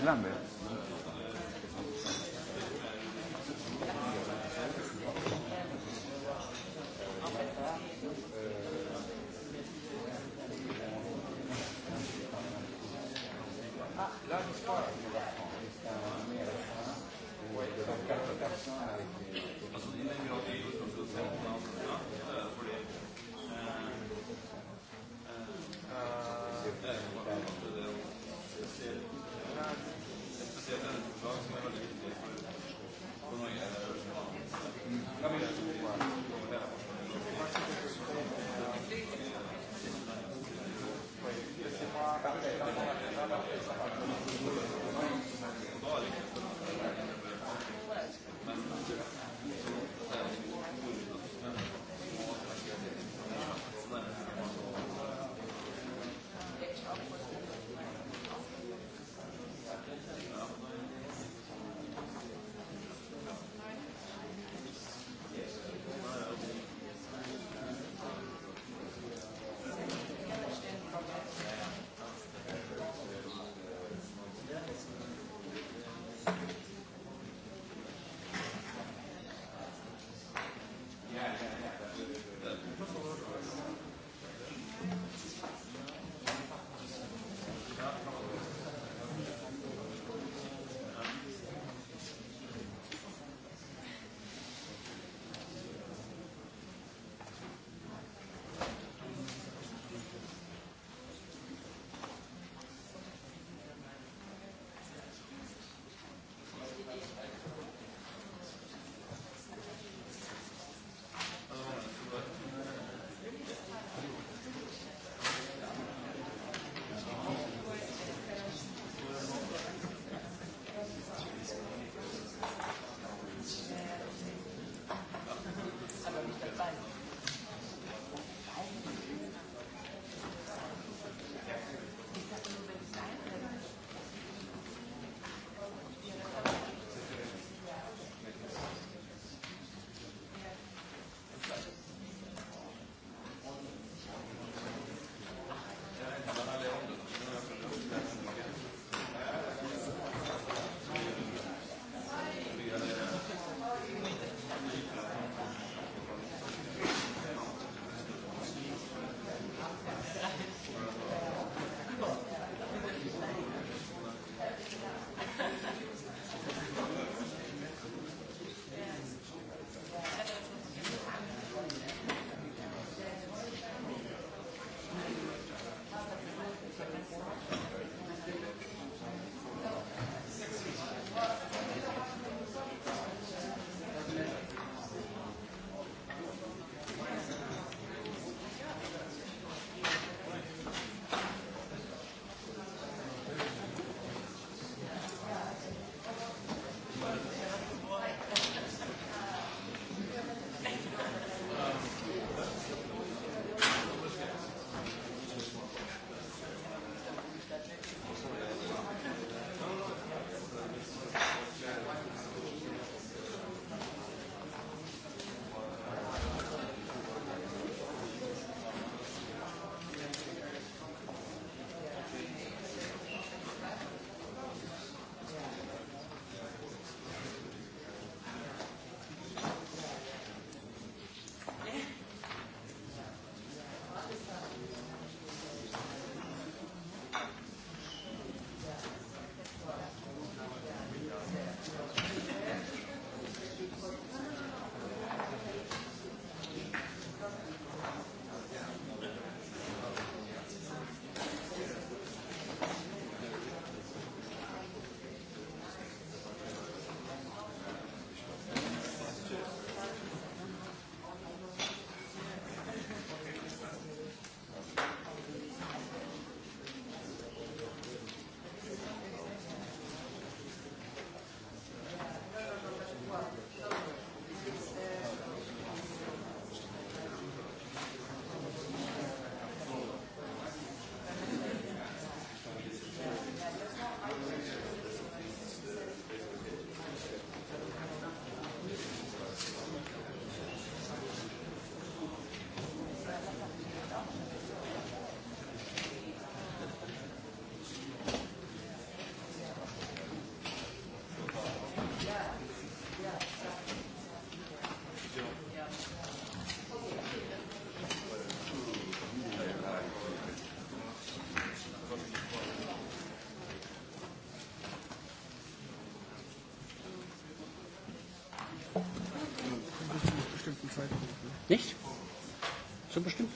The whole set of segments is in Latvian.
Finlandia.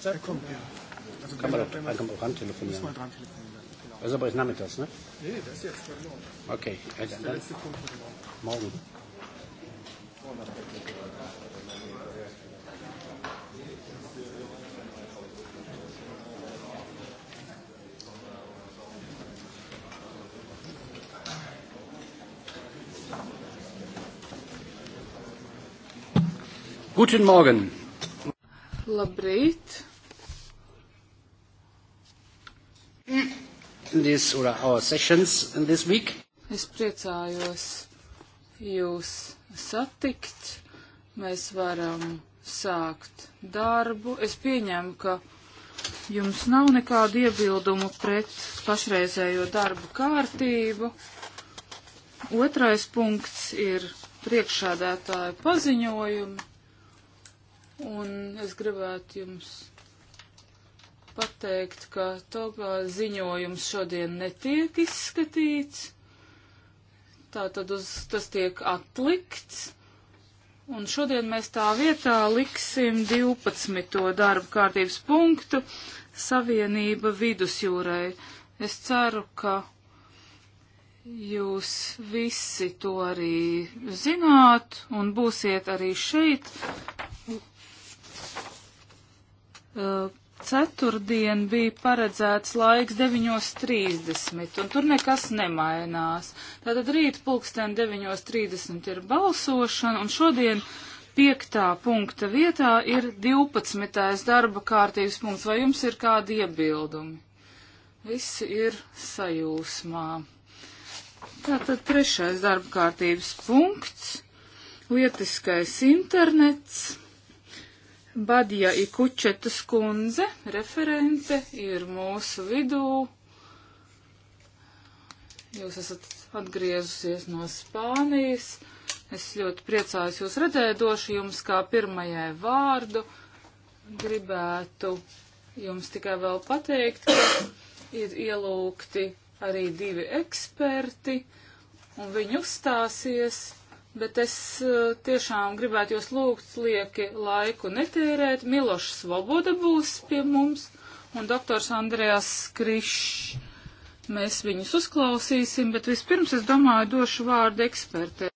Er kommt, ja. Also er kann man doch, er kommt auch ran telefonieren. Er muss man dran telefonieren. Genau. Das er ist aber jetzt nachmittags, ne? Nee, das ist jetzt morgen. Okay. Das ist der letzte Punkt heute Morgen. Morgen. Guten Morgen. Labrīt. activities or our sessions this week. Es priecājos jūs satikt. Mēs varam sākt darbu. Es pieņemu, ka jums nav nekādu iebildumu pret pašreizējo darbu kārtību. Otrais punkts ir priekšādētāju paziņojumi. Un es gribētu jums pateikt, ka Togā ziņojums šodien netiek izskatīts. Tātad uz, tas tiek atlikts. Un šodien mēs tā vietā liksim 12. darba kārtības punktu Savienība vidusjūrai. Es ceru, ka jūs visi to arī zināt un būsiet arī šeit. Uh, Ceturtdien bija paredzēts laiks 9.30, un tur nekas nemainās. Tātad rīt pulksten 9.30 ir balsošana, un šodien piektā punkta vietā ir 12. darba kārtības punkts. Vai jums ir kādi iebildumi? Visi ir sajūsmā. Tātad trešais darba kārtības punkts - lietiskais internets. Badija Ikučetas kundze, referente, ir mūsu vidū. Jūs esat atgriezusies no Spānijas. Es ļoti priecājos jūs redzēt, došu jums kā pirmajai vārdu. Gribētu jums tikai vēl pateikt, ka ir ielūgti arī divi eksperti, un viņi uzstāsies bet es eh, tiešām gribētu jūs lūgt lieki laiku netērēt. Miloša Svoboda būs pie mums un doktors Andrejās Krišs. Mēs viņus uzklausīsim, bet vispirms es domāju došu vārdu ekspertē.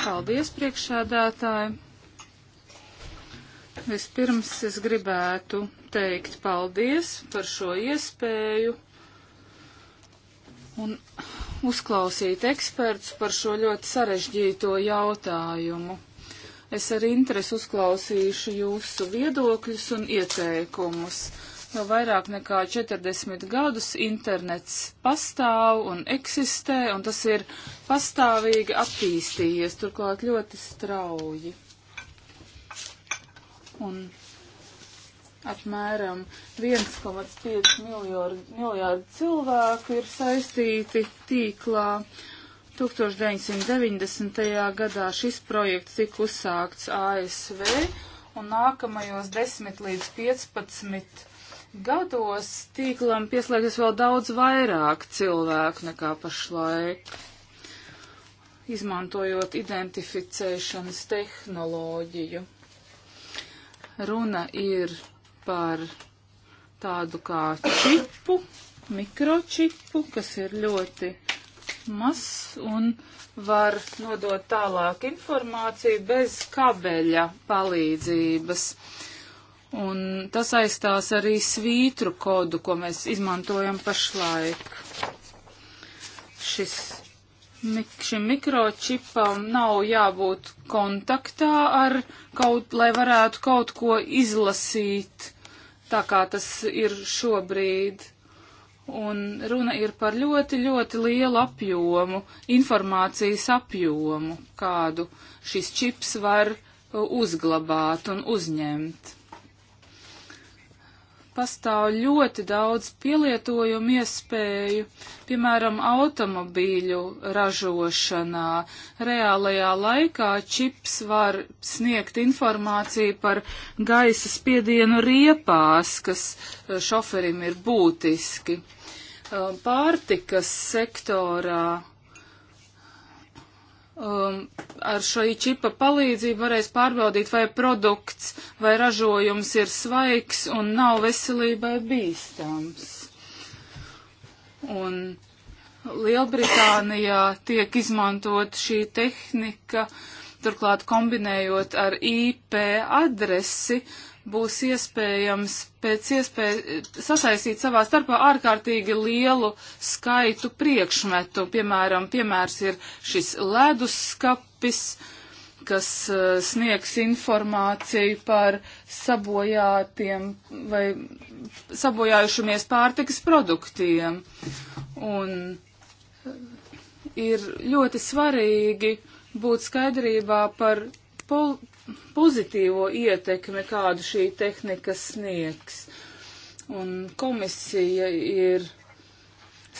Paldies, priekšsēdētāji! Vispirms es gribētu teikt paldies par šo iespēju un uzklausīt ekspertus par šo ļoti sarežģīto jautājumu. Es ar interesi uzklausīšu jūsu viedokļus un ieteikumus. Jau vairāk nekā 40 gadus internets pastāv un eksistē, un tas ir pastāvīgi attīstījies, turklāt ļoti strauji. Un apmēram 1,5 miljārdu cilvēku ir saistīti tīklā. 1990. gadā šis projekts tika uzsākts ASV, un nākamajos 10 līdz 15 gados tīklam pieslēgsies vēl daudz vairāk cilvēku nekā pašlaik, izmantojot identificēšanas tehnoloģiju. Runa ir par tādu kā čipu, mikročipu, kas ir ļoti mazs un var nodot tālāk informāciju bez kabeļa palīdzības. Un tas aizstās arī svītru kodu, ko mēs izmantojam pašlaik. Šis šim mikročipam nav jābūt kontaktā ar kaut, lai varētu kaut ko izlasīt, tā kā tas ir šobrīd. Un runa ir par ļoti, ļoti lielu apjomu, informācijas apjomu, kādu šis čips var uzglabāt un uzņemt pastāv ļoti daudz pielietojumu iespēju, piemēram, automobīļu ražošanā. Reālajā laikā čips var sniegt informāciju par gaisa spiedienu riepās, kas eh, šoferim ir būtiski. Eh, pārtikas sektorā um, ar šo čipa palīdzību varēs pārbaudīt, vai produkts vai ražojums ir svaigs un nav veselībai bīstams. Un Lielbritānijā tiek izmantot šī tehnika, turklāt kombinējot ar IP adresi, uh, būs iespējams pēc iespējas sasaistīt savā starpā ārkārtīgi lielu skaitu priekšmetu. Piemēram, piemērs ir šis leduskapis, kas uh, sniegs informāciju par sabojātiem vai sabojājušamies pārtikas produktiem. Un ir ļoti svarīgi būt skaidrībā par pozitīvo ietekmi, kādu šī tehnika sniegs. Un komisija ir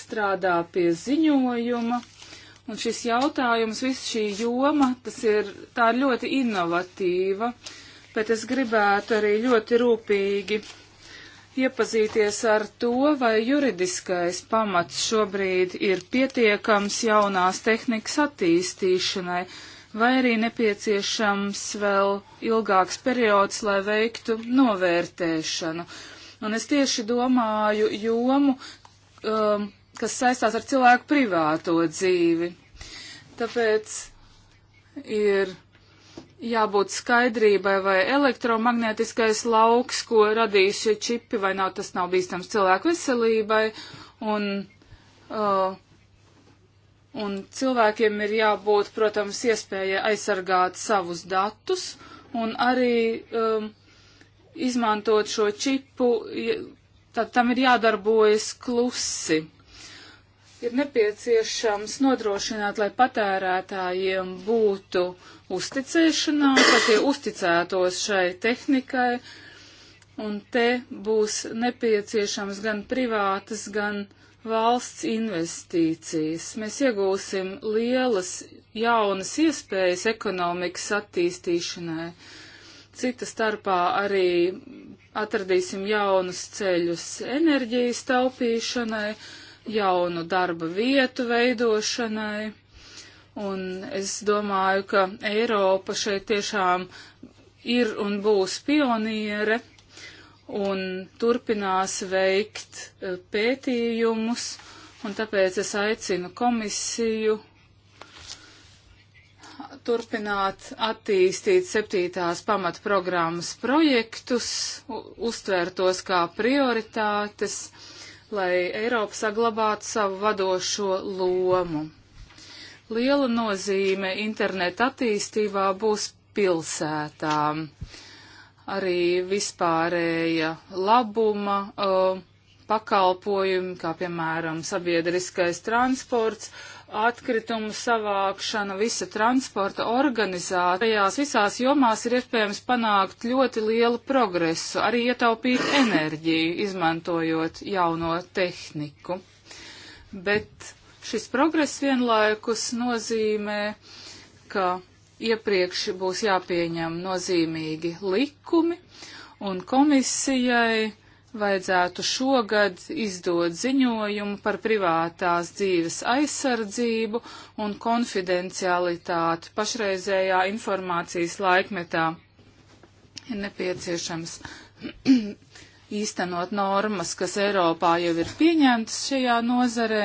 strādā pie ziņojuma, un šis jautājums, viss šī joma, tas ir, tā ir ļoti inovatīva, bet es gribētu arī ļoti rūpīgi iepazīties ar to, vai juridiskais pamats šobrīd ir pietiekams jaunās tehnikas attīstīšanai vai arī nepieciešams vēl ilgāks periods, lai veiktu novērtēšanu. Un es tieši domāju jomu, um, kas saistās ar cilvēku privāto dzīvi. Tāpēc ir jābūt skaidrībai, vai elektromagnētiskais lauks, ko radīs šie čipi, vai nav tas nav bīstams cilvēku veselībai. Un, uh, Un cilvēkiem ir jābūt, protams, iespējai aizsargāt savus datus un arī um, izmantot šo čipu, tad tam ir jādarbojas klusi. Ir nepieciešams nodrošināt, lai patērētājiem būtu uzticēšanās, lai tie uzticētos šai tehnikai, un te būs nepieciešams gan privātas, gan valsts investīcijas. Mēs iegūsim lielas jaunas iespējas ekonomikas attīstīšanai. Cita starpā arī atradīsim jaunus ceļus enerģijas taupīšanai, jaunu darba vietu veidošanai. Un es domāju, ka Eiropa šeit tiešām ir un būs pioniere un turpinās veikt eh, pētījumus, un tāpēc es aicinu komisiju turpināt attīstīt septītās pamatprogrammas projektus, uztvērtos kā prioritātes, lai Eiropa saglabātu savu vadošo lomu. Liela nozīme interneta attīstībā būs pilsētām. Uh, arī vispārēja labuma uh, pakalpojumi, kā piemēram sabiedriskais transports, atkritumu savākšana, visa transporta organizācijās, visās jomās ir iespējams panākt ļoti lielu progresu, arī ietaupīt enerģiju, izmantojot jauno tehniku. Bet šis progress vienlaikus nozīmē, ka iepriekš būs jāpieņem nozīmīgi likumi, un komisijai vajadzētu šogad izdot ziņojumu par privātās dzīves aizsardzību un konfidencialitāti pašreizējā informācijas laikmetā. Ir nepieciešams īstenot normas, kas Eiropā jau ir pieņemtas šajā nozarē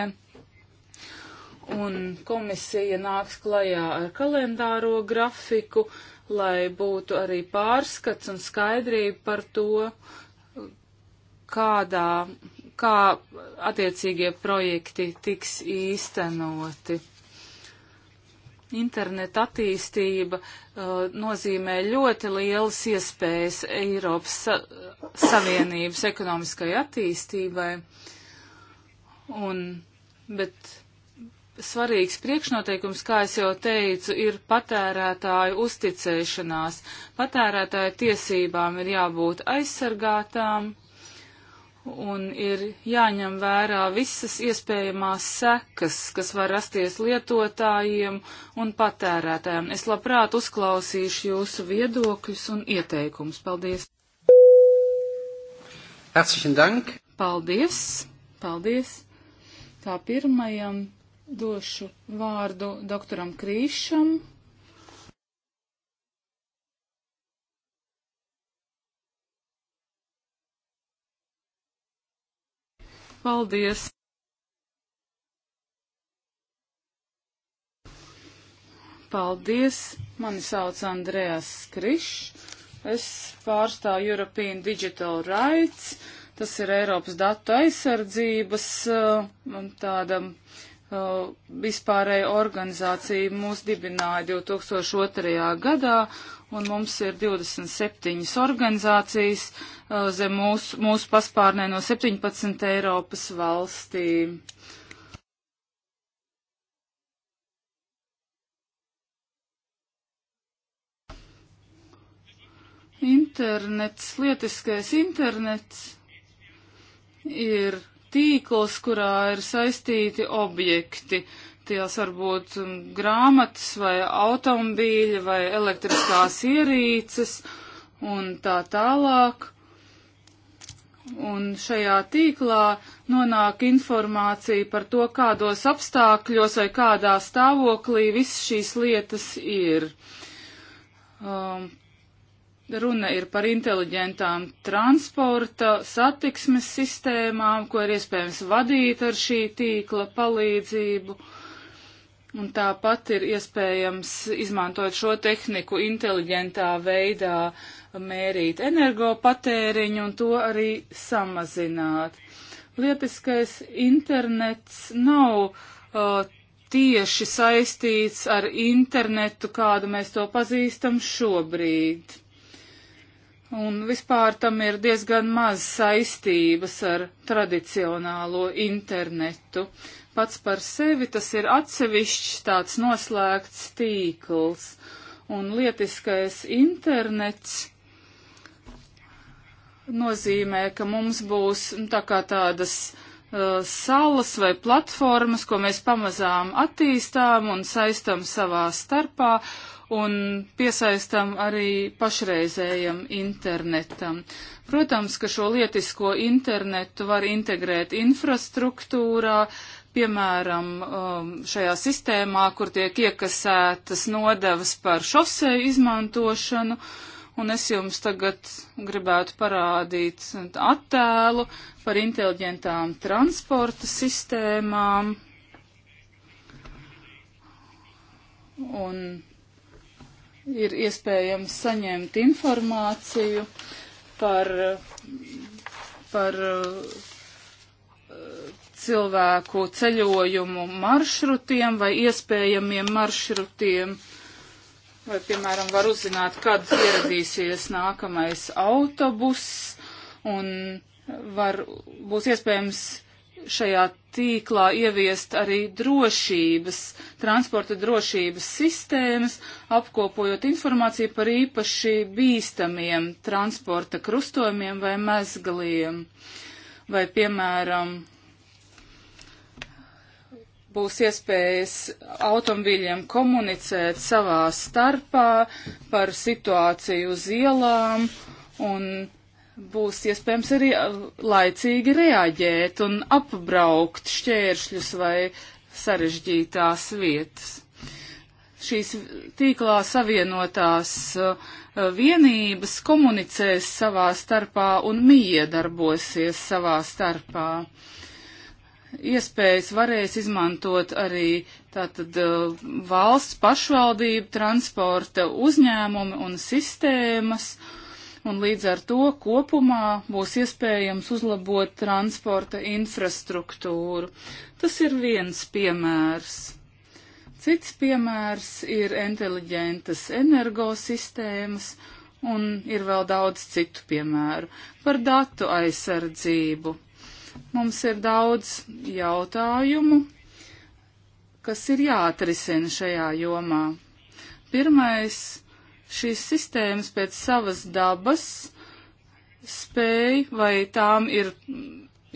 un komisija nāks klajā ar kalendāro grafiku, lai būtu arī pārskats un skaidrība par to, kādā, kā attiecīgie projekti tiks īstenoti. Interneta attīstība uh, nozīmē ļoti lielas iespējas Eiropas sa Savienības ekonomiskai attīstībai, un, bet svarīgs priekšnoteikums, kā es jau teicu, ir patērētāju uzticēšanās. Patērētāju tiesībām ir jābūt aizsargātām un ir jāņem vērā visas iespējamās sekas, kas var rasties lietotājiem un patērētājiem. Es labprāt uzklausīšu jūsu viedokļus un ieteikumus. Paldies! Herzlichen Dank! Paldies! Paldies! Tā pirmajam došu vārdu doktoram Krīšam. Paldies! Paldies! Mani sauc Andrejas Krišs. Es pārstāvu European Digital Rights. Tas ir Eiropas datu aizsardzības eh, tādam Uh, vispārēja organizācija mūs dibināja 2002. gadā, un mums ir 27 organizācijas uh, zem mūsu, mūsu paspārnē no 17 Eiropas valstīm. Internets, lietiskais internets ir tīkls, kurā ir saistīti objekti. Tās var būt um, grāmatas vai automobīļi vai elektriskās ierīces un tā tālāk. Un šajā tīklā nonāk informācija par to, kādos apstākļos vai kādā stāvoklī viss šīs lietas ir. Um, Runa ir par inteliģentām transporta satiksmes sistēmām, ko ir iespējams vadīt ar šī tīkla palīdzību. Un tāpat ir iespējams izmantot šo tehniku inteliģentā veidā, mērīt energopatēriņu un to arī samazināt. Liepiskais internets nav uh, tieši saistīts ar internetu, kādu mēs to pazīstam šobrīd un vispār tam ir diezgan maz saistības ar tradicionālo internetu. Pats par sevi tas ir atsevišķs tāds noslēgts tīkls, un lietiskais internets nozīmē, ka mums būs nu, tā kā tādas uh, salas vai platformas, ko mēs pamazām attīstām un saistam savā starpā, un piesaistam arī pašreizējam internetam. Protams, ka šo lietisko internetu var integrēt infrastruktūrā, piemēram, um, šajā sistēmā, kur tiek iekasētas nodevas par šoseju izmantošanu, un es jums tagad gribētu parādīt attēlu par inteliģentām transporta sistēmām. Un ir iespējams saņemt informāciju par, par eh, cilvēku ceļojumu maršrutiem vai iespējamiem maršrutiem. Vai, piemēram, var uzzināt, kad ieradīsies nākamais autobus un var, būs iespējams šajā tīklā ieviest arī drošības, transporta drošības sistēmas, apkopojot informāciju par īpaši bīstamiem transporta krustojumiem vai mezgaliem. Vai, piemēram, būs iespējas automobiļiem komunicēt savā starpā par situāciju uz ielām un būs iespējams arī uh, laicīgi reaģēt un apbraukt šķēršļus vai sarežģītās vietas. Šīs tīklā savienotās uh, vienības komunicēs savā starpā un miedarbosies savā starpā. Iespējas varēs izmantot arī tātad uh, valsts pašvaldību, transporta uzņēmumi un sistēmas. Uh, un līdz ar to kopumā būs iespējams uzlabot transporta infrastruktūru. Tas ir viens piemērs. Cits piemērs ir inteliģentas energosistēmas, un ir vēl daudz citu piemēru par datu aizsardzību. Mums ir daudz jautājumu, kas ir jāatrisina šajā jomā. Pirmais Šīs sistēmas pēc savas dabas spēj vai tām ir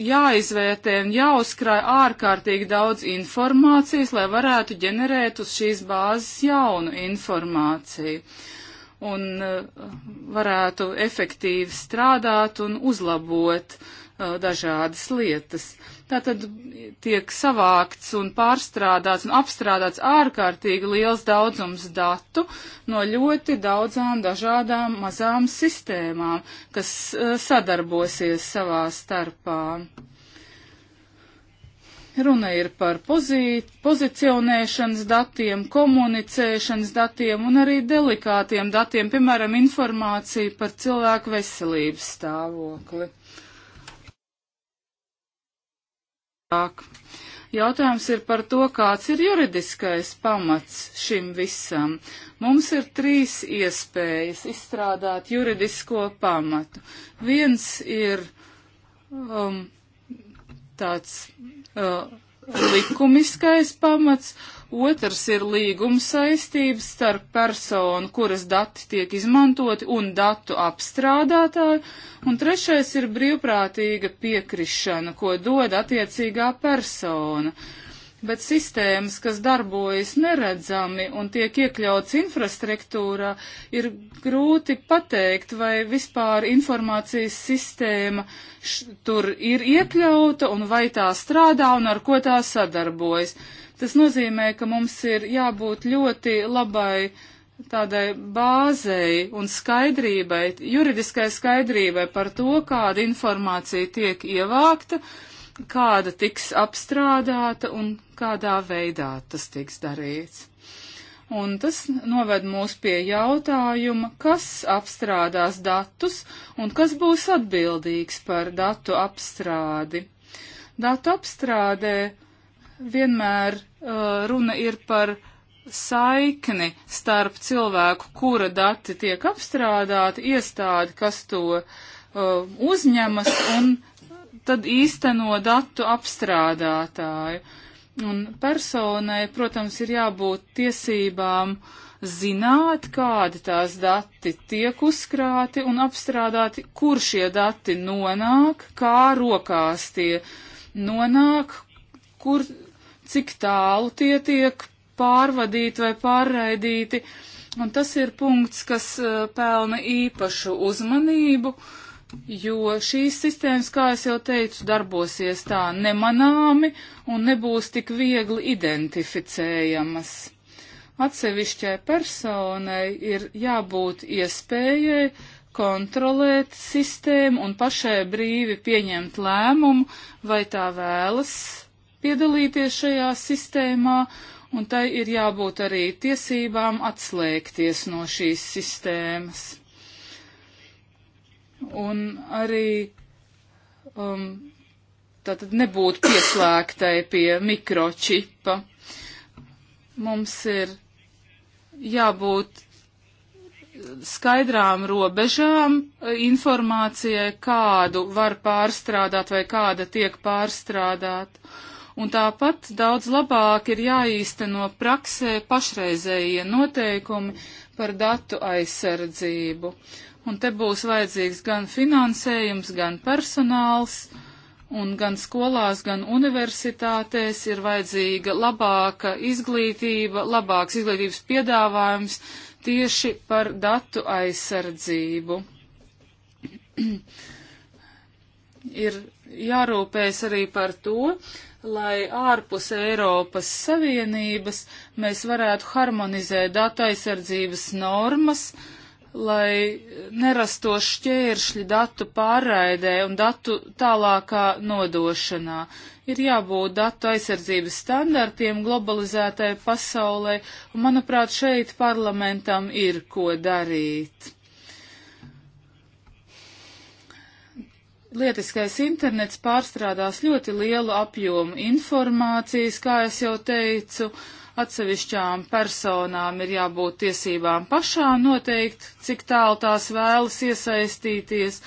jāizvērtē un jāuzkrāj ārkārtīgi daudz informācijas, lai varētu ģenerēt uz šīs bāzes jaunu informāciju un uh, varētu efektīvi strādāt un uzlabot uh, dažādas lietas. Tātad tiek savākts un pārstrādāts un apstrādāts ārkārtīgi liels daudzums datu no ļoti daudzām dažādām mazām sistēmām, kas eh, sadarbosies savā starpā. Runa ir par pozī, pozicionēšanas datiem, komunicēšanas datiem un arī delikātiem datiem, piemēram, informācija par cilvēku veselības stāvokli. vairāk. Jautājums ir par to, kāds ir juridiskais pamats šim visam. Mums ir trīs iespējas izstrādāt juridisko pamatu. Viens ir um, tāds uh, likumiskais pamats, otrs ir līguma saistības starp personu, kuras dati tiek izmantoti, un datu apstrādātāju, un trešais ir brīvprātīga piekrišana, ko dod attiecīgā persona. Uh, bet sistēmas, kas darbojas neredzami un tiek iekļauts infrastruktūrā, ir grūti pateikt, vai vispār informācijas sistēma tur ir iekļauta un vai tā strādā un ar ko tā sadarbojas. Tas nozīmē, ka mums ir jābūt ļoti labai tādai bāzei un skaidrībai, juridiskai skaidrībai par to, kāda informācija tiek ievākta kāda tiks apstrādāta un kādā veidā tas tiks darīts. Un tas noved mūs pie jautājuma, kas apstrādās datus un kas būs atbildīgs par datu apstrādi. Datu apstrādē vienmēr uh, runa ir par saikni starp cilvēku, kura dati tiek apstrādāti, iestādi, kas to uh, uzņemas un tad īsteno datu apstrādātāju. Un personai, protams, ir jābūt tiesībām zināt, kādi tās dati tiek uzkrāti un apstrādāti, kur šie dati nonāk, kā rokās tie nonāk, kur, cik tālu tie tiek pārvadīti vai pārraidīti. Un tas ir punkts, kas uh, pelna īpašu uzmanību. Uh, jo šīs sistēmas, kā es jau teicu, darbosies tā nemanāmi un nebūs tik viegli identificējamas. Atsevišķai personai ir jābūt iespējai kontrolēt sistēmu un pašai brīvi pieņemt lēmumu, vai tā vēlas piedalīties šajā sistēmā, un tai ir jābūt arī tiesībām atslēgties no šīs sistēmas un arī um, tātad nebūt pieslēgtai pie mikročipa. Mums ir jābūt skaidrām robežām eh, informācijai, kādu var pārstrādāt vai kāda tiek pārstrādāt. Un tāpat daudz labāk ir jāīsteno praksē pašreizējie noteikumi par datu aizsardzību un te būs vajadzīgs gan finansējums, gan personāls, un gan skolās, gan universitātēs ir vajadzīga labāka izglītība, labāks izglītības piedāvājums tieši par datu aizsardzību. ir jārūpēs arī par to, lai ārpus Eiropas Savienības mēs varētu harmonizēt datu aizsardzības normas, uh, lai nerastos šķēršļi datu pārraidē un datu tālākā nodošanā. Ir jābūt datu aizsardzības standartiem globalizētai pasaulē, un manuprāt, šeit parlamentam ir ko darīt. Lietiskais internets pārstrādās ļoti lielu apjomu informācijas, kā es jau teicu, uh, atsevišķām personām ir jābūt tiesībām pašām noteikt, cik tālu tās vēlas iesaistīties,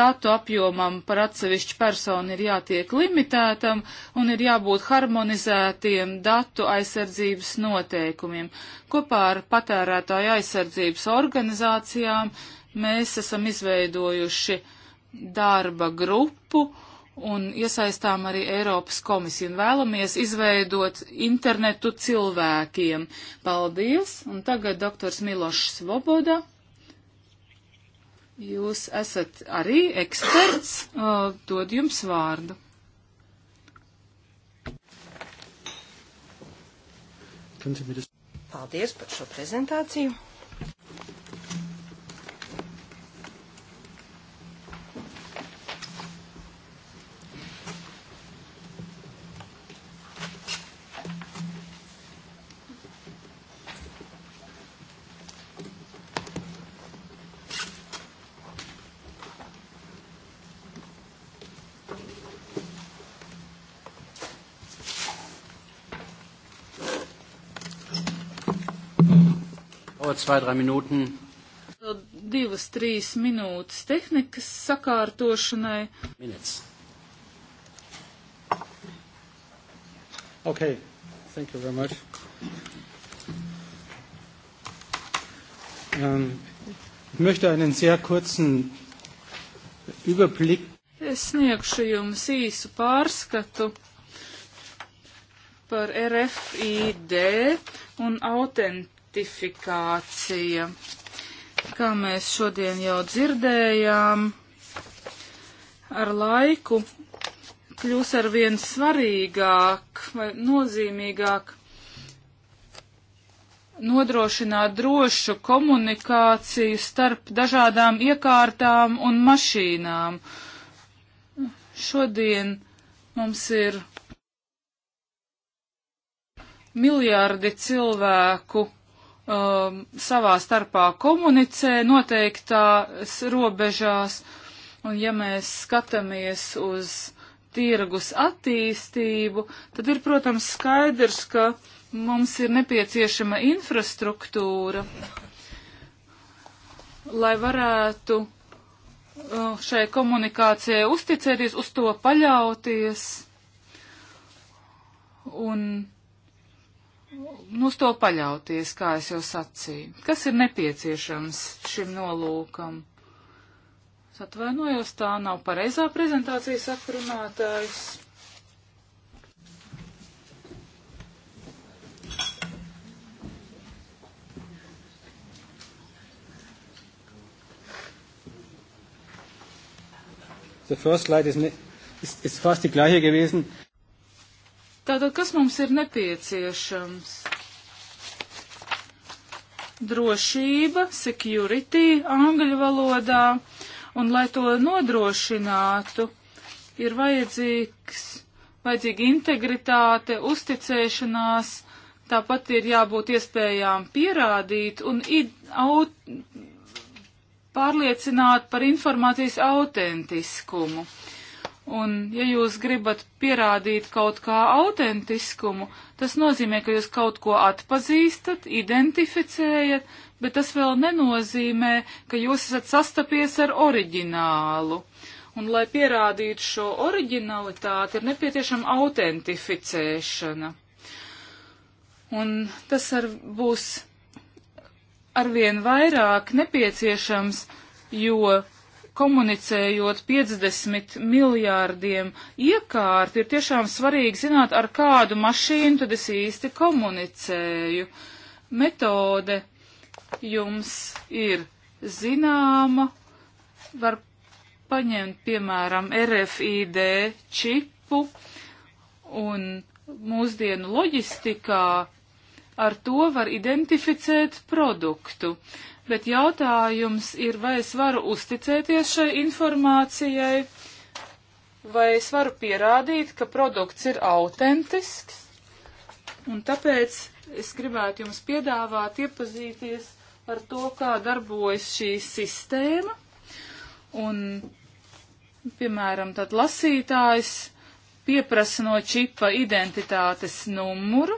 datu apjomam par atsevišķu personu ir jātiek limitētam un ir jābūt harmonizētiem datu aizsardzības noteikumiem. Kopā ar patērētāju aizsardzības organizācijām mēs esam izveidojuši darba grupu, un iesaistām arī Eiropas komisiju un vēlamies izveidot internetu cilvēkiem. Paldies! Un tagad doktors Milošs Svoboda. Jūs esat arī eksperts, uh, dod jums vārdu. Paldies par šo prezentāciju. zwei, drei Minuten. Divas, trīs minūtes tehnikas sakārtošanai. Minutes. Okay, thank you very much. Um, ich möchte einen sehr kurzen Überblick. Es sniegšu jums īsu pārskatu par RFID un autentikāciju ratifikācija. Kā mēs šodien jau dzirdējām, ar laiku kļūs ar vien svarīgāk vai nozīmīgāk nodrošināt drošu komunikāciju starp dažādām iekārtām un mašīnām. Šodien mums ir miljārdi cilvēku, um, savā starpā komunicē noteiktās robežās, un ja mēs skatāmies uz tirgus attīstību, tad ir, protams, skaidrs, ka mums ir nepieciešama infrastruktūra, lai varētu uh, šai komunikācijai uzticēties, uz to paļauties. Un Nu, uz to paļauties, kā es jau sacīju. Kas ir nepieciešams šim nolūkam? Es atvainojos, tā nav pareizā prezentācijas aprunātājs. The first slide is, is, is fast die gleiche gewesen. Tātad, kas mums ir nepieciešams? Drošība, security angļu valodā, un lai to nodrošinātu, ir vajadzīgs, vajadzīga integritāte, uzticēšanās, tāpat ir jābūt iespējām pierādīt un id, aut, pārliecināt par informācijas autentiskumu. Uh, Un, ja jūs gribat pierādīt kaut kā autentiskumu, tas nozīmē, ka jūs kaut ko atpazīstat, identificējat, bet tas vēl nenozīmē, ka jūs esat sastapies ar oriģinālu. Un, lai pierādītu šo oriģinalitāti, ir nepieciešama autentificēšana. Un tas ar, būs arvien vairāk nepieciešams, jo komunicējot 50 miljārdiem iekārt, ir tiešām svarīgi zināt, ar kādu mašīnu tad es īsti komunicēju. Metode jums ir zināma, var paņemt, piemēram, RFID čipu un mūsdienu loģistikā ar to var identificēt produktu bet jautājums ir, vai es varu uzticēties šai informācijai, vai es varu pierādīt, ka produkts ir autentisks. Un tāpēc es gribētu jums piedāvāt iepazīties ar to, kā darbojas šī sistēma. Un, piemēram, tad lasītājs pieprasa no čipa identitātes numuru,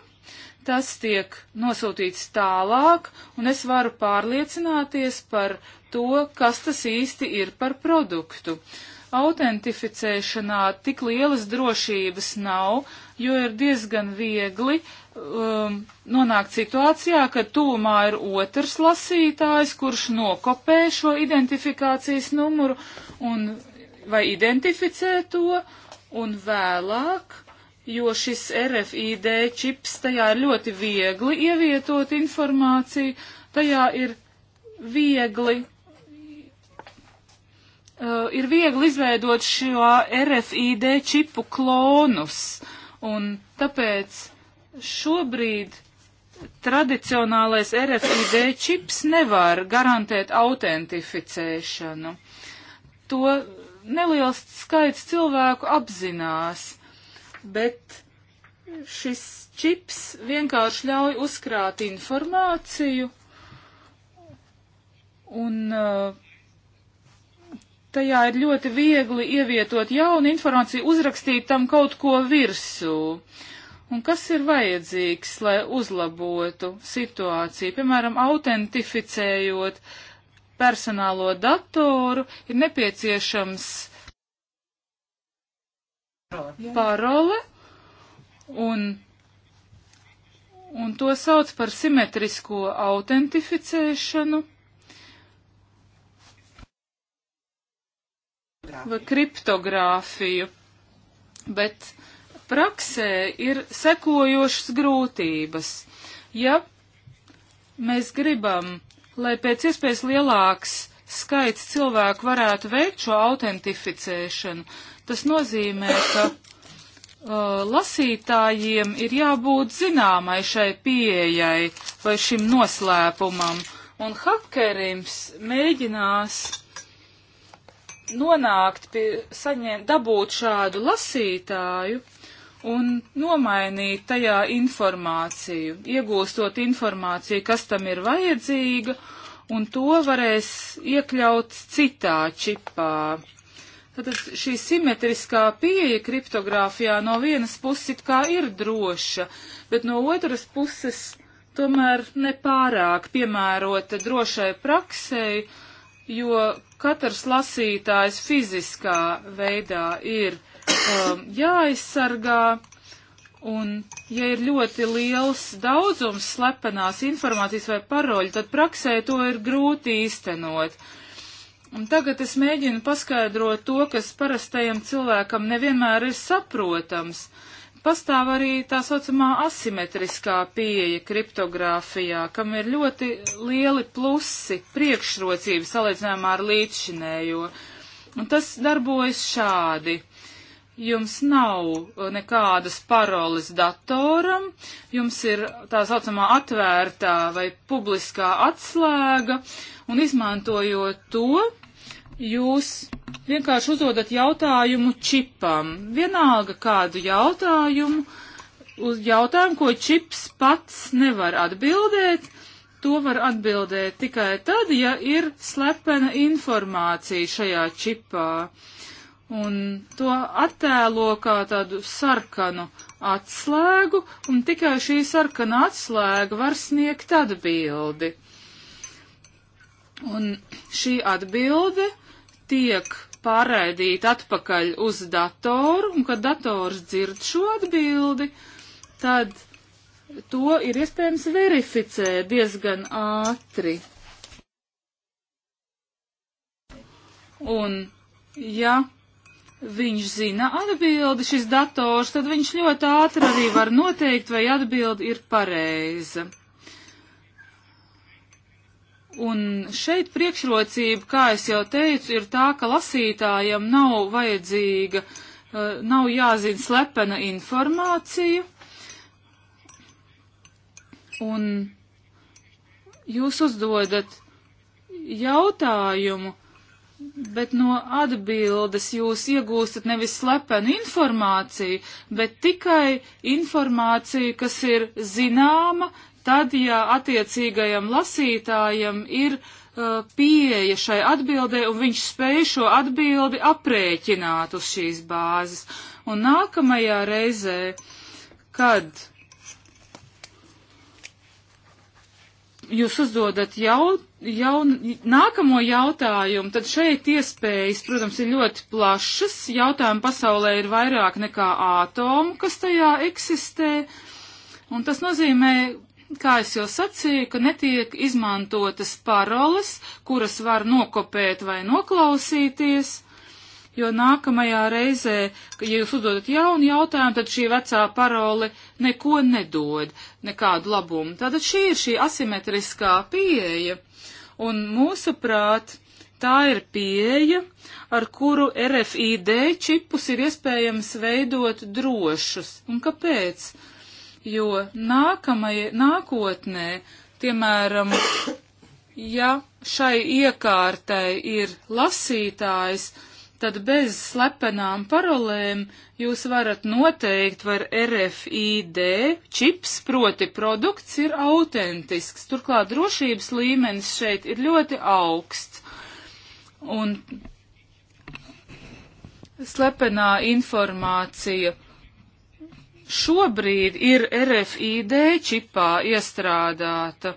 tas tiek nosūtīts tālāk, un es varu pārliecināties par to, kas tas īsti ir par produktu. Autentificēšanā tik lielas drošības nav, jo ir diezgan viegli um, nonākt situācijā, ka tūmā ir otrs lasītājs, kurš nokopē šo identifikācijas numuru un, vai identificē to, un vēlāk jo šis RFID čips tajā ir ļoti viegli ievietot informāciju, tajā ir viegli. Uh, ir viegli izveidot šo RFID čipu klonus, un tāpēc šobrīd tradicionālais RFID čips nevar garantēt autentificēšanu. To neliels skaits cilvēku apzinās bet šis čips vienkārši ļauj uzkrāt informāciju un uh, tajā ir ļoti viegli ievietot jaunu informāciju, uzrakstīt tam kaut ko virsū. Un kas ir vajadzīgs, lai uzlabotu situāciju? Piemēram, autentificējot personālo datoru, ir nepieciešams uh, parole, un, un to sauc par simetrisko autentificēšanu. vai kriptogrāfiju, bet praksē ir sekojošas grūtības. Ja mēs gribam, lai pēc iespējas lielāks skaits cilvēku varētu veikt šo autentificēšanu, Tas nozīmē, ka uh, lasītājiem ir jābūt zināmai šai pieejai vai šim noslēpumam, un hakerim mēģinās nonākt pie, saņemt, dabūt šādu lasītāju un nomainīt tajā informāciju, iegūstot informāciju, kas tam ir vajadzīga, un to varēs iekļaut citā čipā. Tad šī simetriskā pieeja kriptogrāfijā no vienas puses it kā ir droša, bet no otras puses tomēr nepārāk piemērota drošai praksei, jo katrs lasītājs fiziskā veidā ir um, jāaizsargā. Un, ja ir ļoti liels daudzums slepenās informācijas vai paroļu, tad praksē to ir grūti īstenot. Uh, Un tagad es mēģinu paskaidrot to, kas parastajam cilvēkam nevienmēr ir saprotams. Pastāv arī tā saucamā asimetriskā pieeja kriptogrāfijā, kam ir ļoti lieli plusi priekšrocības salīdzinājumā ar līdzšinējo. Un tas darbojas šādi jums nav uh, nekādas paroles datoram, jums ir tā saucamā atvērtā vai publiskā atslēga, un izmantojot to, jūs vienkārši uzdodat jautājumu čipam. Vienalga kādu jautājumu, uz jautājumu, ko čips pats nevar atbildēt, to var atbildēt tikai tad, ja ir slepena informācija šajā čipā. Uh, un to attēlo kā tādu sarkanu atslēgu, un tikai šī sarkana atslēga var sniegt atbildi. Un šī atbilde tiek pārraidīta atpakaļ uz datoru, un kad dators dzird šo atbildi, tad to ir iespējams verificēt diezgan ātri. Un ja viņš zina atbildi šis dators, tad viņš ļoti ātri arī var noteikt, vai atbildi ir pareiza. Un šeit priekšrocība, kā es jau teicu, ir tā, ka lasītājam nav vajadzīga, eh, nav jāzina slepena informācija. Un jūs uzdodat jautājumu, Bet no atbildes jūs iegūstat nevis slepenu informāciju, bet tikai informāciju, kas ir zināma, tad, ja attiecīgajam lasītājam ir uh, pieeja šai atbildē un viņš spēj šo atbildi aprēķināt uz šīs bāzes. Un nākamajā reizē, kad jūs uzdodat jautājumu, jaun, nākamo jautājumu, tad šeit iespējas, protams, ir ļoti plašas. Jautājumu pasaulē ir vairāk nekā ātomu, kas tajā eksistē. Un tas nozīmē, kā es jau sacīju, ka netiek izmantotas paroles, kuras var nokopēt vai noklausīties jo nākamajā reizē, kad ja jūs uzdodat jaunu jautājumu, tad šī vecā parole neko nedod, nekādu labumu. Tātad šī ir šī asimetriskā pieeja, un mūsuprāt, tā ir pieeja, ar kuru RFID čipus ir iespējams veidot drošus. Un kāpēc? Jo nākamajai, nākotnē, piemēram, ja šai iekārtai ir lasītājs, tad bez slepenām parolēm jūs varat noteikt, vai RFID čips, proti produkts, ir autentisks. Turklāt drošības līmenis šeit ir ļoti augsts. Un slepenā informācija šobrīd ir RFID čipā iestrādāta.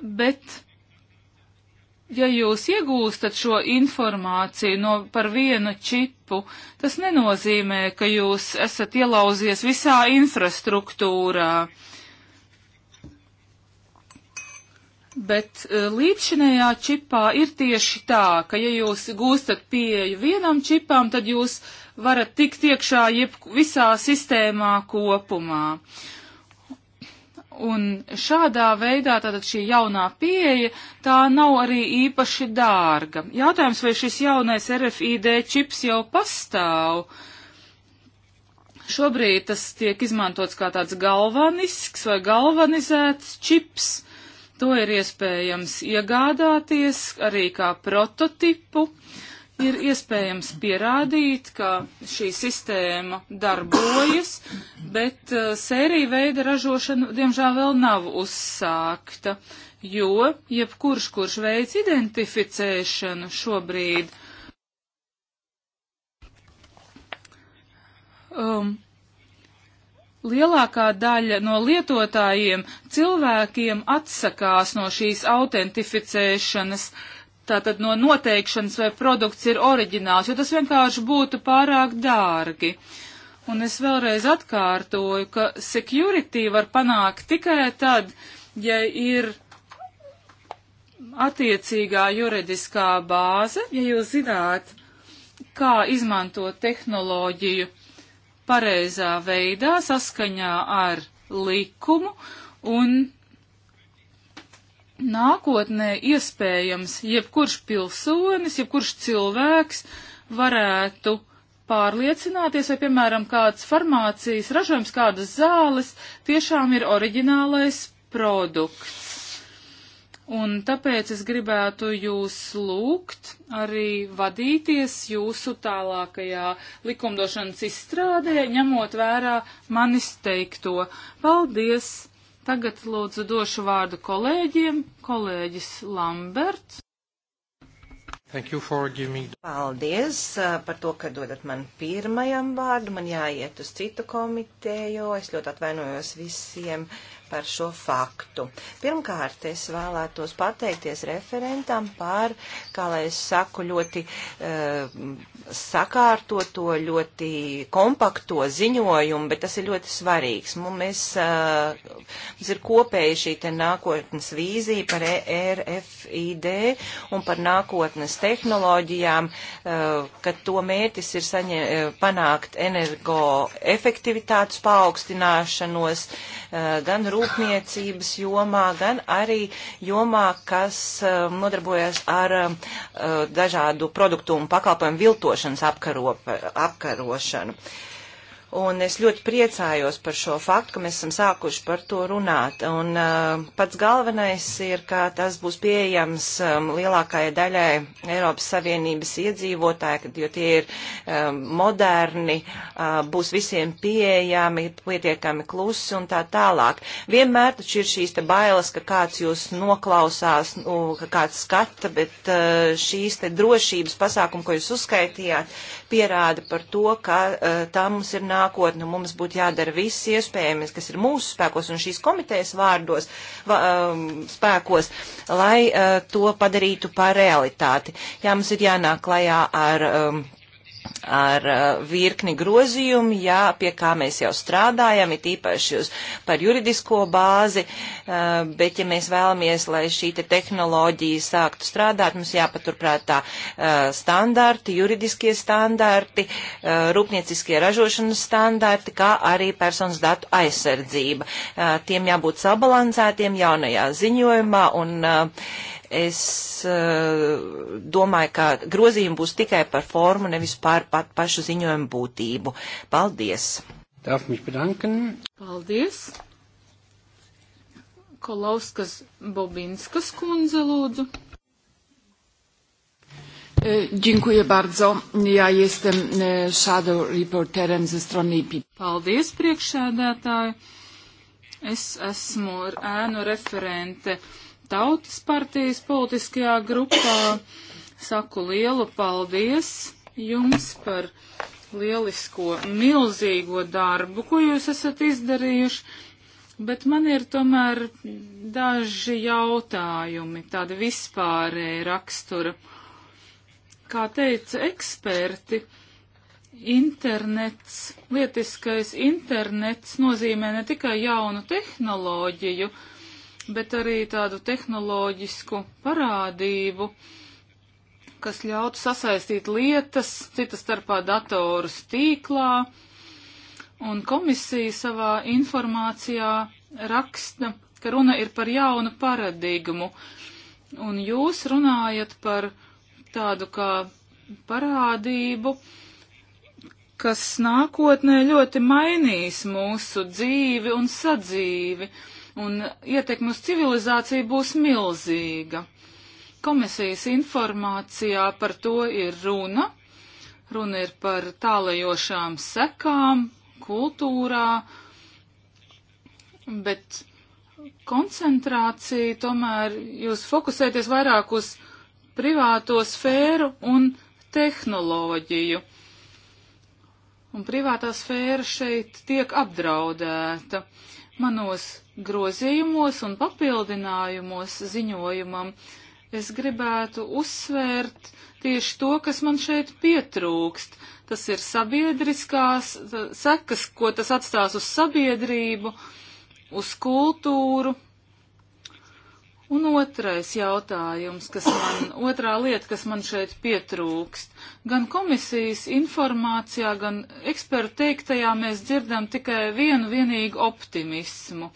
bet ja jūs iegūstat šo informāciju no, par vienu čipu, tas nenozīmē, ka jūs esat ielauzies visā infrastruktūrā. Bet eh, līdzšinējā čipā ir tieši tā, ka ja jūs gūstat pieeju vienam čipam, tad jūs varat tikt iekšā jeb visā sistēmā kopumā. Uh, Un šādā veidā tātad šī jaunā pieeja, tā nav arī īpaši dārga. Jautājums, vai šis jaunais RFID čips jau pastāv? Šobrīd tas tiek izmantots kā tāds galvanisks vai galvanizēts čips. To ir iespējams iegādāties arī kā prototipu. Uh, ir iespējams pierādīt, ka šī sistēma darbojas, bet uh, sērija veida ražošana, diemžēl, vēl nav uzsākta, jo jebkurš, kurš veids identificēšanu šobrīd, um, lielākā daļa no lietotājiem cilvēkiem atsakās no šīs autentificēšanas uh, tātad no noteikšanas, vai produkts ir oriģināls, jo tas vienkārši būtu pārāk dārgi. Un es vēlreiz atkārtoju, ka security var panākt tikai tad, ja ir attiecīgā juridiskā bāze, ja jūs zināt, kā izmantot tehnoloģiju pareizā veidā saskaņā ar likumu un nākotnē iespējams jebkurš pilsonis, jebkurš cilvēks varētu pārliecināties, vai, piemēram, kāds farmācijas ražojums, kādas zāles tiešām ir oriģinālais produkts. Un tāpēc es gribētu jūs lūgt arī vadīties jūsu tālākajā likumdošanas izstrādē, ņemot vērā manis teikto. Paldies! Tagad lūdzu došu vārdu kolēģiem. Kolēģis Lamberts. Me... Paldies uh, par to, ka dodat man pirmajam vārdu. Man jāiet uz citu komiteju. Es ļoti atvainojos visiem uh, par šo faktu. Pirmkārt, es vēlētos pateikties referentam par, kā lai es saku, ļoti uh, sakārtoto, ļoti kompakto ziņojumu, bet tas ir ļoti svarīgs. Mums, uh, eh, mums ir kopēja šī te nākotnes vīzija par ERFID un par nākotnes tehnoloģijām, uh, ka to mērķis ir saņem, panākt energoefektivitātes paaugstināšanos uh, gan rūpniecības jomā, gan arī jomā, kas eh, nodarbojas ar eh, dažādu produktu un pakalpojumu viltošanas apkaro, apkarošanu. Un es ļoti priecājos par šo faktu, ka mēs esam sākuši par to runāt. Un uh, pats galvenais ir, ka tas būs pieejams um, lielākajai daļai Eiropas Savienības iedzīvotāji, jo tie ir um, moderni, uh, būs visiem pieejami, pietiekami klusi un tā tālāk. Vienmēr taču ir šīs te bailes, ka kāds jūs noklausās, nu, ka kāds skata, bet uh, šīs te drošības pasākumi, ko jūs uzskaitījāt, pierāda par to, ka uh, tā mums ir nākotnē nākotni, un mums būtu jādara viss iespējamais, kas ir mūsu spēkos un šīs komitejas vārdos va, um, spēkos, lai uh, to padarītu par realitāti. Jā, mums ir jānāk klajā ar. Um, ar uh, virkni grozījumu, jā, pie kā mēs jau strādājam, it īpaši uz, par juridisko bāzi, uh, bet ja mēs vēlamies, lai šī te tehnoloģija sāktu strādāt, mums jāpaturprātā uh, standarti, juridiskie standarti, rūpnieciskie ražošanas standarti, kā arī personas datu aizsardzība. Tiem jābūt sabalansētiem jaunajā ziņojumā un uh, Es uh, domāju, ka grozījumi būs tikai par formu, nevis par pat pašu ziņojumu būtību. Paldies! Darf mich bedanken. Paldies! Kolauskas Bobinskas kundze lūdzu. E, dziękuję bardzo. Ja jestem e, shadow reporterem ze strony IP. Paldies, priekšsēdētāji. Es esmu ēnu referente tautas partijas politiskajā grupā. Saku lielu paldies jums par lielisko, milzīgo darbu, ko jūs esat izdarījuši, bet man ir tomēr daži jautājumi, tādi vispārēji rakstura. Kā teica eksperti, internets, lietiskais internets nozīmē ne tikai jaunu tehnoloģiju, bet arī tādu tehnoloģisku parādību, kas ļautu sasaistīt lietas, citas starpā datorus tīklā, un komisija savā informācijā raksta, ka runa ir par jaunu paradigmu, un jūs runājat par tādu kā parādību, kas nākotnē ļoti mainīs mūsu dzīvi un sadzīvi. Uh, un ietekme uz civilizāciju būs milzīga. Komisijas informācijā par to ir runa. Runa ir par tālajošām sekām, kultūrā, bet koncentrācija tomēr jūs fokusēties vairāk uz privāto sfēru un tehnoloģiju. Un privātā sfēra šeit tiek apdraudēta. Uh, Manos grozījumos un papildinājumos ziņojumam es gribētu uzsvērt tieši to, kas man šeit pietrūkst. Tas ir sabiedriskās sekas, ko tas atstās uz sabiedrību, uz kultūru Un otrais jautājums, kas man, otrā lieta, kas man šeit pietrūkst. Gan komisijas informācijā, gan ekspertu teiktajā mēs dzirdam tikai vienu vienīgu optimismu.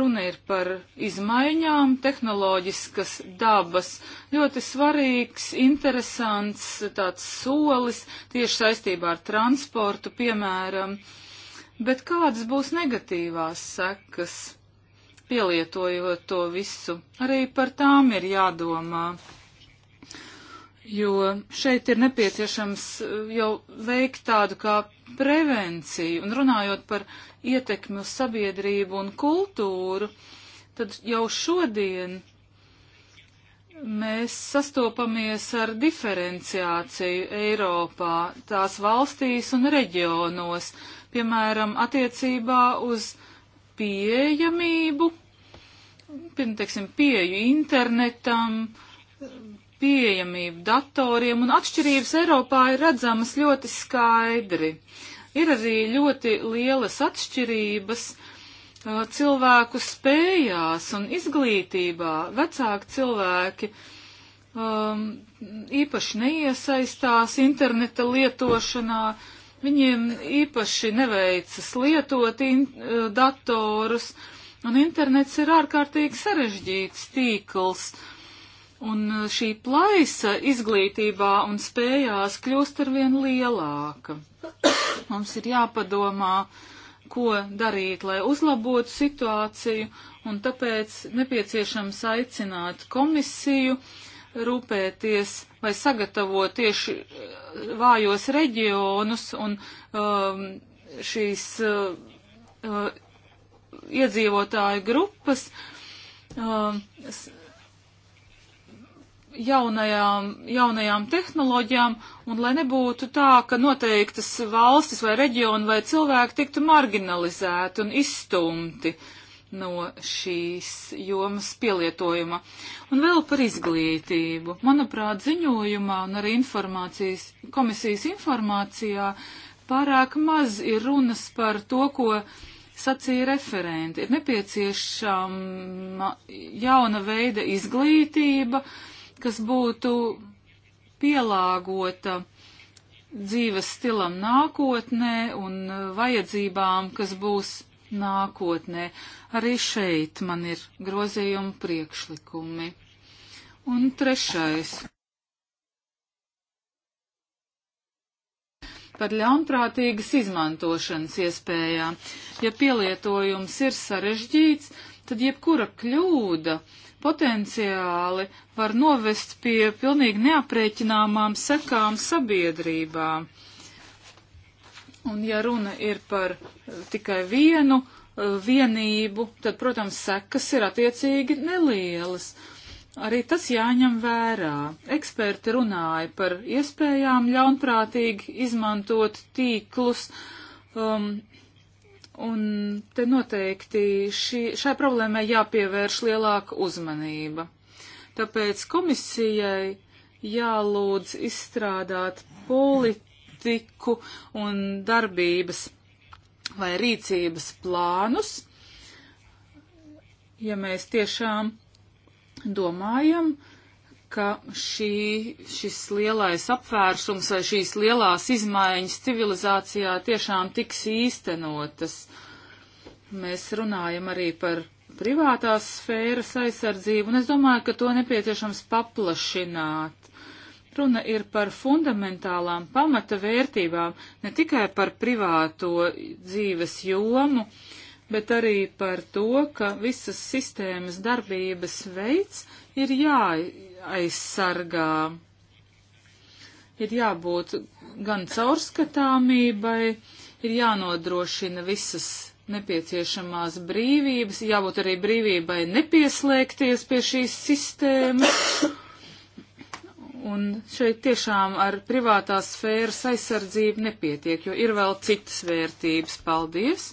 Runa ir par izmaiņām, tehnoloģiskas dabas. Ļoti svarīgs, interesants tāds solis tieši saistībā ar transportu, piemēram. Bet kādas būs negatīvās sekas? pielietojot to visu. Arī par tām ir jādomā, jo šeit ir nepieciešams eh, jau veikt tādu kā prevenciju. Un runājot par ietekmi uz sabiedrību un kultūru, tad jau šodien mēs sastopamies ar diferenciāciju Eiropā, tās valstīs un reģionos, piemēram, attiecībā uz pieejamību, teiksim, pieju internetam, pieejamību datoriem, un atšķirības Eiropā ir redzamas ļoti skaidri. Ir arī ļoti lielas atšķirības cilvēku spējās un izglītībā. Vecāki cilvēki um, īpaši neiesaistās interneta lietošanā, uh, Viņiem īpaši neveicas lietot in, eh, datorus, un internets ir ārkārtīgi sarežģīts tīkls. Un eh, šī plaisa izglītībā un spējās kļūst arvien lielāka. Mums ir jāpadomā, ko darīt, lai uzlabotu situāciju, un tāpēc nepieciešams aicināt komisiju rūpēties vai sagatavot tieši vājos reģionus un um, šīs uh, uh iedzīvotāju grupas um, jaunajām, jaunajām tehnoloģijām, un lai nebūtu tā, ka noteiktas valstis vai reģioni vai cilvēki tiktu marginalizēti un izstumti. Uh, no šīs jomas pielietojuma. Un vēl par izglītību. Manuprāt, ziņojumā un arī informācijas, komisijas informācijā pārāk maz ir runas par to, ko sacīja referenti. Ir nepieciešama jauna veida izglītība, kas būtu pielāgota dzīves stilam nākotnē un vajadzībām, kas būs nākotnē. Arī šeit man ir grozījumu priekšlikumi. Un trešais. Par ļaunprātīgas izmantošanas iespējām. Ja pielietojums ir sarežģīts, tad jebkura kļūda potenciāli var novest pie pilnīgi neaprēķināmām sekām sabiedrībā. Un ja runa ir par eh, tikai vienu eh, vienību, tad, protams, sekas ir attiecīgi nelielas. Arī tas jāņem vērā. Eksperti runāja par iespējām ļaunprātīgi izmantot tīklus, um, un te noteikti šī, šai problēmai jāpievērš lielāka uzmanība. Tāpēc komisijai jālūdz izstrādāt polit politiku un darbības vai rīcības plānus, ja mēs tiešām domājam, ka šī, šis lielais apvēršums vai šīs lielās izmaiņas civilizācijā tiešām tiks īstenotas. Mēs runājam arī par privātās sfēras aizsardzību, un es domāju, ka to nepieciešams paplašināt. Runa ir par fundamentālām pamata vērtībām, ne tikai par privāto dzīves jomu, bet arī par to, ka visas sistēmas darbības veids ir jāaizsargā. Ir jābūt gan caurskatāmībai, ir jānodrošina visas nepieciešamās brīvības, jābūt arī brīvībai nepieslēgties pie šīs sistēmas Un šeit tiešām ar privātā sfēras aizsardzību nepietiek, jo ir vēl citas vērtības. Paldies!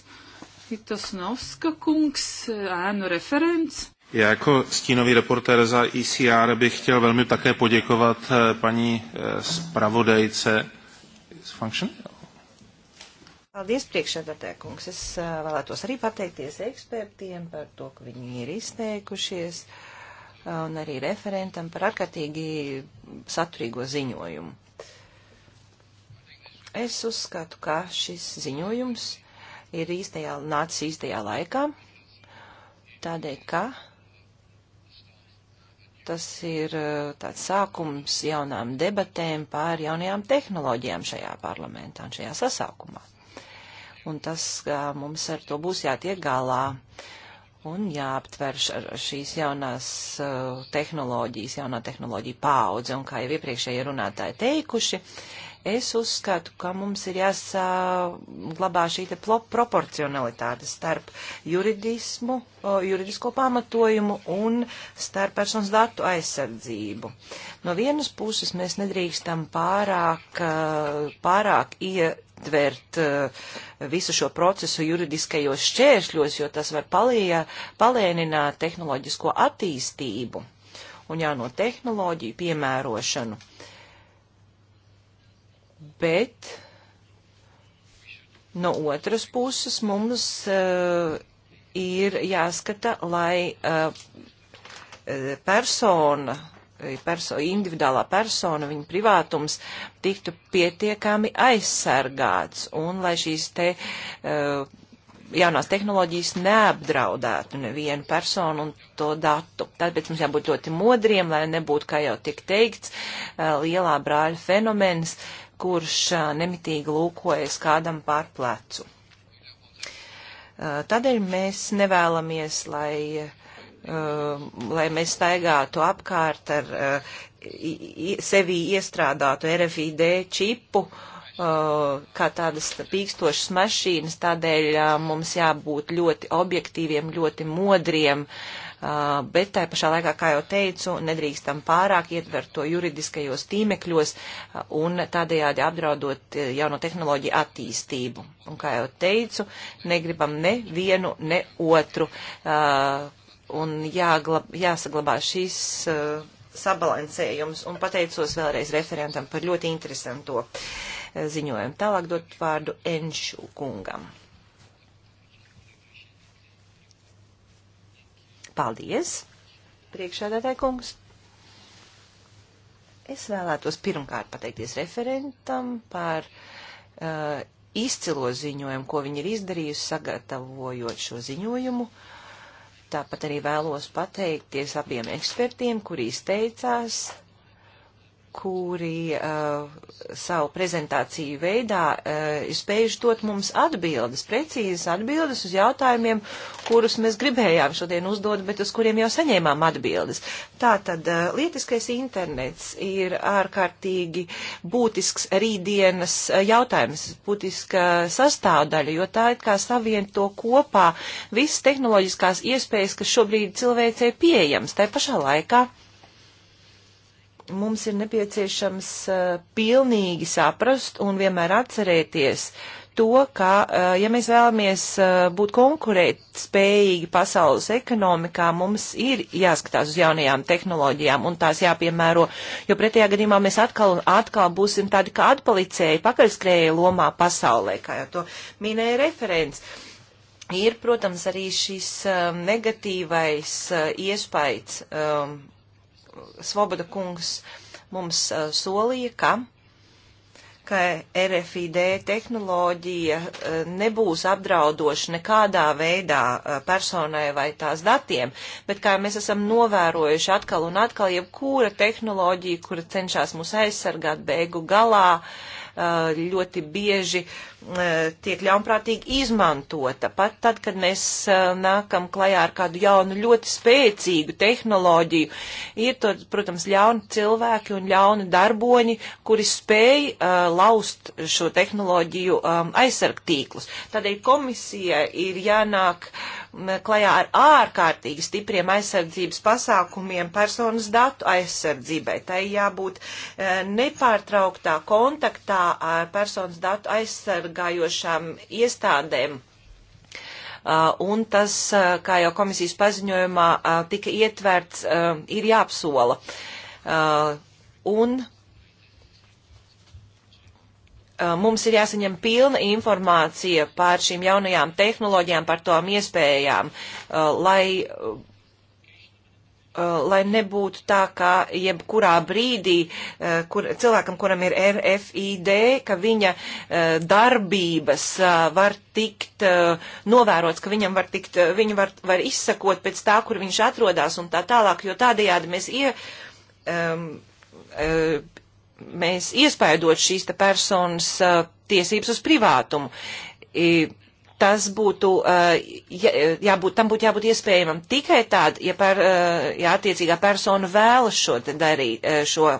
Hitos Novska kungs, ēnu referents. Já jako stínový reportér za ICR e bych chtěl velmi také poděkovat eh, paní eh, zpravodajce. Paldies, priekšsēdētāj kungs. Es eh, vēlētos arī pateikties ekspertiem par to, ka viņi ir izteikušies. Uh, un arī referentam par ārkārtīgi saturīgo ziņojumu. Es uzskatu, ka šis ziņojums ir īstajā, nācis īstajā laikā, tādēļ, ka tas ir uh, tāds sākums jaunām debatēm pār jaunajām tehnoloģijām šajā parlamentā un šajā sasaukumā. Un tas, ka mums ar to būs jātiek galā. Uh, un jāaptver šīs jaunās uh, tehnoloģijas, jaunā tehnoloģija paudze, un kā jau iepriekšēji runātāji teikuši, es uzskatu, ka mums ir jāsaglabā šī te proporcionalitāte starp juridismu, uh, juridisko pamatojumu un starp personas datu aizsardzību. No vienas puses mēs nedrīkstam pārāk, uh, pārāk ie, aptvert eh, visu šo procesu juridiskajos šķēršļos, jo tas var palie, palēnināt tehnoloģisko attīstību un jauno tehnoloģiju piemērošanu. Bet no otras puses mums uh, ir jāskata, lai uh, persona perso individuālā persona, viņa privātums tiktu pietiekami aizsargāts un lai šīs te uh, jaunās tehnoloģijas neapdraudētu nevienu personu un to datu. Tāpēc mums jābūt ļoti modriem, lai nebūtu, kā jau tik teikts, uh, lielā brāļa fenomens, kurš uh, nemitīgi lūkojas kādam pār plecu. Tādēļ mēs nevēlamies, lai uh, Uh, lai mēs staigātu apkārt ar uh, sevi iestrādātu RFID čipu, uh, kā tādas pīkstošas mašīnas, tādēļ mums jābūt ļoti objektīviem, ļoti modriem, bet tā pašā laikā, kā jau teicu, nedrīkstam pārāk ietvert to juridiskajos tīmekļos un tādējādi apdraudot jauno tehnoloģiju attīstību. Un kā jau teicu, negribam ne vienu, ne otru un jāglab, jāsaglabā šīs uh, eh, sabalansējums. Un pateicos vēlreiz referentam par ļoti interesanto uh, ziņojumu. Tālāk dot vārdu Enšu kungam. Paldies, priekšādātāji kungs. Es vēlētos pirmkārt pateikties referentam par uh, izcilo ziņojumu, ko viņi ir izdarījusi sagatavojot šo ziņojumu. Uh, Tāpat arī vēlos pateikties abiem ekspertiem, kuri izteicās kuri uh, savu prezentāciju veidā uh, ir spējuši dot mums atbildes, precīzas atbildes uz jautājumiem, kurus mēs gribējām šodien uzdot, bet uz kuriem jau saņēmām atbildes. Tātad uh, lietiskais internets ir ārkārtīgi būtisks rītdienas uh, jautājums, būtiska sastāvdaļa, jo tā ir kā savien to kopā visas tehnoloģiskās iespējas, kas šobrīd cilvēcei pieejams. Tā pašā laikā mums ir nepieciešams eh, pilnīgi saprast un vienmēr atcerēties to, ka, eh, ja mēs vēlamies eh, būt konkurēt spējīgi pasaules ekonomikā, mums ir jāskatās uz jaunajām tehnoloģijām un tās jāpiemēro, jo pretējā gadījumā mēs atkal un atkal būsim tādi kā atpalicēji pakaļskrēja lomā pasaulē, kā jau to minēja referents. Ir, protams, arī šis negatīvais iespējas Svoboda kungs mums uh, solīja, ka, ka RFID tehnoloģija uh, nebūs apdraudoša nekādā veidā uh, personai vai tās datiem, bet kā mēs esam novērojuši atkal un atkal, jebkura tehnoloģija, kura cenšas mūs aizsargāt beigu galā, uh, Eh, ļoti bieži eh, tiek ļaunprātīgi izmantota. Pat tad, kad mēs eh, nākam klajā ar kādu jaunu, ļoti spēcīgu tehnoloģiju, ir to, protams, ļauni cilvēki un ļauni darboņi, kuri spēj laust šo tehnoloģiju aizsargtīklus. Tādēļ komisija ir jānāk. Uh, klajā ar ārkārtīgi stipriem aizsardzības pasākumiem personas datu aizsardzībai. Tai jābūt e, nepārtrauktā kontaktā ar personas datu aizsargājošām iestādēm. E, un tas, e, kā jau komisijas paziņojumā tika ietverts, ir jāapsola. Un Eh, mums ir jāsaņem pilna informācija par šīm jaunajām tehnoloģijām, par tām iespējām, eh, lai, eh, lai nebūtu tā, ka jebkurā brīdī kur, cilvēkam, kuram ir RFID, ka viņa darbības var tikt novērots, ka viņam var tikt, viņu var, var izsakot pēc tā, kur viņš atrodas un tā tālāk, jo tādējādi mēs ie. Um, uh, mēs iespaidot šīs te personas uh, tiesības uz privātumu. I, tas būtu, uh, jā, jābūt, tam būtu jābūt iespējamam tikai tād, ja, par, uh, ja attiecīgā persona vēlas šo darīt, šo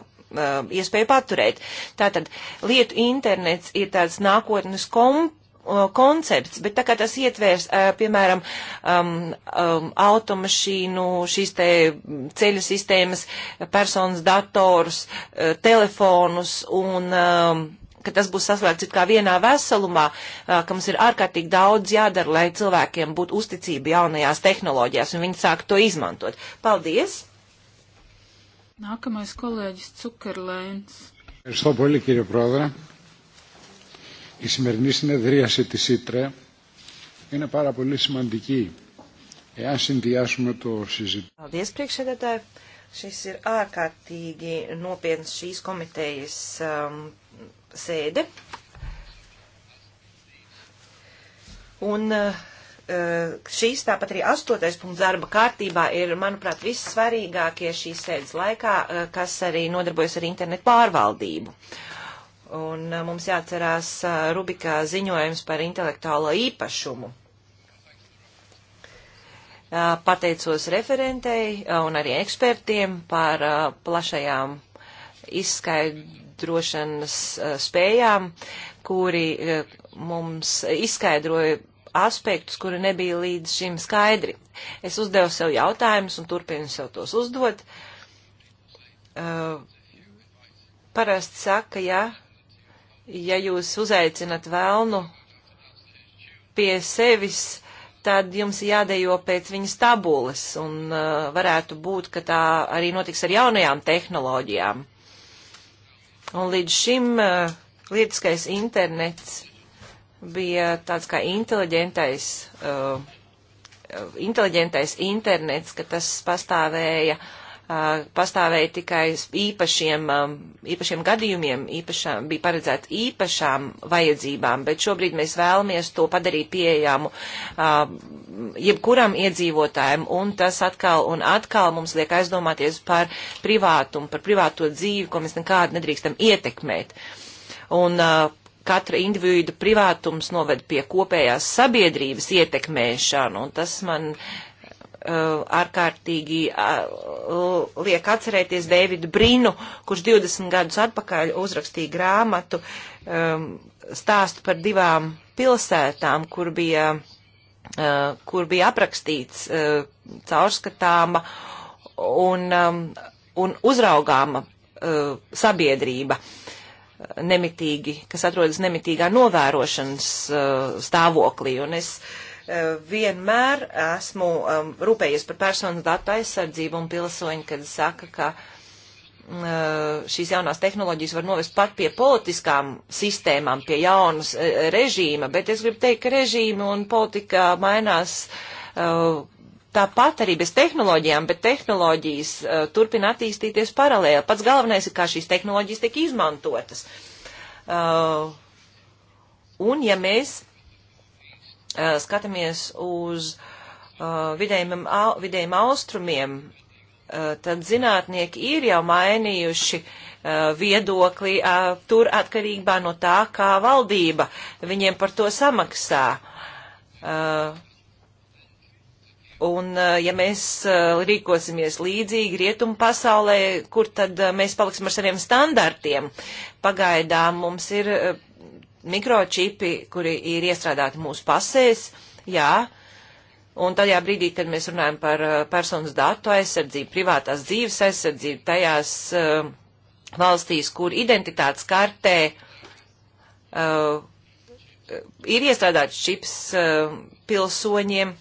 iespēju paturēt. Tātad lietu internets ir tāds nākotnes komponents koncepts, bet tā kā tas ietvērs, piemēram, um, um, automašīnu, šīs te ceļu sistēmas, personas dators, telefonus un um, ka tas būs saslēgts it kā vienā veselumā, ka mums ir ārkārtīgi daudz jādara, lai cilvēkiem būtu uzticība jaunajās tehnoloģijās un viņi sāk to izmantot. Paldies! Nākamais kolēģis Cukerlēns. Ir saboļi, kīri, prādara η σημερινή συνεδρίαση της ΙΤΡΕ είναι πάρα πολύ σημαντική εάν συνδυάσουμε το συζητήριο. Paldies, priekšsēdētāji. Šis ir ārkārtīgi nopietns šīs komitejas um, sēde. Un uh, uh, šīs, tāpat arī astotais punkts darba kārtībā, ir, manuprāt, vissvarīgākie šīs sēdes laikā, uh, kas arī nodarbojas ar internetu pārvaldību. Uh, Un uh, mums jāatcerās uh, Rubikā ziņojums par intelektuālo īpašumu. Uh, pateicos referentei un arī ekspertiem par plašajām izskaidrošanas spējām, kuri mums izskaidroja aspektus, kuri nebija līdz šim skaidri. Es uzdevu sev jautājumus un turpinu sev tos uzdot. Uh, parasti saka, ja ja jūs uzaicinat vēlnu pie sevis, tad jums jādejo pēc viņas tabulas, un uh, varētu būt, ka tā arī notiks ar jaunajām tehnoloģijām. Un līdz šim uh, lietiskais internets bija tāds kā inteliģentais, uh, uh inteliģentais internets, ka tas pastāvēja uh, pastāvēja tikai īpašiem, īpašiem gadījumiem, īpašām, bija paredzēta īpašām vajadzībām, bet šobrīd mēs vēlamies to padarīt pieejamu jebkuram iedzīvotājiem, un tas atkal un atkal mums liek aizdomāties par privātumu, par privāto dzīvi, ko mēs nekādi nedrīkstam ietekmēt. Un, Katra individu privātums noved pie kopējās sabiedrības ietekmēšanu, un tas man uh, Uh, ārkārtīgi uh, liek atcerēties Dēvidu Brinu, kurš 20 gadus atpakaļ uzrakstīja grāmatu um, stāstu par divām pilsētām, kur bija, uh, kur bija aprakstīts caurskatāma un, um, un uzraugāma sabiedrība nemitīgi, kas atrodas nemitīgā novērošanas stāvoklī. Un es uh, Eh, vienmēr esmu um, rūpējies par personu datu aizsardzību un pilsoņu, kad saka, ka uh, šīs jaunās tehnoloģijas var novest pat pie politiskām sistēmām, pie jaunas uh, režīma, bet es gribu teikt, ka režīma un politika mainās uh, tāpat arī bez tehnoloģijām, bet tehnoloģijas uh, turpina attīstīties paralēli. Pats galvenais ir, kā šīs tehnoloģijas tiek izmantotas. Uh, un ja mēs Eh, skatāmies uz eh, vidējiem, vidējiem austrumiem, eh, tad zinātnieki ir jau mainījuši viedokli tur atkarībā no tā, kā valdība viņiem par to samaksā. Un, ja mēs rīkosimies līdzīgi rietumu pasaulē, kur tad mēs paliksim ar saviem standartiem? Pagaidām mums ir mikročipi, kuri ir iestrādāti mūsu pasēs, jā, un tajā brīdī, kad mēs runājam par eh, personas datu aizsardzību, privātās dzīves aizsardzību, tajās uh, valstīs, kur identitātes kartē uh, ir iestrādāts čips uh, pilsoņiem,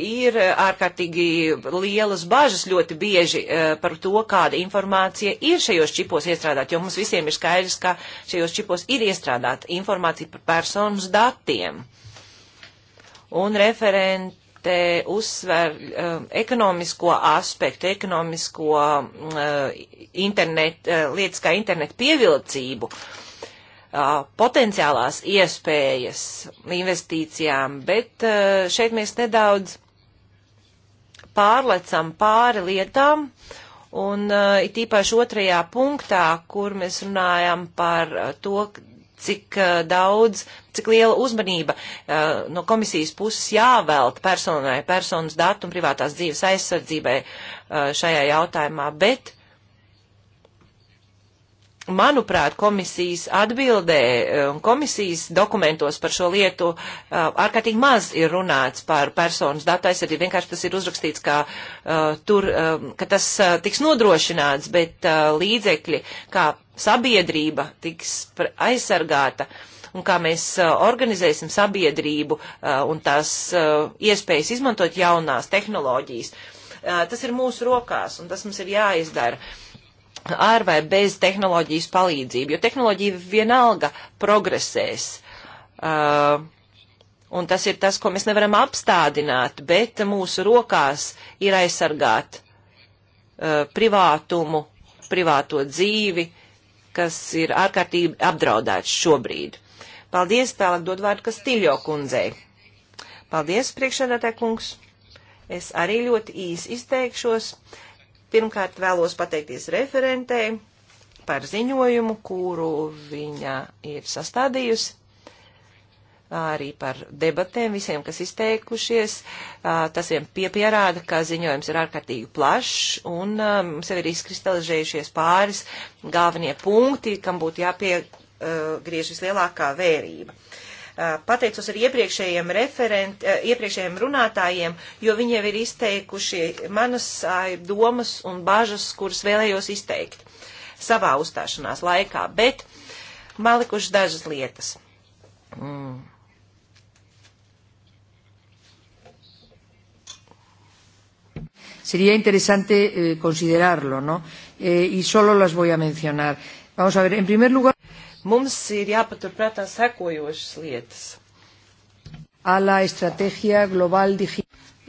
ir eh, ārkārtīgi lielas bažas ļoti bieži eh, par to, kāda informācija ir šajos čipos iestrādāt, jo mums visiem ir skaidrs, ka šajos čipos ir iestrādāta informācija par personas datiem. Un referente uzsver um, ekonomisko aspektu, ekonomisko um, internet, uh, lietas kā internetu pievilcību. Uh, potenciālās iespējas investīcijām, bet šeit mēs nedaudz pārlecam pāri lietām, un uh, it īpaši otrajā punktā, kur mēs runājam par uh, to, cik uh, daudz, cik liela uzmanība uh, no komisijas puses jāvēlta personai, personas datu un privātās dzīves aizsardzībai uh, šajā jautājumā, bet manuprāt, komisijas atbildē eh, un komisijas dokumentos par šo lietu eh, ārkārtīgi maz ir runāts par personas datu aizsardzību. Vienkārši tas ir uzrakstīts, ka, uh, tur, um, ka tas uh, tiks nodrošināts, bet uh, līdzekļi, kā sabiedrība tiks aizsargāta un kā mēs organizēsim sabiedrību un tās iespējas izmantot jaunās tehnoloģijas. Tas ir mūsu rokās un tas mums ir jāizdara ar vai bez tehnoloģijas palīdzību, jo tehnoloģija vienalga progresēs. Uh, un tas ir tas, ko mēs nevaram apstādināt, bet mūsu rokās ir aizsargāt uh, privātumu, privāto dzīvi, kas ir ārkārtīgi apdraudēts šobrīd. Paldies, tālāk dod vārdu Kastīļo kundzei. Paldies, priekšsēdētāj kungs. Es arī ļoti īsi izteikšos. Uh, Pirmkārt vēlos pateikties referentei par ziņojumu, kuru viņa ir sastādījusi. Arī par debatēm visiem, kas izteikušies. Tas vien piepierāda, ka ziņojums ir ārkārtīgi plašs un mums jau ir izkristalizējušies pāris galvenie punkti, kam būtu jāpiegriež vislielākā vērība. Eh, pateicos arī iepriekšējiem, referent, eh, iepriekšējiem runātājiem, jo viņi jau ir izteikuši manas domas un bažas, kuras vēlējos izteikt savā uzstāšanās laikā, bet man likuši dažas lietas. Mm. Sería interesante eh, considerarlo, ¿no? Eh, y solo las voy a mencionar. Vamos a ver, en primer lugar. Mums ir jāpaturprātā sekojošas lietas.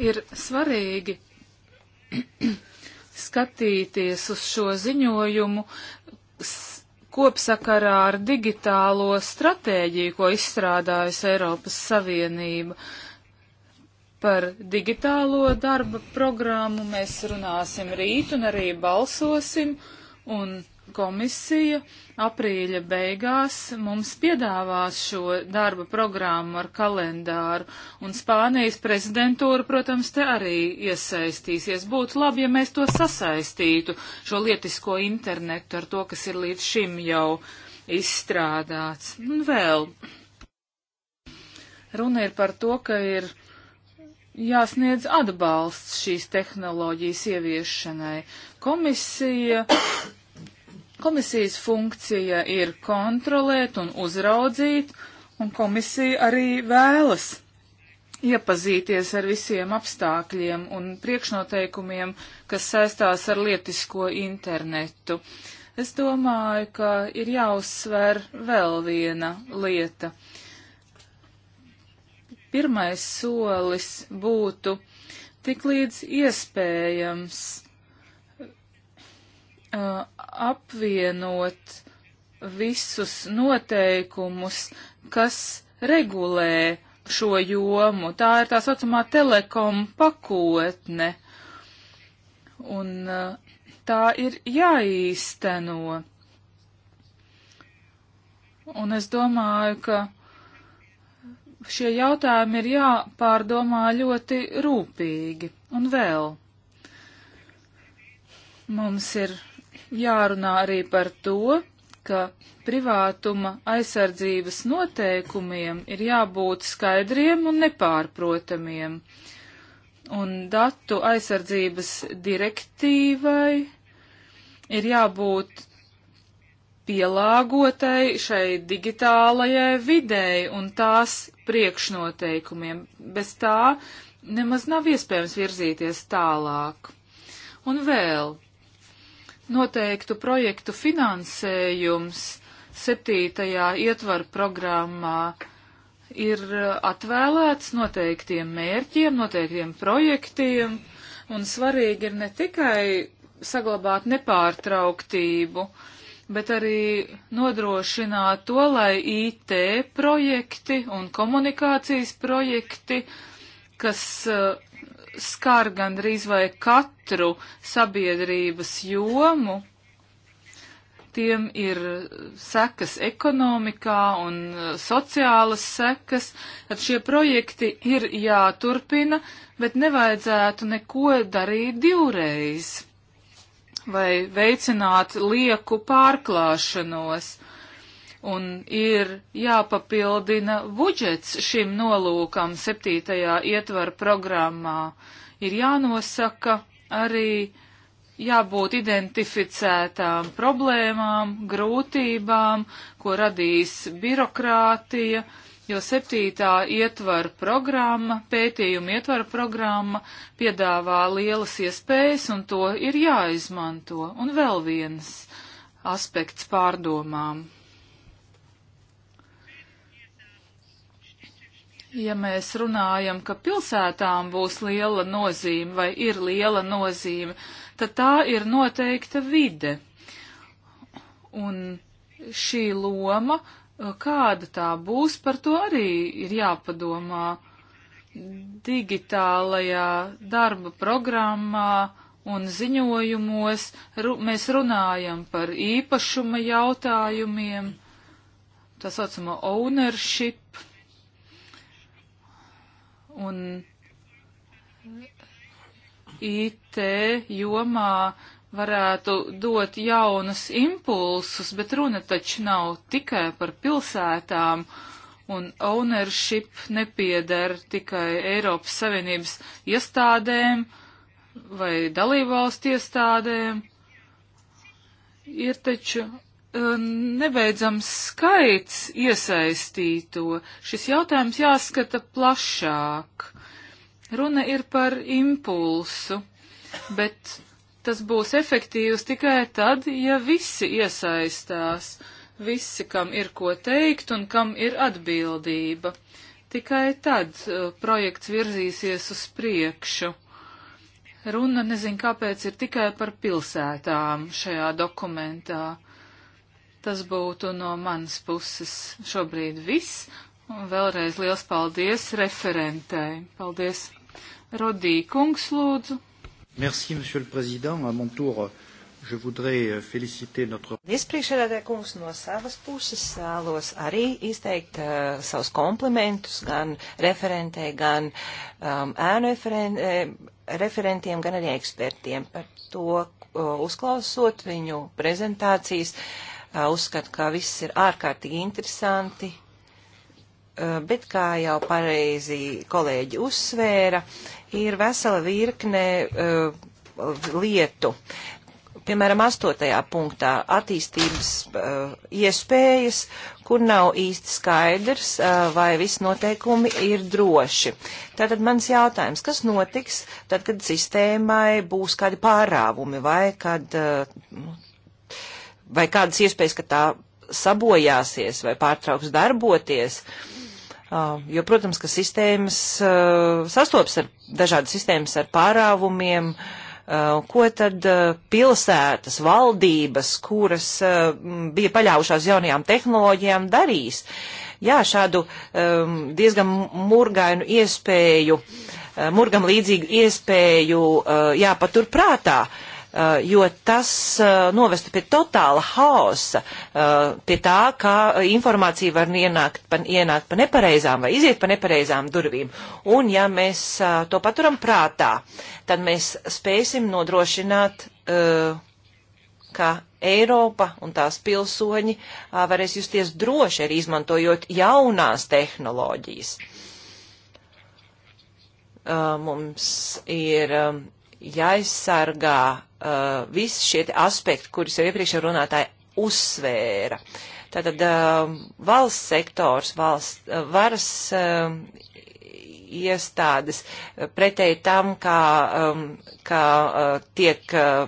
Ir svarīgi skatīties uz šo ziņojumu kopsakarā ar digitālo stratēģiju, ko izstrādājusi Eiropas Savienība. Par digitālo darba programmu mēs runāsim rīt un arī balsosim. Un komisija aprīļa beigās mums piedāvās šo darba programmu ar kalendāru, un Spānijas prezidentūra, protams, te arī iesaistīsies. Būtu labi, ja mēs to sasaistītu, šo lietisko internetu ar to, kas ir līdz šim jau izstrādāts. Un vēl. Runa ir par to, ka ir jāsniedz atbalsts šīs tehnoloģijas ieviešanai. Komisija Komisijas funkcija ir kontrolēt un uzraudzīt, un komisija arī vēlas iepazīties ar visiem apstākļiem un priekšnoteikumiem, kas saistās ar lietisko internetu. Es domāju, ka ir jāuzsver vēl viena lieta. Pirmais solis būtu tik līdz iespējams uh, apvienot visus noteikumus, kas regulē šo jomu. Tā ir tā saucamā telekom pakotne. Un uh, tā ir jāīsteno. Un es domāju, ka šie jautājumi ir jāpārdomā ļoti rūpīgi. Un vēl mums ir jārunā arī par to, ka privātuma aizsardzības noteikumiem ir jābūt skaidriem un nepārprotamiem. Un datu aizsardzības direktīvai ir jābūt pielāgotai šai digitālajai videi un tās priekšnoteikumiem. Bez tā nemaz nav iespējams virzīties tālāk. Un vēl noteiktu projektu finansējums septītajā ietvaru programmā ir atvēlēts noteiktiem mērķiem, noteiktiem projektiem, un svarīgi ir ne tikai saglabāt nepārtrauktību, bet arī nodrošināt to, lai IT projekti un komunikācijas projekti, kas uh, skar gandrīz vai katru sabiedrības jomu. Tiem ir sekas ekonomikā un e, sociālas sekas, tad šie projekti ir jāturpina, bet nevajadzētu neko darīt divreiz vai veicināt lieku pārklāšanos un ir jāpapildina budžets šim nolūkam septītajā ietvaru programmā. Ir jānosaka arī jābūt identificētām problēmām, grūtībām, ko radīs birokrātija, jo septītā ietvaru programma, pētījuma ietvaru programma piedāvā lielas iespējas un to ir jāizmanto. Un vēl viens aspekts pārdomām. Ja mēs runājam, ka pilsētām būs liela nozīme vai ir liela nozīme, tad tā ir noteikta vide. Un šī loma, kāda tā būs, par to arī ir jāpadomā digitālajā darba programmā un ziņojumos. Ru mēs runājam par īpašuma jautājumiem, tā saucamo ownership un IT jomā varētu dot jaunus impulsus, bet runa taču nav tikai par pilsētām, un ownership nepiedara tikai Eiropas Savienības iestādēm vai dalībvalstu iestādēm. Ir taču E, nebeidzams skaits iesaistīto. Šis jautājums jāskata plašāk. Runa ir par impulsu, bet tas būs efektīvs tikai tad, ja visi iesaistās, visi, kam ir ko teikt un kam ir atbildība. Tikai tad uh, projekts virzīsies uz priekšu. Runa nezinu, kāpēc ir tikai par pilsētām šajā dokumentā Tas būtu no manas puses šobrīd viss. Un vēlreiz liels paldies referentei. Paldies. Rodī kungs lūdzu. Merci, monsieur le président. À mon tour, je voudrais euh, féliciter notre. Viespriekšēdētāja kungs no savas puses vēlos arī izteikt uh, savus komplimentus gan referentei, gan um, ēnu referen eh, referentiem, gan arī ekspertiem par to, uh, uzklausot viņu prezentācijas. Uh, uzskatu, ka viss ir ārkārtīgi interesanti, eh, bet, kā jau pareizi kolēģi uzsvēra, ir vesela virkne eh, lietu. Piemēram, astotajā punktā attīstības uh, iespējas, kur nav īsti skaidrs, uh, vai visi noteikumi ir droši. Tātad mans jautājums, kas notiks tad, kad sistēmai būs kādi pārāvumi vai kad uh, vai kādas iespējas, ka tā sabojāsies vai pārtrauks darboties. Uh, jo, protams, ka sistēmas uh, sastopas ar dažādas sistēmas ar pārāvumiem, uh, ko tad uh, pilsētas, valdības, kuras uh, bija paļaujušās jaunajām tehnoloģijām, darīs. Jā, šādu um, diezgan murgainu iespēju, uh, murgam līdzīgu iespēju jāpatur prātā Eh, jo tas eh, novestu pie totāla haosa, eh, pie tā, kā informācija var ienākt pa, ienākt pa nepareizām vai iziet pa nepareizām durvīm. Un ja mēs to paturam prātā, tad mēs spēsim nodrošināt, ka Eiropa un tās pilsoņi varēs justies droši arī izmantojot jaunās tehnoloģijas. Mums ir jāaizsargā uh, visi šie aspekti, kurus jau iepriekšējā runātāja uzsvēra. Tātad uh, valsts sektors, valsts, uh, varas uh, iestādes pretēji tam, kā, um, kā uh, tiek uh,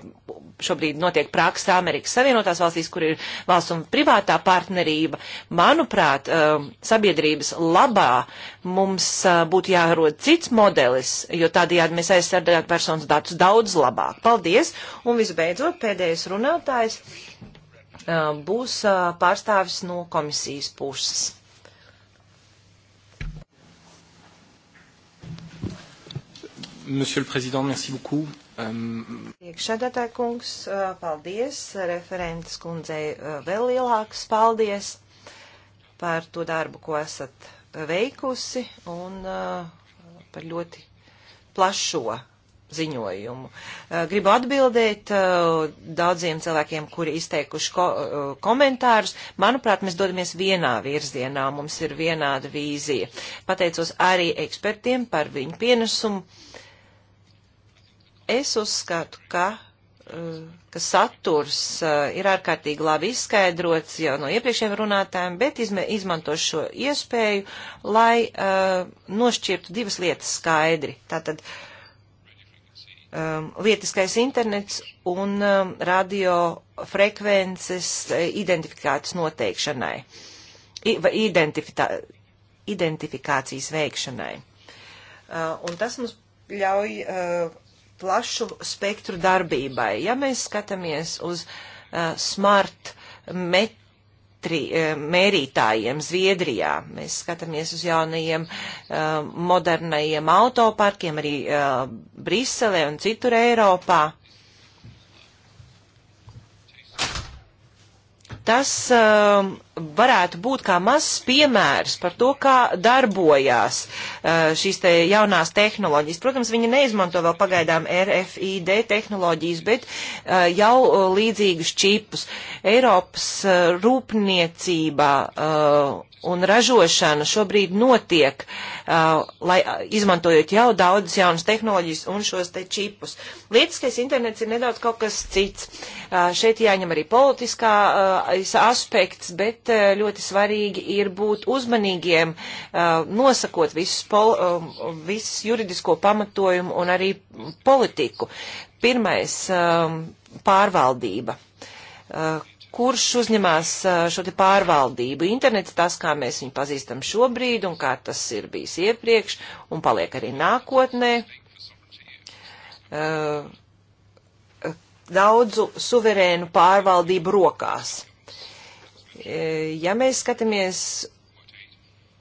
šobrīd notiek praksa Amerikas Savienotās valstīs, kur ir valsts un privātā partnerība. Manuprāt, um, sabiedrības labā mums uh, būtu jārod cits modelis, jo tādējādi mēs aizsargātu personas datus daudz labāk. Paldies! Un visbeidzot, pēdējais runātājs uh, būs uh, pārstāvis no komisijas puses. Monsieur le Président, merci beaucoup. Um, Iekšēdētāji kungs, uh, paldies. Referentes kundzei uh, vēl lielāks paldies par to darbu, ko esat veikusi un uh, par ļoti plašo ziņojumu. Gribu atbildēt daudziem cilvēkiem, kuri izteikuši ko komentārus. Manuprāt, mēs dodamies vienā virzienā, mums ir vienāda vīzija. Pateicos arī ekspertiem par viņu pienesumu Es uzskatu, ka eh, ka saturs eh, ir ārkārtīgi labi izskaidrots jau no iepriekšējiem runātājiem, bet izme, izmanto šo iespēju, lai uh, nošķirtu divas lietas skaidri. Tātad um, lietiskais internets un um, radiofrekvences identifikācijas noteikšanai, I, vai identifikācijas veikšanai. Uh, un tas mums ļauj uh, plašu spektru darbībai. Ja mēs skatāmies uz uh, smart metri, uh, mērītājiem Zviedrijā, mēs skatāmies uz jaunajiem uh, modernajiem autoparkiem arī uh, Briselē un citur Eiropā. Tas uh, varētu būt kā mazs piemērs par to, kā darbojās uh, šīs te jaunās tehnoloģijas. Protams, viņi neizmanto vēl pagaidām RFID tehnoloģijas, bet uh, jau uh, līdzīgus čipus. Eiropas rūpniecībā un ražošana šobrīd notiek, lai izmantojot jau daudzas jaunas tehnoloģijas un šos te čipus. Lietiskais internets ir nedaudz kaut kas cits. Šeit jāņem arī politiskā aspekts, bet bet eh, ļoti svarīgi ir būt uzmanīgiem, eh, nosakot visus, pol, eh, visus juridisko pamatojumu un arī politiku. Pirmais - pārvaldība. Kurš uzņemās šo te pārvaldību? Internets tas, kā mēs viņu pazīstam šobrīd un kā tas ir bijis iepriekš un paliek arī nākotnē daudzu suverēnu pārvaldību rokās. E, ja mēs skatāmies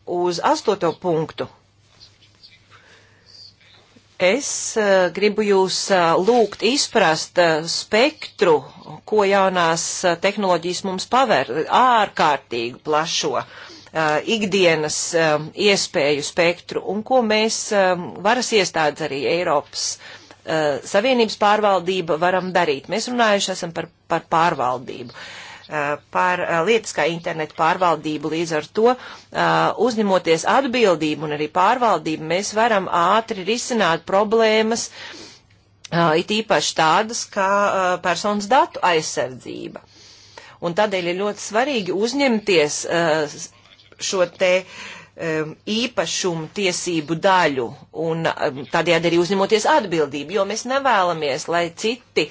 uz astoto punktu, es e, gribu jūs e, lūgt izprast spektru, ko jaunās tehnoloģijas mums paver, ārkārtīgi plašo ikdienas iespēju spektru un ko mēs varas iestādes arī Eiropas Savienības pārvaldība varam darīt. Mēs runājuši esam par, par pārvaldību. Uh, Eh, par eh, lietas kā internetu pārvaldību. Līdz ar to eh, uzņemoties atbildību un arī pārvaldību, mēs varam ātri risināt problēmas, it īpaši tādas kā personas datu aizsardzība. Un tādēļ ir ļoti svarīgi uzņemties šo te īpašumu tiesību daļu un tādējādi arī uzņemoties atbildību, jo mēs nevēlamies, lai citi,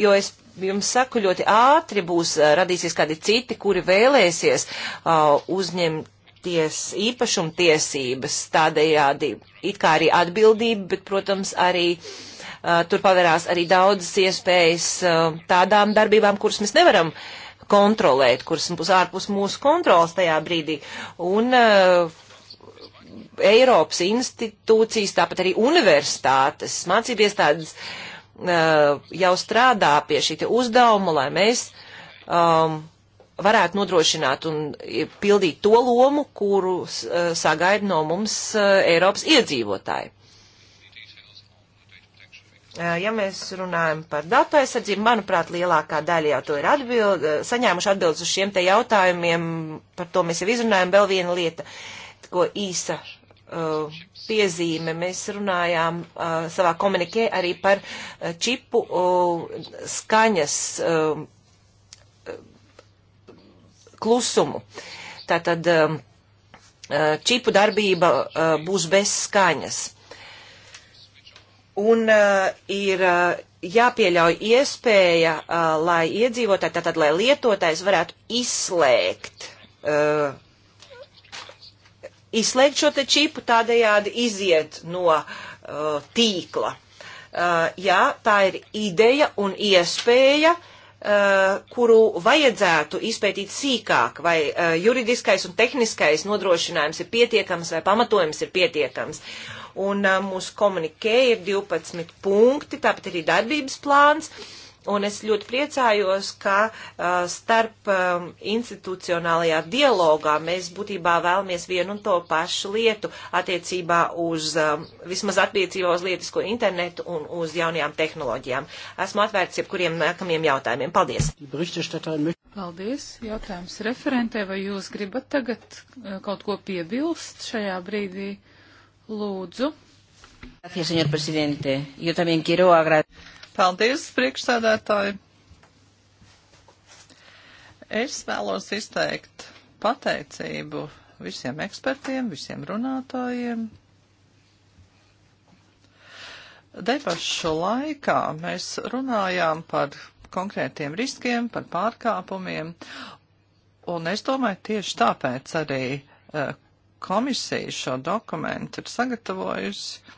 jo es jums saku, ļoti ātri būs radīsies kādi citi, kuri vēlēsies uh, uzņemties īpašumtiesības, tādējādi it kā arī atbildība, bet, protams, arī uh, tur pavērās arī daudzas iespējas uh, tādām darbībām, kuras mēs nevaram kontrolēt, kuras būs ārpus mūsu kontrolas tajā brīdī. Un, uh, Eiropas institūcijas, tāpat arī universitātes, mācību iestādes uh, Uh, jau strādā pie šī uzdevuma, lai mēs um, varētu nodrošināt un pildīt to lomu, kuru uh, sagaida no mums uh, Eiropas iedzīvotāji. Uh, ja mēs runājam par datu aizsardzību, manuprāt, lielākā daļa jau to ir atbild, uh, saņēmuši atbildes uz šiem te jautājumiem, par to mēs jau izrunājam. Vēl viena lieta, ko īsa Uh, piezīme. Mēs runājām uh, savā komunikē arī par uh, čipu skaņas klusumu. Tātad um, čipu darbība būs bez skaņas. Un ir jāpieļauj iespēja, lai iedzīvotāji, tātad lai lietotājs varētu izslēgt izslēgt šo te čipu, tādējādi iziet no uh, tīkla. Uh, jā, tā ir ideja un iespēja, uh, kuru vajadzētu izpētīt sīkāk, vai uh, juridiskais un tehniskais nodrošinājums ir pietiekams vai pamatojums ir pietiekams. Un uh, mūsu komunikē ir 12 punkti, tāpat arī darbības plāns. Uh, Un es ļoti priecājos, ka uh, starp um, institucionālajā dialogā mēs būtībā vēlamies vienu un to pašu lietu attiecībā uz, um, vismaz attiecībā uz lietisko internetu un uz jaunajām tehnoloģijām. Esmu atvērts jebkuriem nākamiem jautājumiem. Paldies! Paldies! Jautājums referentē, vai jūs gribat tagad kaut ko piebilst šajā brīdī? Lūdzu! Gracias, señor presidente. Yo también quiero agradecer. Paldies, priekšsēdētāji! Es vēlos izteikt pateicību visiem ekspertiem, visiem runātājiem. Debašu laikā mēs runājām par konkrētiem riskiem, par pārkāpumiem, un es domāju, tieši tāpēc arī e, komisija šo dokumentu ir sagatavojusi,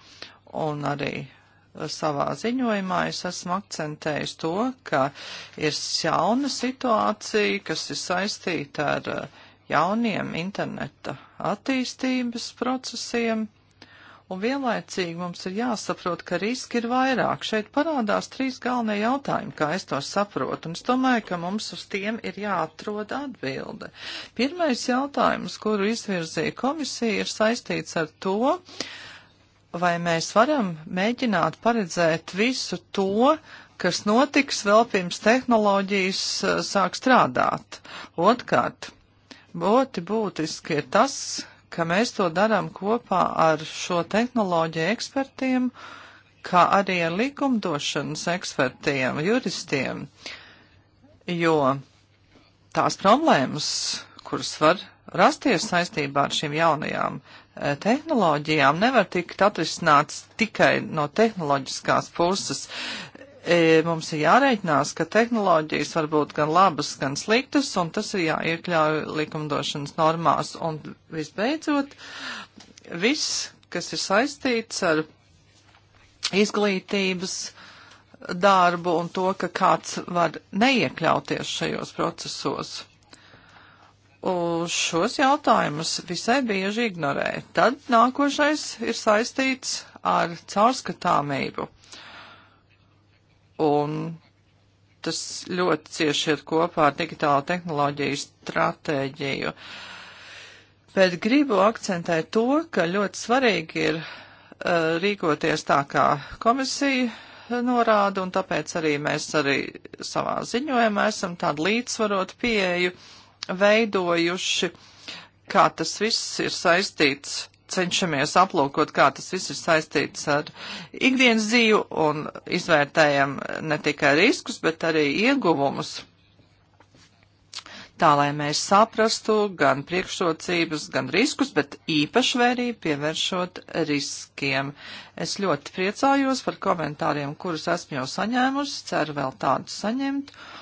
un arī savā ziņojumā es esmu akcentējis to, ka ir jauna situācija, kas ir saistīta ar eh, jauniem interneta attīstības procesiem, un vienlaicīgi mums ir jāsaprot, ka riski ir vairāk. Šeit parādās trīs galvenie jautājumi, kā es to saprotu, un es domāju, ka mums uz tiem ir jāatrod atbilde. Pirmais jautājums, kuru izvirzīja komisija, ir saistīts ar to, uh, vai mēs varam mēģināt paredzēt visu to, kas notiks vēl pirms tehnoloģijas eh, sāk strādāt. Otkārt, ļoti būtiski ir tas, ka mēs to darām kopā ar šo tehnoloģiju ekspertiem, kā arī ar likumdošanas ekspertiem, juristiem, jo tās problēmas, kuras var rasties saistībā ar šīm jaunajām uh, tehnoloģijām nevar tikt atrisināts tikai no tehnoloģiskās puses. E, mums ir jārēķinās, ka tehnoloģijas var būt gan labas, gan sliktas, un tas ir jāiekļauj likumdošanas normās. Un visbeidzot, viss, kas ir saistīts ar izglītības darbu un to, ka kāds var neiekļauties šajos procesos šos jautājumus visai bieži ignorē. Tad nākošais ir saistīts ar caurskatāmību. Un tas ļoti cieši iet kopā ar digitālo tehnoloģiju stratēģiju. Bet gribu akcentēt to, ka ļoti svarīgi ir uh, rīkoties tā, kā komisija norāda, un tāpēc arī mēs arī savā ziņojumā esam tādu līdzsvarotu pieeju uh, veidojuši, kā tas viss ir saistīts, cenšamies aplūkot, kā tas viss ir saistīts ar ikdienas dzīvi un izvērtējam ne tikai riskus, bet arī ieguvumus. Tā, lai mēs saprastu gan priekšrocības, gan riskus, bet īpaši vērību pievēršot riskiem. Es ļoti priecājos par komentāriem, kurus esmu jau saņēmusi, ceru vēl tādus saņemt. Uh,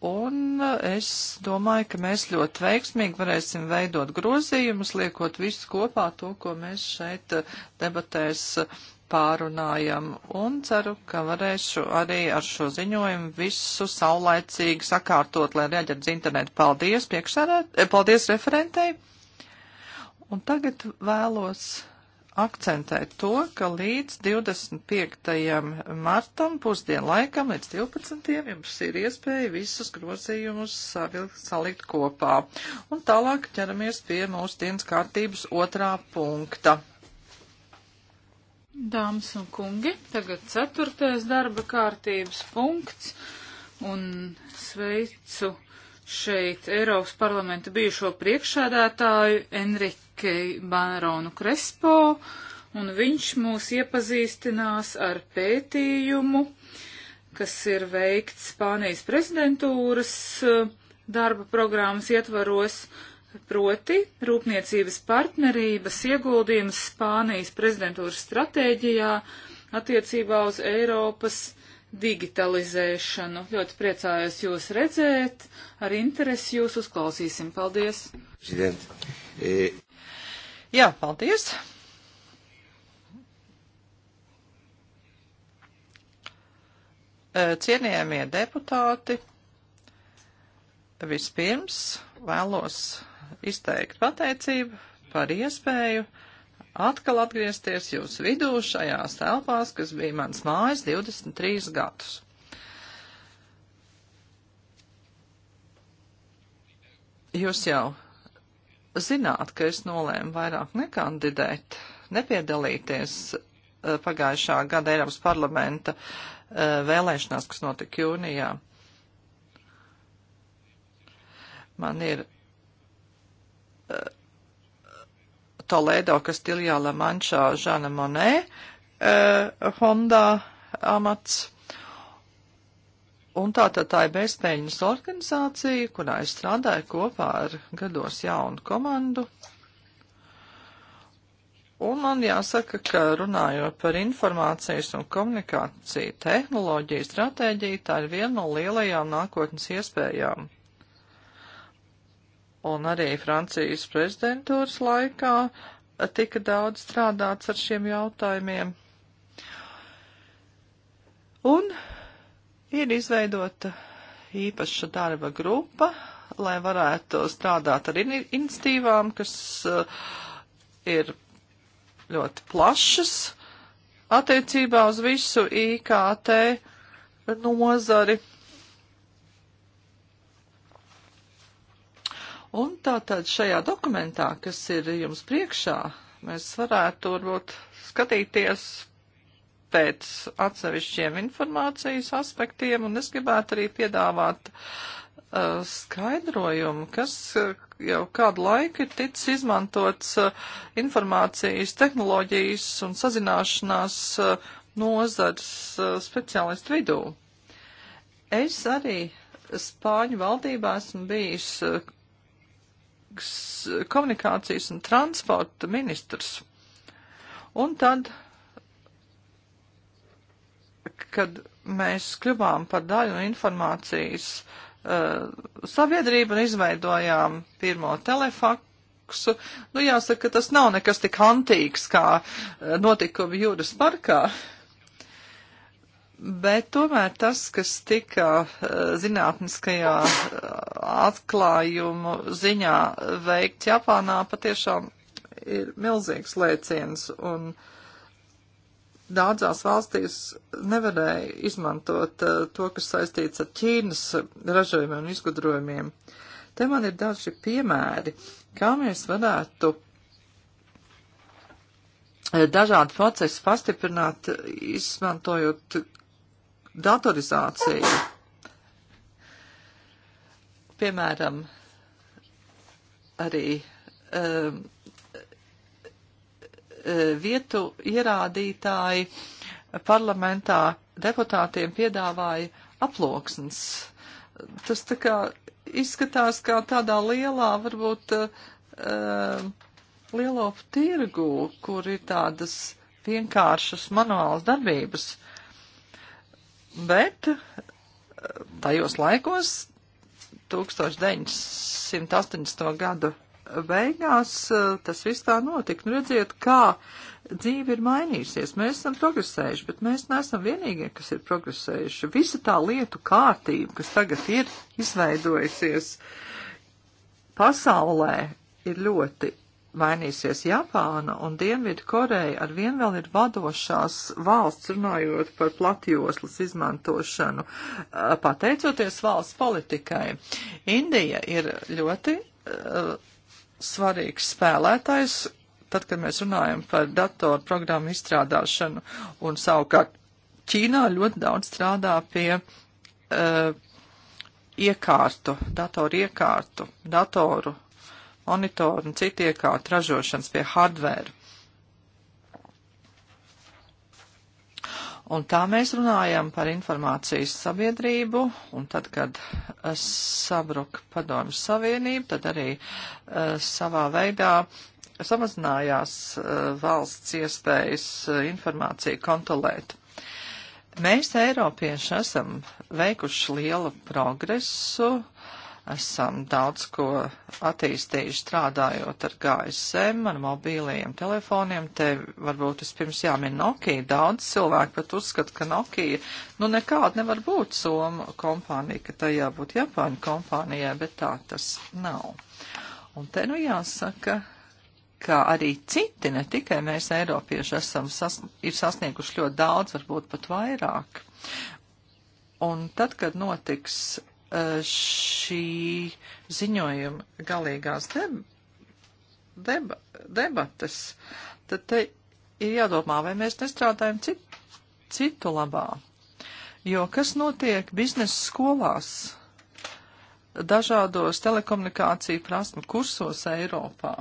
Un uh, es domāju, ka mēs ļoti veiksmīgi varēsim veidot grozījumus, liekot visu kopā to, ko mēs šeit uh, debatēs uh, pārunājam. Un ceru, ka varēšu arī ar šo ziņojumu visu saulaicīgi sakārtot, lai reaģētu uz internetu. Paldies, priekšsarēt, eh, paldies referentei. Un tagad vēlos akcentēt to, ka līdz 25. martam pusdienlaikam līdz 12. jums ir iespēja visus grozījumus salikt kopā. Un tālāk ķeramies pie mūsu dienas kārtības otrā punkta. Dāmas un kungi, tagad ceturtais darba kārtības punkts un sveicu šeit Eiropas parlamenta bijušo priekšsādātāju Enrikei Banaronu Krespo, un viņš mūs iepazīstinās ar pētījumu, kas ir veikts Spānijas prezidentūras eh, darba programmas ietvaros, proti rūpniecības partnerības ieguldījums Spānijas prezidentūras stratēģijā attiecībā uz Eiropas digitalizēšanu. Ļoti priecājos jūs redzēt, ar interesi jūs uzklausīsim. Paldies! E... Jā, paldies! E, cienījamie deputāti, vispirms vēlos izteikt pateicību par iespēju atkal atgriezties jūsu vidū šajās telpās, kas bija mans mājas 23 gadus. Jūs jau zināt, ka es nolēmu vairāk nekandidēt, nepiedalīties eh, pagājušā gada Eiropas parlamenta eh, vēlēšanās, kas notika jūnijā. Man ir eh, Toledo, Kastiljā, Lamančā, Žana Monē, uh, eh, Honda amats. Un tā tad tā ir bezpēļņas organizācija, kurā es strādāju kopā ar gados jaunu komandu. Un man jāsaka, ka runājot par informācijas un komunikāciju tehnoloģiju stratēģiju, tā ir viena no lielajām nākotnes iespējām un arī Francijas prezidentūras laikā tika daudz strādāts ar šiem jautājumiem. Un ir izveidota īpaša darba grupa, lai varētu strādāt ar in institīvām, kas uh, ir ļoti plašas attiecībā uz visu IKT nozari. Un tātad šajā dokumentā, kas ir jums priekšā, mēs varētu varbūt skatīties pēc atsevišķiem informācijas aspektiem, un es gribētu arī piedāvāt uh, skaidrojumu, kas uh, jau kādu laiku ir ticis izmantots uh, informācijas tehnoloģijas un sazināšanās uh, nozars uh, speciālistu vidū. Es arī Spāņu valdībā esmu bijis uh, atbildīgs komunikācijas un transporta ministrs. Un tad, kad mēs kļuvām par daļu informācijas uh, sabiedrību un izveidojām pirmo telefaksu, nu jāsaka, tas nav nekas tik antīks kā eh, notikumi jūras parkā. Uh, Bet tomēr tas, kas tika eh, zinātniskajā eh, atklājumu ziņā veikts Japānā, patiešām ir milzīgs lēciens, un daudzās valstīs nevarēja izmantot eh, to, kas saistīts ar Ķīnas ražojumiem un izgudrojumiem. Te man ir daži piemēri, kā mēs varētu dažādi procesi pastiprināt, izmantojot datorizāciju. Piemēram, arī um, vietu ierādītāji parlamentā deputātiem piedāvāja aploksnes. Tas tā kā izskatās kā tādā lielā, varbūt, um, lielo tirgu, kur ir tādas vienkāršas manuālas darbības. Uh, bet eh, tajos laikos 1980. gadu beigās eh, tas viss tā notika. Nu, redziet, kā dzīve ir mainījusies. Mēs esam progresējuši, bet mēs neesam vienīgie, kas ir progresējuši. Visa tā lietu kārtība, kas tagad ir izveidojusies pasaulē, ir ļoti mainīsies Japāna un Dienvidu Koreja ar vien vēl ir vadošās valsts runājot par platjoslas izmantošanu, pateicoties valsts politikai. Indija ir ļoti uh, svarīgs spēlētājs, tad, kad mēs runājam par datoru programmu izstrādāšanu un savukārt Ķīnā ļoti daudz strādā pie uh, iekārtu, datoru iekārtu, datoru monitori un citi iekārti ražošanas pie hardvēra. Un tā mēs runājam par informācijas sabiedrību, un tad, kad eh, sabruka padomju savienība, tad arī uh, savā veidā samazinājās uh, valsts iespējas uh, informāciju kontrolēt. Mēs, Eiropieši, esam veikuši lielu progresu uh, esam daudz ko attīstījuši strādājot ar GSM, ar mobīliem telefoniem. Te varbūt vispirms jāmin Nokia. Daudz cilvēku pat uzskata, ka Nokia nu nekāda nevar būt Soma kompānija, ka tajā būtu Japāņu kompānijai, bet tā tas nav. Un te nu jāsaka, ka arī citi, ne tikai mēs Eiropieši, esam sas, ir sasnieguši ļoti daudz, varbūt pat vairāk. Un tad, kad notiks šī ziņojuma galīgās deb, deb, debates, tad te ir jādomā, vai mēs nestrādājam cit, citu labā. Jo kas notiek biznesa skolās, dažādos telekomunikāciju prasmu kursos Eiropā?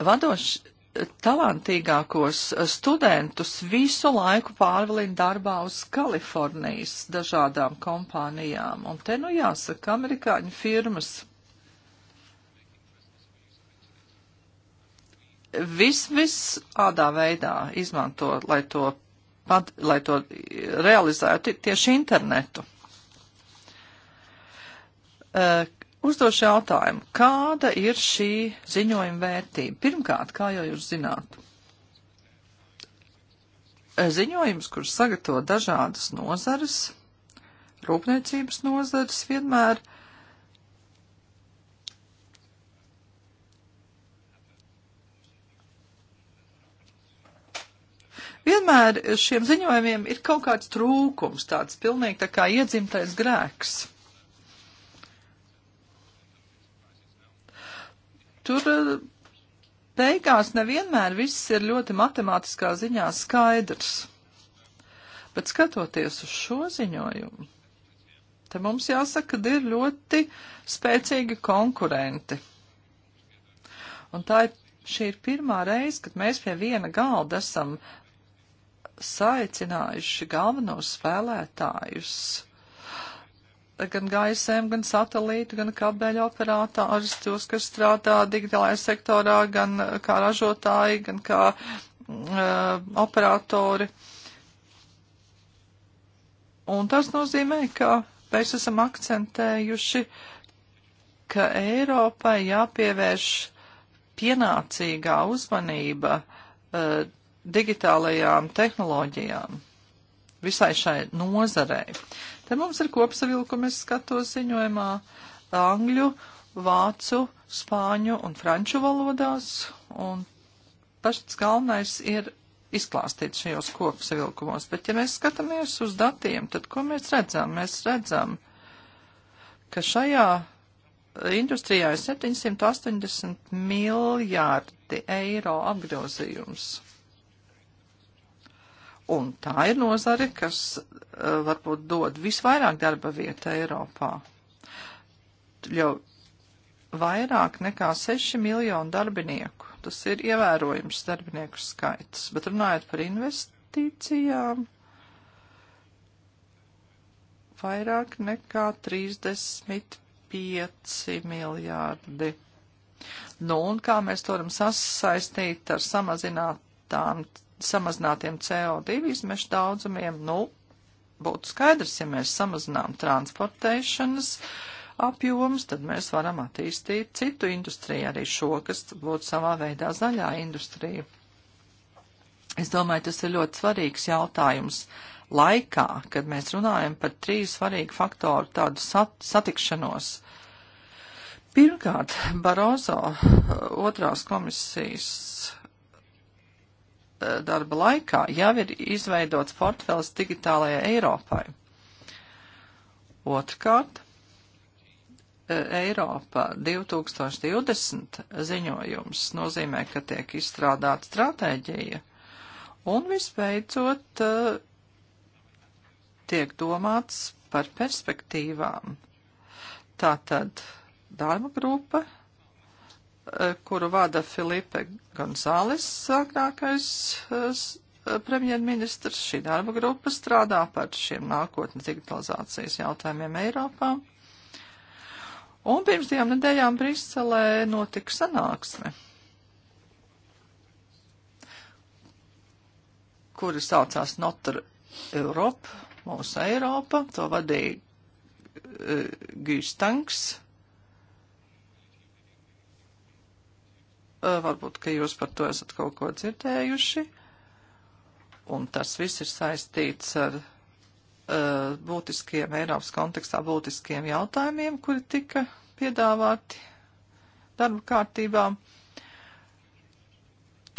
Vadoši talantīgākos studentus visu laiku pārvalina darbā uz Kalifornijas dažādām kompānijām. Un te nu jāsaka, amerikāņu firmas vis, vis ādā veidā izmanto, lai to, pad, lai to realizētu tieši internetu. Uh, Uzdošu jautājumu, kāda ir šī ziņojuma vērtība? Pirmkārt, kā jau jūs zināt, ziņojums, kurš sagatavo dažādas nozares, rūpniecības nozares vienmēr Vienmēr šiem ziņojumiem ir kaut kāds trūkums, tāds pilnīgi tā kā iedzimtais grēks. tur eh, beigās nevienmēr viss ir ļoti matemātiskā ziņā skaidrs. Bet skatoties uz šo ziņojumu, te mums jāsaka, ka ir ļoti spēcīgi konkurenti. Un tā ir, šī ir pirmā reize, kad mēs pie viena galda esam saicinājuši galvenos spēlētājus gan gaisēm, gan satelītu, gan kabeļu operātārus, tos, kas strādā digitālajā sektorā, gan uh, kā ražotāji, gan kā mm, uh, operatori. Un tas nozīmē, ka mēs esam akcentējuši, ka Eiropai jāpievērš pienācīgā uzmanība uh, digitālajām tehnoloģijām visai šai nozarei. Uh, Te mums ir kopsavilkumi, es skatos ziņojumā, angļu, vācu, spāņu un franču valodās, un pats galvenais ir izklāstīts šajos kopsavilkumos. Bet, ja mēs skatāmies uz datiem, tad ko mēs redzam? Mēs redzam, ka šajā industrijā ir 780 miljārdi eiro apgrozījums. Un tā ir nozare, kas uh, varbūt dod visvairāk darba vieta Eiropā. Jau vairāk nekā 6 miljonu darbinieku. Tas ir ievērojams darbinieku skaits. Bet runājot par investīcijām, vairāk nekā 35 miljārdi. Nu, un kā mēs to varam sasaistīt ar samazinātām samazinātiem CO2 izmešu daudzumiem, nu, būtu skaidrs, ja mēs samazinām transportēšanas apjomus, tad mēs varam attīstīt citu industriju, arī šo, kas būtu savā veidā zaļā industrija. Es domāju, tas ir ļoti svarīgs jautājums laikā, kad mēs runājam par trīs svarīgu faktoru tādu sat satikšanos. Pirmkārt, Barozo otrās komisijas Eh, darba laikā jau ir izveidots portfels digitālajai Eiropai. Otrkārt, eh, Eiropa 2020 ziņojums nozīmē, ka tiek izstrādāta stratēģija, un visbeidzot eh, tiek domāts par perspektīvām. Tātad darba grupa Eh, kuru vada Filipe Gonzāles, agrākais eh, eh, premjerministrs. Šī darba grupa strādā par šiem nākotnes digitalizācijas jautājumiem Eiropā. Un pirms divām nedēļām Briselē notika sanāksme, kuri saucās Notre Europe, mūsu Eiropa, to vadīja uh, Gīstanks Eh, varbūt, ka jūs par to esat kaut ko dzirdējuši, un tas viss ir saistīts ar eh, būtiskiem, Eiropas kontekstā būtiskiem jautājumiem, kuri tika piedāvāti darba kārtībā.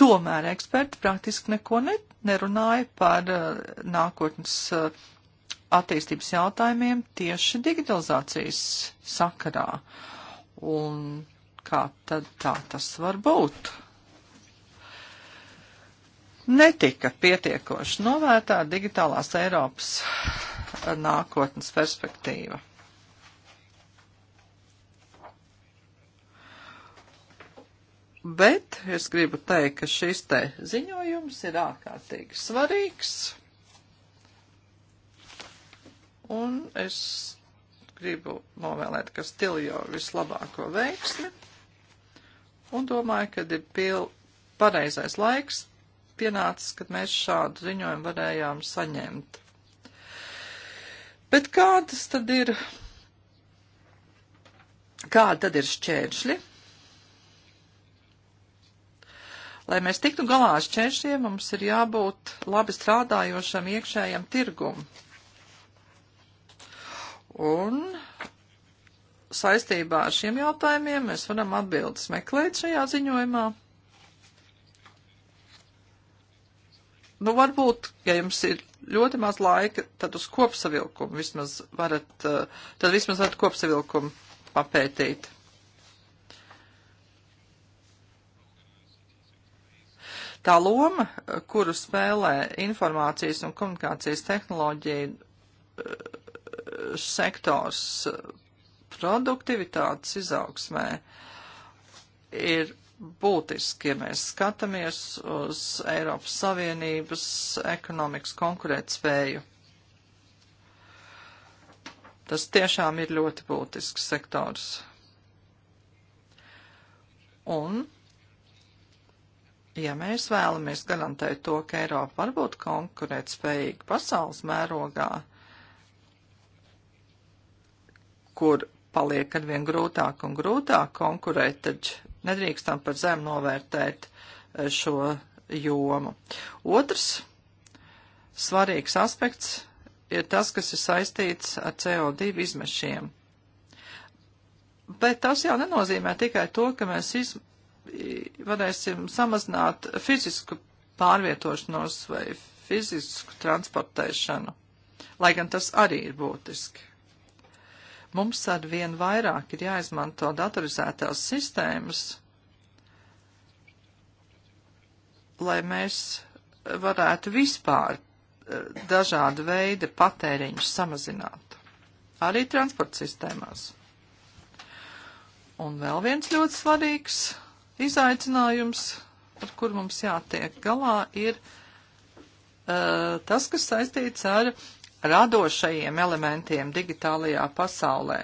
Tomēr eksperti praktiski neko ne, nerunāja par uh, nākotnes uh, attīstības jautājumiem tieši digitalizācijas sakarā. Un Kā tad tā tas var būt? Netika pietiekoši novērtā digitālās Eiropas nākotnes perspektīva. Bet es gribu teikt, ka šis te ziņojums ir ārkārtīgi svarīgs. Un es gribu novēlēt, ka Stiljo vislabāko veiksmi un domāju, ka ir pil pareizais laiks pienācis, kad mēs šādu ziņojumu varējām saņemt. Bet kādas tad ir, kāda tad ir šķēršļi? Lai mēs tiktu galā ar šķēršļiem, mums ir jābūt labi strādājošam iekšējam tirgum. Un saistībā ar šiem jautājumiem mēs varam atbildes meklēt šajā ziņojumā. Nu, varbūt, ja jums ir ļoti maz laika, tad uz kopsavilkumu vismaz varat, eh, tad vismaz varat kopsavilkumu papētīt. Tā loma, kuru spēlē informācijas un komunikācijas tehnoloģija eh, sektors produktivitātes izaugsmē ir būtiski, ja mēs skatāmies uz Eiropas Savienības ekonomikas konkurētspēju. Tas tiešām ir ļoti būtisks sektors. Un, ja mēs vēlamies garantēt to, ka Eiropa var būt konkurētspējīga pasaules mērogā, kur paliek arvien grūtāk un grūtāk konkurēt, tad nedrīkstam par zem novērtēt e, šo jomu. Otrs svarīgs aspekts ir tas, kas ir saistīts ar CO2 izmešiem. Bet tas jau nenozīmē tikai to, ka mēs iz, varēsim samazināt fizisku pārvietošanos vai fizisku transportēšanu, lai gan tas arī ir būtiski. Mums ar vien vairāk ir jāizmanto datorizētās sistēmas, lai mēs varētu vispār eh, dažāda veida patēriņus samazināt. Arī transporta sistēmās. Un vēl viens ļoti svarīgs izaicinājums, ar kur mums jātiek galā, ir uh, tas, kas saistīts ar uh, radošajiem elementiem digitālajā pasaulē.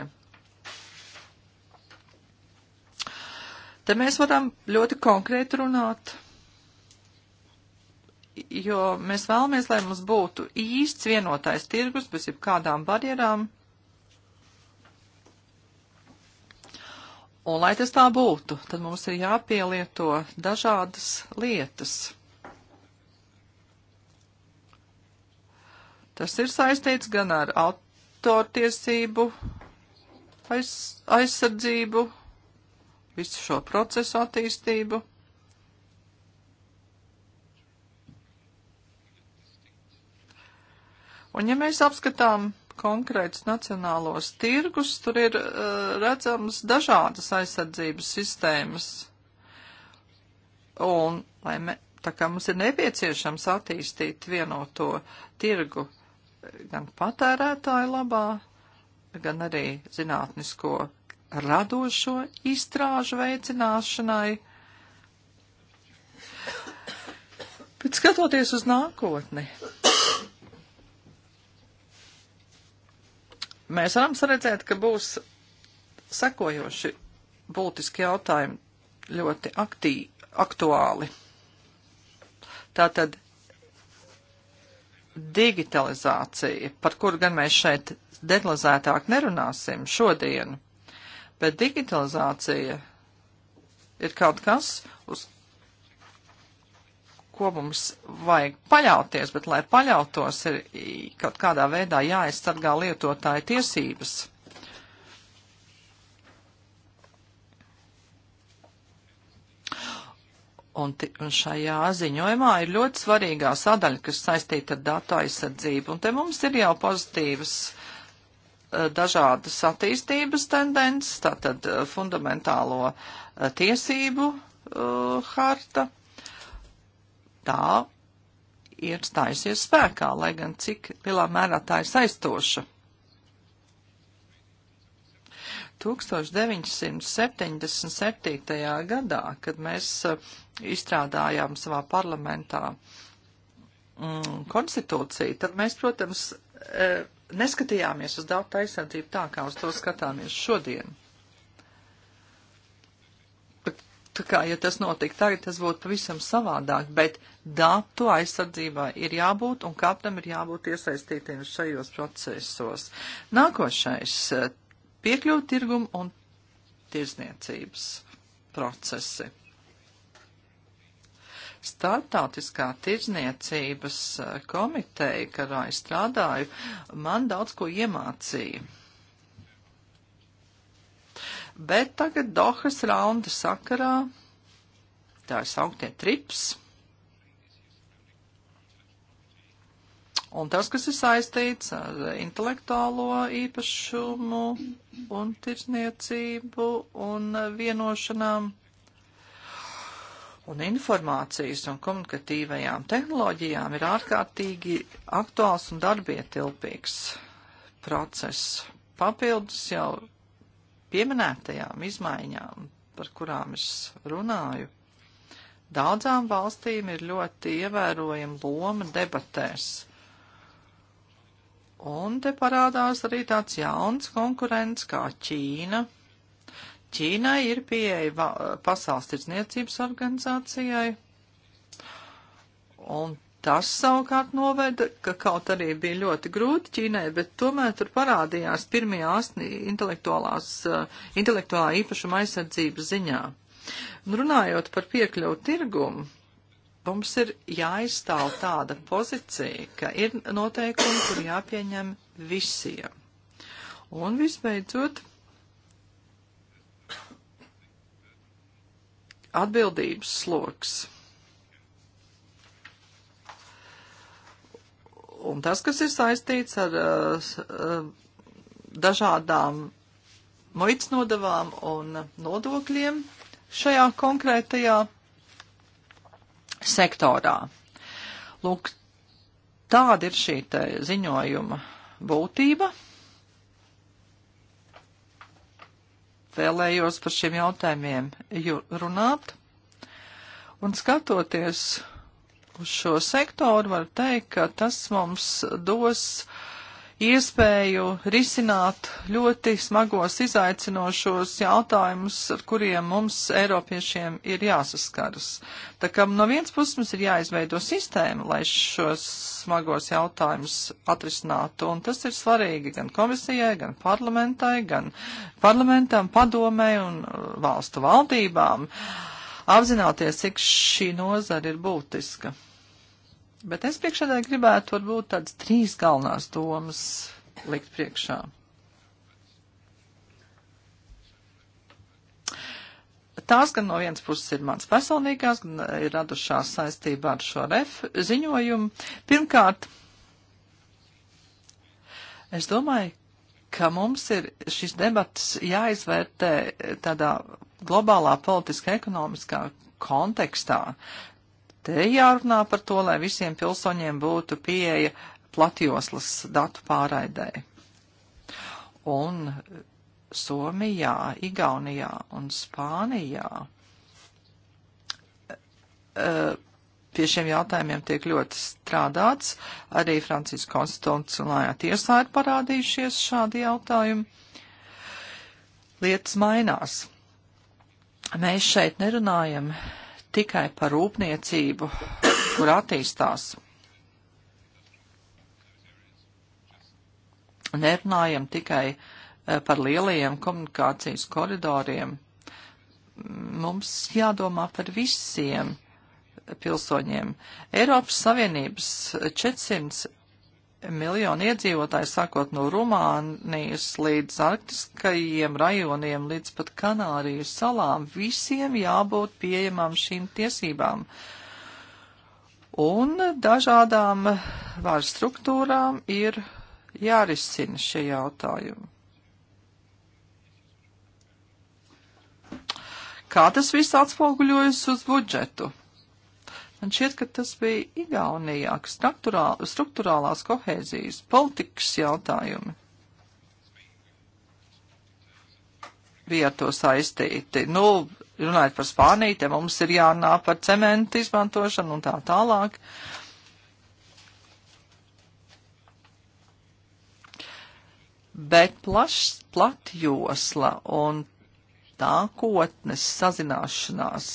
Te mēs varam ļoti konkrēti runāt, jo mēs vēlamies, lai mums būtu īsts vienotais tirgus bez jebkādām barjerām. Un lai tas tā būtu, tad mums ir jāpielieto dažādas lietas. Tas ir saistīts gan ar autortiesību aiz, aizsardzību, visu šo procesu attīstību. Un ja mēs apskatām konkrētus nacionālos tirgus, tur ir uh, redzams dažādas aizsardzības sistēmas. Un, lai me, tā kā mums ir nepieciešams attīstīt vienoto tirgu, uh, gan patērētāju labā, gan arī zinātnisko radošo izstrāžu veicināšanai. Bet skatoties uz nākotni, mēs varam saredzēt, ka būs sekojoši būtiski jautājumi ļoti aktī, aktuāli. Tātad digitalizācija, par kur gan mēs šeit detalizētāk nerunāsim šodien, bet digitalizācija ir kaut kas, uz ko mums vajag paļauties, bet lai paļautos, ir kaut kādā veidā jāaizsargā lietotāja tiesības. Un, un šajā ziņojumā ir ļoti svarīgā sadaļa, kas saistīta ar datu aizsardzību. Un te mums ir jau pozitīvas e, dažādas attīstības tendences, tātad e, fundamentālo e, tiesību uh, harta. Tā ir stājusies spēkā, lai gan cik lielā mērā tā ir saistoša. 1977. gadā, kad mēs uh, izstrādājām savā parlamentā mm, konstitūciju, tad mēs, protams, uh, neskatījāmies uz datu aizsardzību tā, kā uz to skatāmies šodien. Tā kā, ja tas notiktu tagad, tas būtu pavisam savādāk, bet datu aizsardzībā ir jābūt un kādam ir jābūt iesaistītiem šajos procesos. Nākošais piekļuvu tirgumu un tirzniecības procesi. Startautiskā tirzniecības eh, komiteja, kurā es strādāju, man daudz ko iemācīja. Bet tagad Dohas raunda sakarā, tā ir sauktie trips, Un tas, kas ir saistīts ar intelektuālo īpašumu un tirsniecību un vienošanām un informācijas un komunikatīvajām tehnoloģijām, ir ārkārtīgi aktuāls un darbietilpīgs process. Papildus jau pieminētajām izmaiņām, par kurām es runāju, daudzām valstīm ir ļoti ievērojama loma debatēs Un te parādās arī tāds jauns konkurents kā Ķīna. Ķīnai ir pieeja pasaules tirdzniecības organizācijai. Un tas savukārt noveda, ka kaut arī bija ļoti grūti Ķīnai, bet tomēr tur parādījās pirmie asni intelektuālās, intelektuālā īpašuma aizsardzības ziņā. Un runājot par piekļuvu tirgumu, mums ir jāizstāv tāda pozīcija, ka ir noteikumi, kur jāpieņem visiem. Un visbeidzot, atbildības sloks. Un tas, kas ir saistīts ar uh, dažādām muitas nodavām un nodokļiem šajā konkrētajā sektorā. Lūk, tāda ir šī ziņojuma būtība. Vēlējos par šiem jautājumiem runāt. Un skatoties uz šo sektoru, var teikt, ka tas mums dos uh, iespēju risināt ļoti smagos izaicinošos jautājumus, ar kuriem mums, Eiropiešiem, ir jāsaskaras. Tā kā no vienas puses mums ir jāizveido sistēma, lai šos smagos jautājumus atrisinātu, un tas ir svarīgi gan komisijai, gan parlamentai, gan parlamentam, padomē un uh, valstu valdībām apzināties, cik šī nozara ir būtiska. Bet es priekšādā gribētu varbūt tādas trīs galvenās domas likt priekšā. Tās gan no vienas puses ir mans personīgās, gan ir radušās saistībā ar šo ref ziņojumu. Pirmkārt, es domāju, ka mums ir šis debats jāizvērtē tādā globālā politiska ekonomiskā kontekstā, Te jārunā par to, lai visiem pilsoņiem būtu pieeja platjoslas datu pārraidē. Un Somijā, Igaunijā un Spānijā eh, pie šiem jautājumiem tiek ļoti strādāts. Arī Francijas konstitucionālajā tiesā ir parādījušies šādi jautājumi. Lietas mainās. Mēs šeit nerunājam tikai par rūpniecību, kur attīstās. Nerunājam tikai eh, par lielajiem komunikācijas koridoriem. Mums jādomā par visiem pilsoņiem. Eiropas Savienības 400 miljoni iedzīvotāji, sākot no Rumānijas līdz arktiskajiem rajoniem, līdz pat Kanāriju salām, visiem jābūt pieejamām šīm tiesībām. Un dažādām varas struktūrām ir jārisina šie jautājumi. Kā tas viss atspoguļojas uz budžetu? Man šķiet, ka tas bija Igaunijāk struktūrāl, struktūrālās kohēzijas politikas jautājumi. Bija ar to saistīti. Nu, runājot par Spāniju, te mums ir jārunā par cementu izmantošanu un tā tālāk. Bet plašs platjosla un nākotnes sazināšanās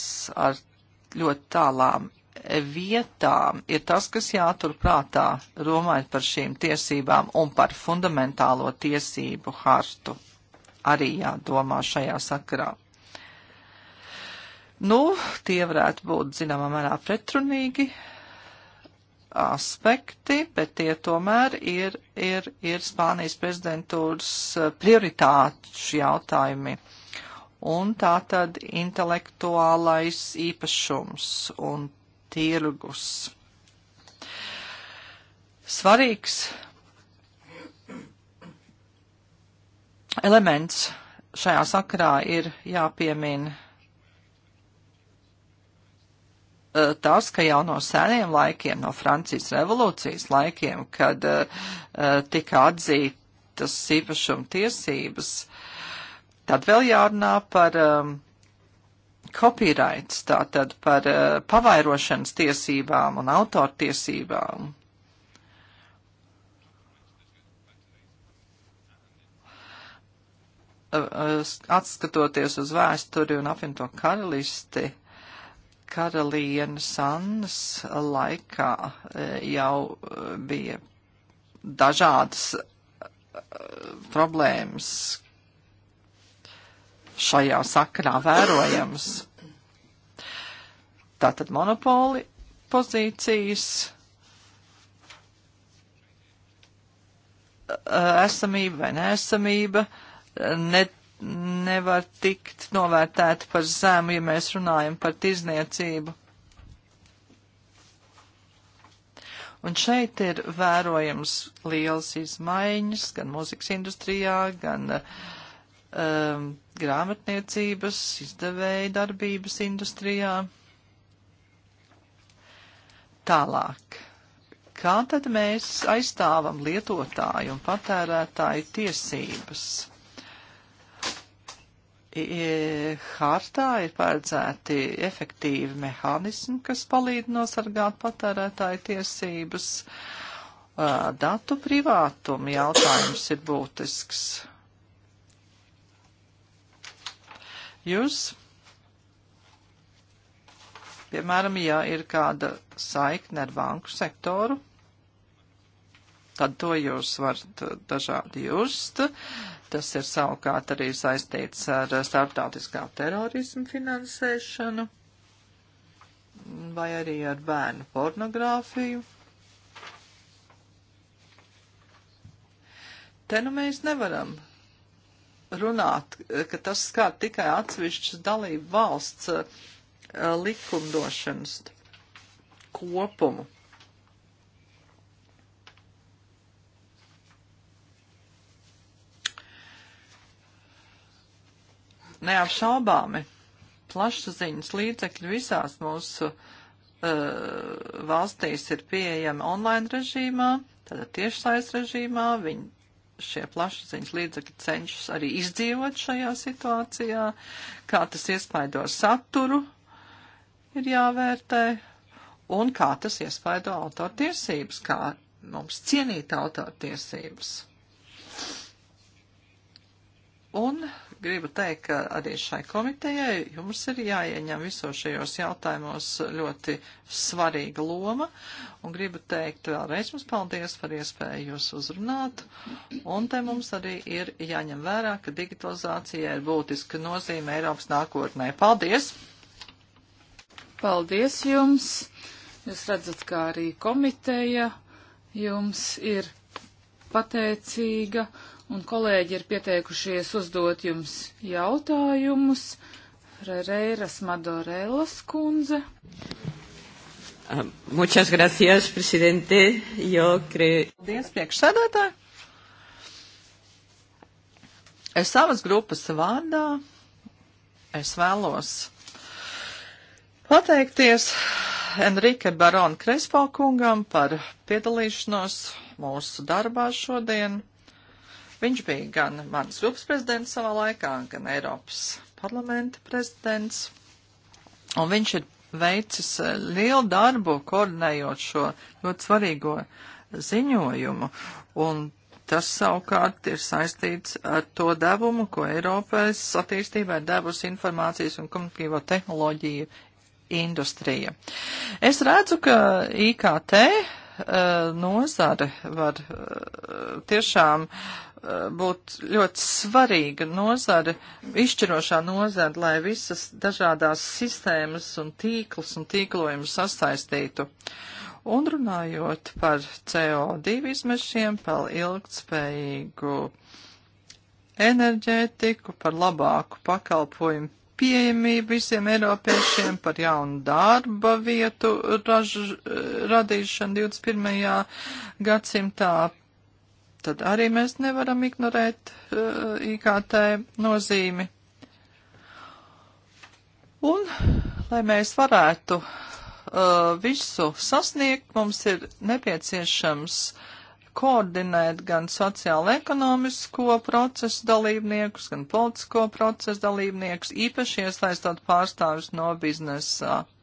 ar ļoti tālām vietām ir tas, kas jāturprātā, domājot par šīm tiesībām un par fundamentālo tiesību hartu. Arī jādomā šajā sakarā. Nu, tie varētu būt, zināmā mērā, pretrunīgi aspekti, bet tie tomēr ir, ir, ir Spānijas prezidentūras prioritāšu jautājumi. Un tā tad intelektuālais īpašums un tirgus. Svarīgs elements šajā sakarā ir jāpiemina e, tas, ka jau no seniem laikiem, no Francijas revolūcijas laikiem, kad uh, tika atzītas īpašuma tiesības, tad vēl jārunā par um, copyrights, tātad par uh, pavairošanas tiesībām un autortiesībām. Uh, atskatoties uz vēsturi un apvienoto karalisti, karalienes Annas laikā uh, jau bija dažādas problēmas, šajā sakarā vērojams. Tātad monopoli pozīcijas esamība vai neesamība ne, nevar tikt novērtēta par zemu, ja mēs runājam par tirzniecību. Un šeit ir vērojams liels izmaiņas gan mūzikas industrijā, gan um, grāmatniecības, izdevēja darbības industrijā. Tālāk. Kā tad mēs aizstāvam lietotāju un patērētāju tiesības? Hartā ir paredzēti efektīvi mehānismi, kas palīdz nosargāt patērētāju tiesības. Datu privātuma jautājums ir būtisks. Jūs, piemēram, ja ir kāda saikne ar banku sektoru, tad to jūs varat dažādi just. Tas ir savukārt arī saistīts ar starptautiskā terorismu finansēšanu vai arī ar bērnu pornogrāfiju. Te nu mēs nevaram runāt, ka tas skar tikai atsevišķas dalību valsts eh, likumdošanas kopumu. Neapšaubāmi plašsaziņas līdzekļi visās mūsu uh, valstīs ir pieejami online režīmā, tātad tiešsais režīmā, viņi šie plašsaziņas līdzekļi cenšas arī izdzīvot šajā situācijā, kā tas iespaido saturu, ir jāvērtē, un kā tas iespaido autortiesības, kā mums cienīt autortiesības. Un gribu teikt, ka arī šai komitejai jums ir jāieņem visos šajos jautājumos ļoti svarīga loma, un gribu teikt vēlreiz jums paldies par iespēju jūs uzrunāt, un te mums arī ir jāņem vērā, ka digitalizācija ir būtiska nozīme Eiropas nākotnē. Paldies! Paldies jums! Jūs redzat, kā arī komiteja jums ir pateicīga un kolēģi ir pieteikušies uzdot jums jautājumus. Reiras Madorelas kundze. Ah, muchas gracias, presidente. Jo creo. Paldies, priekšsēdētāji. Es savas grupas vārdā es vēlos pateikties Enrika Barona Krespo kungam par piedalīšanos mūsu darbā šodien. Viņš bija gan manas grupas prezidents savā laikā, gan Eiropas parlamenta prezidents, un viņš ir veicis eh, lielu darbu, koordinējot šo ļoti svarīgo ziņojumu, un tas savukārt ir saistīts ar to devumu, ko Eiropas attīstībai devusi informācijas un komunikatīvo tehnoloģiju industrija. Es redzu, ka IKT eh, nozare var eh, tiešām uh, būt ļoti svarīga nozare, izšķirošā nozare, lai visas dažādās sistēmas un tīklus un tīklojumus sastaistītu. Un runājot par CO2 izmešiem, par ilgtspējīgu enerģētiku, par labāku pakalpojumu pieejamību visiem eiropiešiem, par jaunu darba vietu raž, radīšanu 21. gadsimtā, tad arī mēs nevaram ignorēt uh, eh, IKT nozīmi. Un, lai mēs varētu uh, visu sasniegt, mums ir nepieciešams koordinēt gan sociālo-ekonomisko procesu dalībniekus, gan politisko procesu dalībniekus, īpaši iesaistot pārstāvis no biznesa uh,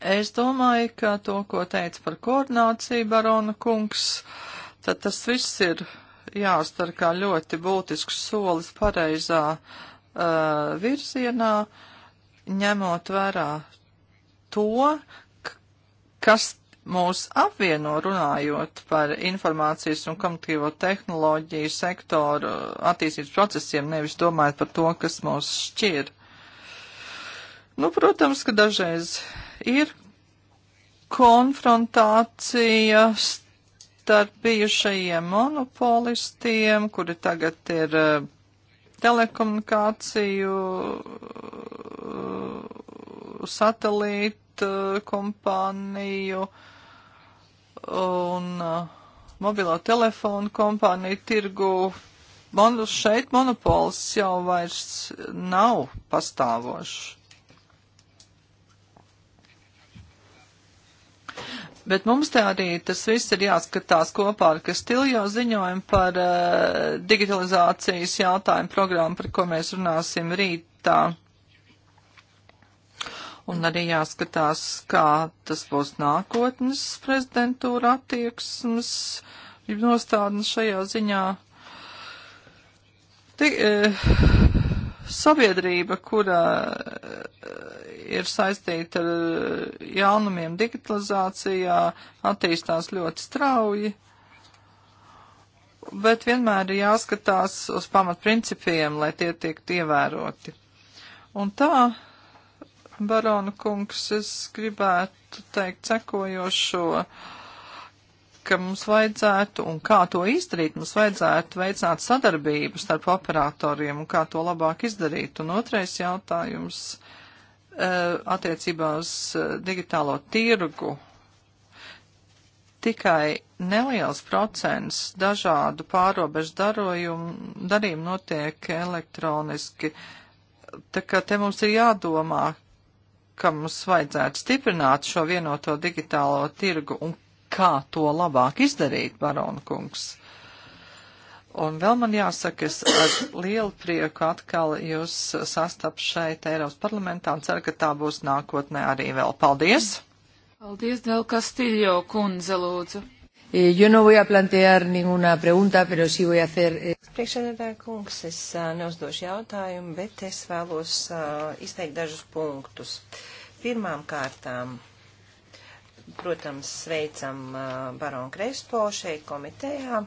Es domāju, ka to, ko teica par koordināciju barona kungs, tad tas viss ir jāstar kā ļoti būtisks solis pareizā uh, virzienā, ņemot vērā to, kas mūs apvieno runājot par informācijas un komitīvo tehnoloģiju sektoru attīstības procesiem, nevis domājot par to, kas mūs šķir. Nu, protams, ka dažreiz ir konfrontācija starp bijušajiem monopolistiem, kuri tagad ir eh, telekomunikāciju eh, satelītu eh, kompāniju un mobilo telefonu kompāniju tirgu. Man šeit monopols jau vairs nav pastāvošs. Bet mums te arī tas viss ir jāskatās kopā ar Kastiljo ziņojumu par uh, digitalizācijas jautājumu programmu, par ko mēs runāsim rītā. Un arī jāskatās, kā tas būs nākotnes prezidentūra attieksmes nostādnes šajā ziņā. Tik, uh, sabiedrība, kurā eh, ir saistīta ar eh, jaunumiem digitalizācijā, attīstās ļoti strauji, bet vienmēr ir jāskatās uz pamatprincipiem, lai tie tiek ievēroti. Un tā, barona kungs, es gribētu teikt sekojošo. Uh, ka mums vajadzētu un kā to izdarīt, mums vajadzētu veicināt sadarbību starp operatoriem un kā to labāk izdarīt. Un otrais jautājums eh, attiecībā uz eh, digitālo tirgu. Tikai neliels procents dažādu pārobežu darījumu notiek elektroniski. Tā kā te mums ir jādomā, ka mums vajadzētu stiprināt šo vienoto digitālo tirgu un kā to labāk izdarīt, barona kungs. Un vēl man jāsaka, es ar lielu prieku atkal jūs sastap šeit Eiropas parlamentā un ceru, ka tā būs nākotnē arī vēl. Paldies! Paldies, Del Castillo kundze, lūdzu. Eh, yo no voy a plantear ninguna pregunta, pero sí voy a hacer. Eh... Priekšsēdētāja kungs, es uh, neuzdošu jautājumu, bet es vēlos uh, izteikt dažus punktus. Pirmām kārtām. Uh, protams, sveicam uh, Baronu Krespo šeit komitejā,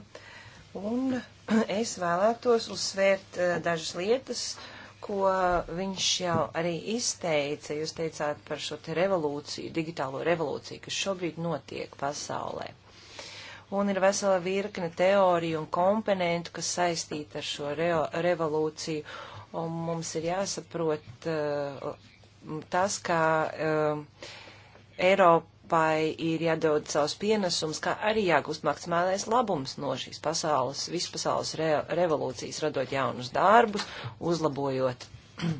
un es vēlētos uzsvērt uh, dažas lietas, ko viņš jau arī izteica. Jūs teicāt par šo te revolūciju, digitālo revolūciju, kas šobrīd notiek pasaulē. Un ir vesela virkne teoriju un komponentu, kas saistīta ar šo re revolūciju. Un mums ir jāsaprot uh, tas, kā uh, Eiropa Eiropai ir jādod savus pienesums, kā arī jāgūst maksimālais labums no šīs pasaules, vispasaules re revolūcijas, radot jaunus darbus, uzlabojot eh,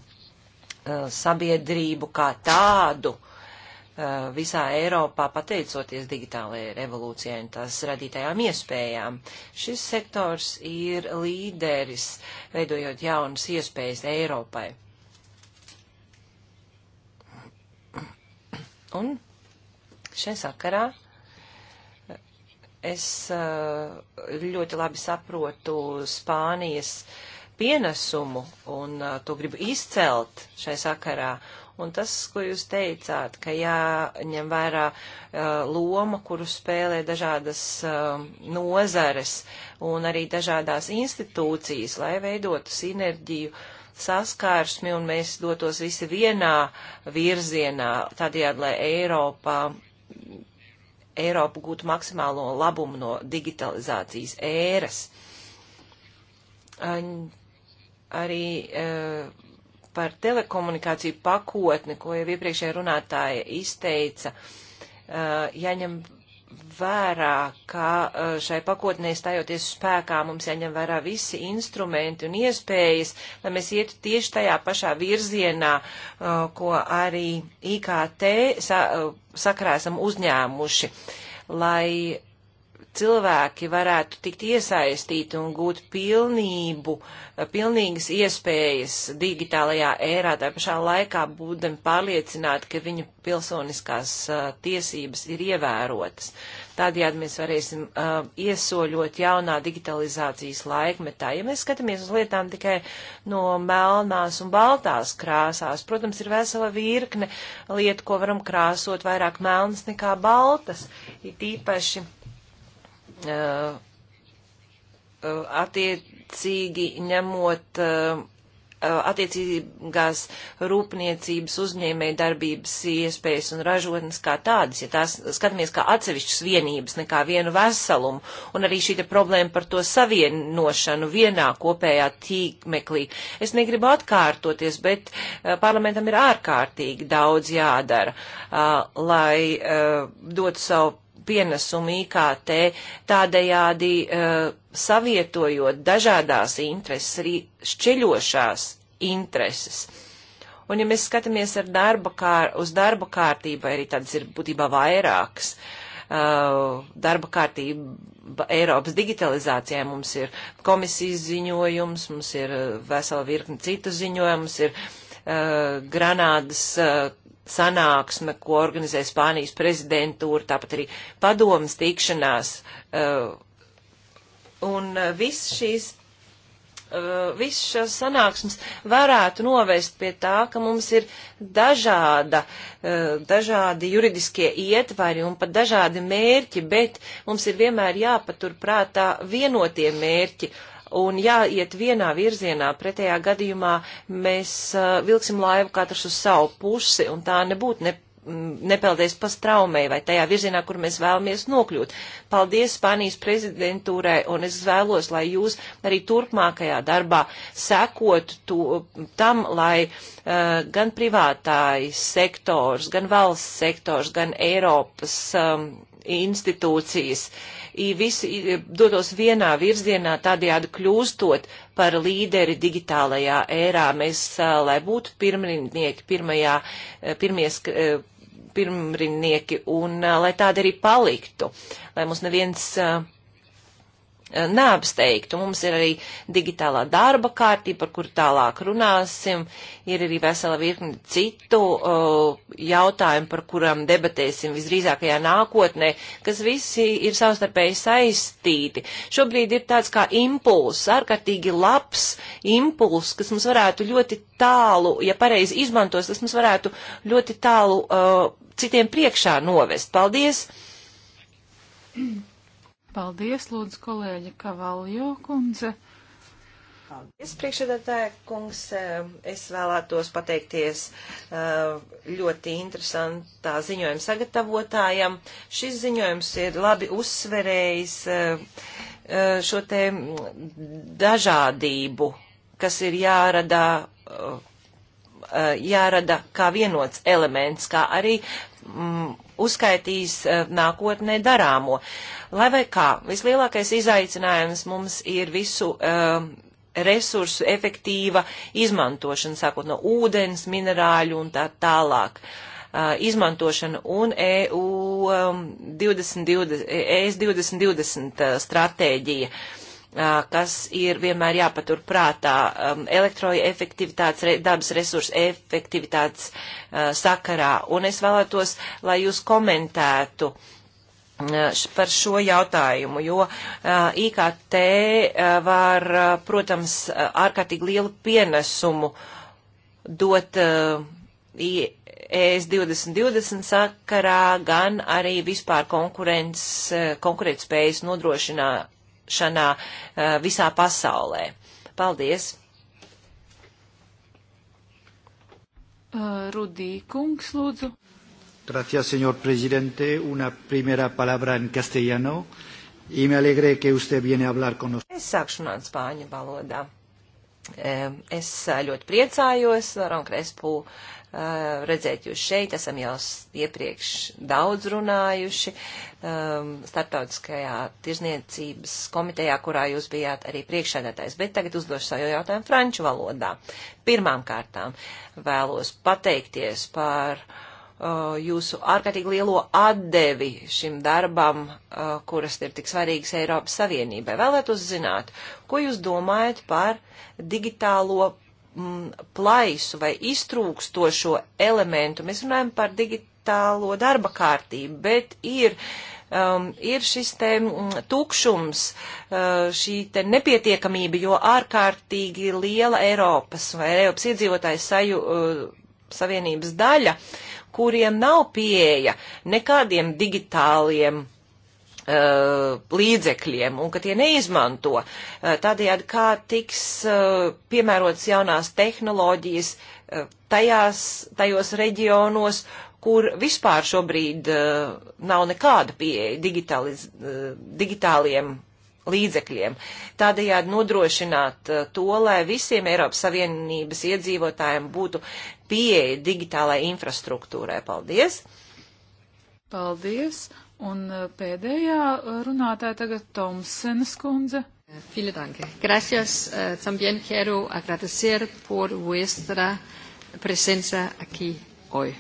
sabiedrību kā tādu eh, visā Eiropā pateicoties digitālajai revolūcijai un tās radītajām iespējām. Šis sektors ir līderis, veidojot jaunas iespējas Eiropai. Un Šai sakarā es eh, ļoti labi saprotu Spānijas pienesumu un eh, to gribu izcelt šai sakarā. Un tas, ko jūs teicāt, ka jāņem vērā uh, loma, kuru spēlē dažādas uh, nozares un arī dažādās institūcijas, lai veidotu sinerģiju, saskārsmi un mēs dotos visi vienā virzienā, tādējādi, lai Eiropā Eiropa gūtu maksimālo labumu no digitalizācijas ēras. Arī e, par telekomunikāciju pakotni, ko jau iepriekšējā runātāja izteica, e, jaņem vērā, ka e, šai pakotnē stājoties spēkā mums jāņem vērā visi instrumenti un iespējas, lai mēs ietu tieši tajā pašā virzienā, ko arī IKT sakrā esam uzņēmuši, lai cilvēki varētu tikt iesaistīti un gūt pilnību, pilnīgas iespējas digitālajā ērā, tā pašā laikā būdami pārliecināti, ka viņu pilsoniskās uh, tiesības ir ievērotas. Tādējādi mēs varēsim uh, iesoļot jaunā digitalizācijas laikmetā. Ja mēs skatāmies uz lietām tikai no melnās un baltās krāsās, protams, ir vesela virkne lietu, ko varam krāsot vairāk melnas nekā baltas, it īpaši Uh, uh, attiecīgi ņemot uh, attiecīgās rūpniecības uzņēmēja darbības iespējas un ražotnes kā tādas, ja tās skatāmies kā atsevišķas vienības, nekā vienu veselumu, un arī šī problēma par to savienošanu vienā kopējā tīkmeklī. Es negribu atkārtoties, bet uh, parlamentam ir ārkārtīgi daudz jādara, uh, lai uh, dotu savu pienesumu IKT, tādējādi uh, savietojot dažādās intereses, arī šķiļošās intereses. Un ja mēs skatāmies ar darba kār, uz darba kārtību, arī tādas ir būtībā vairākas. Uh, darba kārtība Eiropas digitalizācijai mums ir komisijas ziņojums, mums ir eh, vesela virkni citu ziņojumus, ir uh, Granādas uh, sanāksme, ko organizē Spānijas prezidentūra, tāpat arī padomas tikšanās. Eh, un eh, viss šīs eh, visas šīs sanāksmes varētu novest pie tā, ka mums ir dažāda, dažādi juridiskie ietvari un pat dažādi mērķi, bet mums ir vienmēr jāpatur prātā vienotie mērķi un jāiet vienā virzienā. Pretējā gadījumā mēs uh, vilksim laivu katrs uz savu pusi, un tā nebūtu ne, mm, nepeldies pa straumei vai tajā virzienā, kur mēs vēlamies nokļūt. Paldies Spānijas prezidentūrai, un es vēlos, lai jūs arī turpmākajā darbā sekot tu, tam, lai uh, gan privātājs sektors, gan valsts sektors, gan Eiropas. Um, institūcijas, visi dotos vienā virzienā, tādējādi kļūstot par līderi digitālajā ērā. Mēs, lai būtu pirmrindnieki, pirmajā, pirmies, pirmrindnieki un lai tādi arī paliktu, lai mums neviens Eh, neapsteigtu. Mums ir arī digitālā darba kārtība, par kuru tālāk runāsim. Ir arī vesela virkni citu uh, jautājumu, par kurām debatēsim visdrīzākajā nākotnē, kas visi ir savstarpēji saistīti. Šobrīd ir tāds kā impulss, ārkārtīgi labs impulss, kas mums varētu ļoti tālu, ja pareizi izmantos, tas mums varētu ļoti tālu uh, citiem priekšā novest. Paldies! Mm. Paldies, lūdzu, kolēģi Kavaljo kundze. Paldies, priekšsēdētāja kungs. Es vēlētos pateikties ļoti interesantā ziņojuma sagatavotājam. Šis ziņojums ir labi uzsverējis šo te dažādību, kas ir jārada, jārada kā vienots elements, kā arī uzskaitīs eh, nākotnē darāmo. Lai vai kā, vislielākais izaicinājums mums ir visu eh, resursu efektīva izmantošana, sākot no ūdens, minerāļu un tā tālāk. Uh, izmantošana un EU um, 2020, ES 2020 uh, stratēģija. Uh, kas ir vienmēr jāpatur prātā elektroefektivitātes, re, dabas resursu efektivitātes sakarā. Un es vēlētos, lai jūs komentētu par šo jautājumu, jo IKT var, protams, ārkārtīgi lielu pienesumu dot e ES 2020 sakarā, gan arī vispār konkurences, konkurētspējas nodrošināt ieviešana eh, visā pasaulē. Paldies! Eh, Rudī kungs, lūdzu. Gracias, señor presidente. Una primera palabra en castellano. Y me alegré que usted viene a hablar con nosotros. Es sākšu runāt spāņu valodā. Eh, es ļoti priecājos, Ronkrēspu Eh, redzēt jūs šeit, esam jau iepriekš daudz runājuši um, starptautiskajā tirzniecības komitejā, kurā jūs bijāt arī priekšsēdētājs, bet tagad uzdošu savu jautājumu franču valodā. Pirmām kārtām vēlos pateikties par uh, jūsu ārkārtīgi lielo atdevi šim darbam, uh, kuras ir tik svarīgas Eiropas Savienībai. Vēlētos zināt, ko jūs domājat par digitālo Mm, plaisu vai iztrūkstošo elementu. Mēs runājam par digitālo darba kārtību, bet ir, um, ir šis te mm, tukšums, uh, šī te nepietiekamība, jo ārkārtīgi liela Eiropas vai Eiropas iedzīvotājs saju uh, savienības daļa, kuriem nav pieeja nekādiem digitāliem uh, Uh, līdzekļiem un ka tie neizmanto. Uh, tādējādi, kā tiks uh, piemērotas jaunās tehnoloģijas tajās, tajos reģionos, kur vispār šobrīd nav nekāda pieeja digitāliem līdzekļiem. Tādējādi nodrošināt to, lai visiem Eiropas Savienības iedzīvotājiem būtu pieeja digitālai infrastruktūrai. Paldies! Paldies! Un e, pēdējā runātāja tagad Tomsenas kundze. Eh, Vielen Dank. Gracias. Uh, también quiero agradecer por vuestra presencia aquí hoy.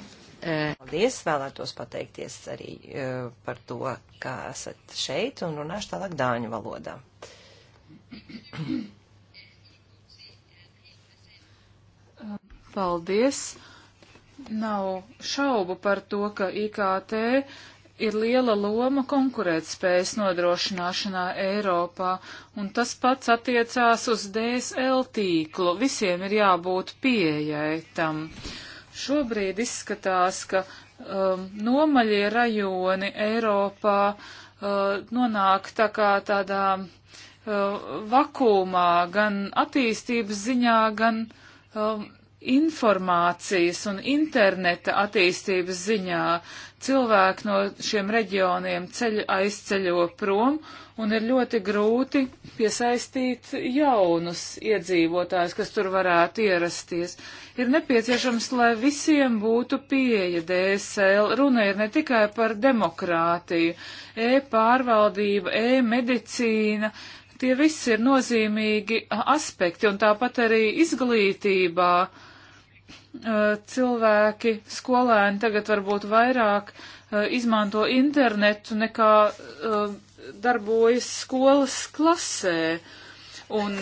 Uh. Paldies, vēlētos pateikties arī uh, par to, ka esat šeit un runāšu tālāk dāņu valodā. Paldies. Nav šaubu par to, ka IKT ir liela loma konkurētspējas nodrošināšanā Eiropā, un tas pats attiecās uz DSL tīklu. Visiem ir jābūt pieejai tam. Šobrīd izskatās, ka um, nomaļie rajoni Eiropā uh, nonāk tā kā tādā uh, vakumā gan attīstības ziņā, gan um, informācijas un interneta attīstības ziņā cilvēki no šiem reģioniem ceļ, aizceļo prom un ir ļoti grūti piesaistīt jaunus iedzīvotājus, kas tur varētu ierasties. Ir nepieciešams, lai visiem būtu pieeja DSL. Runa ir ne tikai par demokrātiju, e-pārvaldība, e-medicīna, tie visi ir nozīmīgi aspekti, un tāpat arī izglītībā cilvēki, skolēni tagad varbūt vairāk izmanto internetu nekā darbojas skolas klasē. Un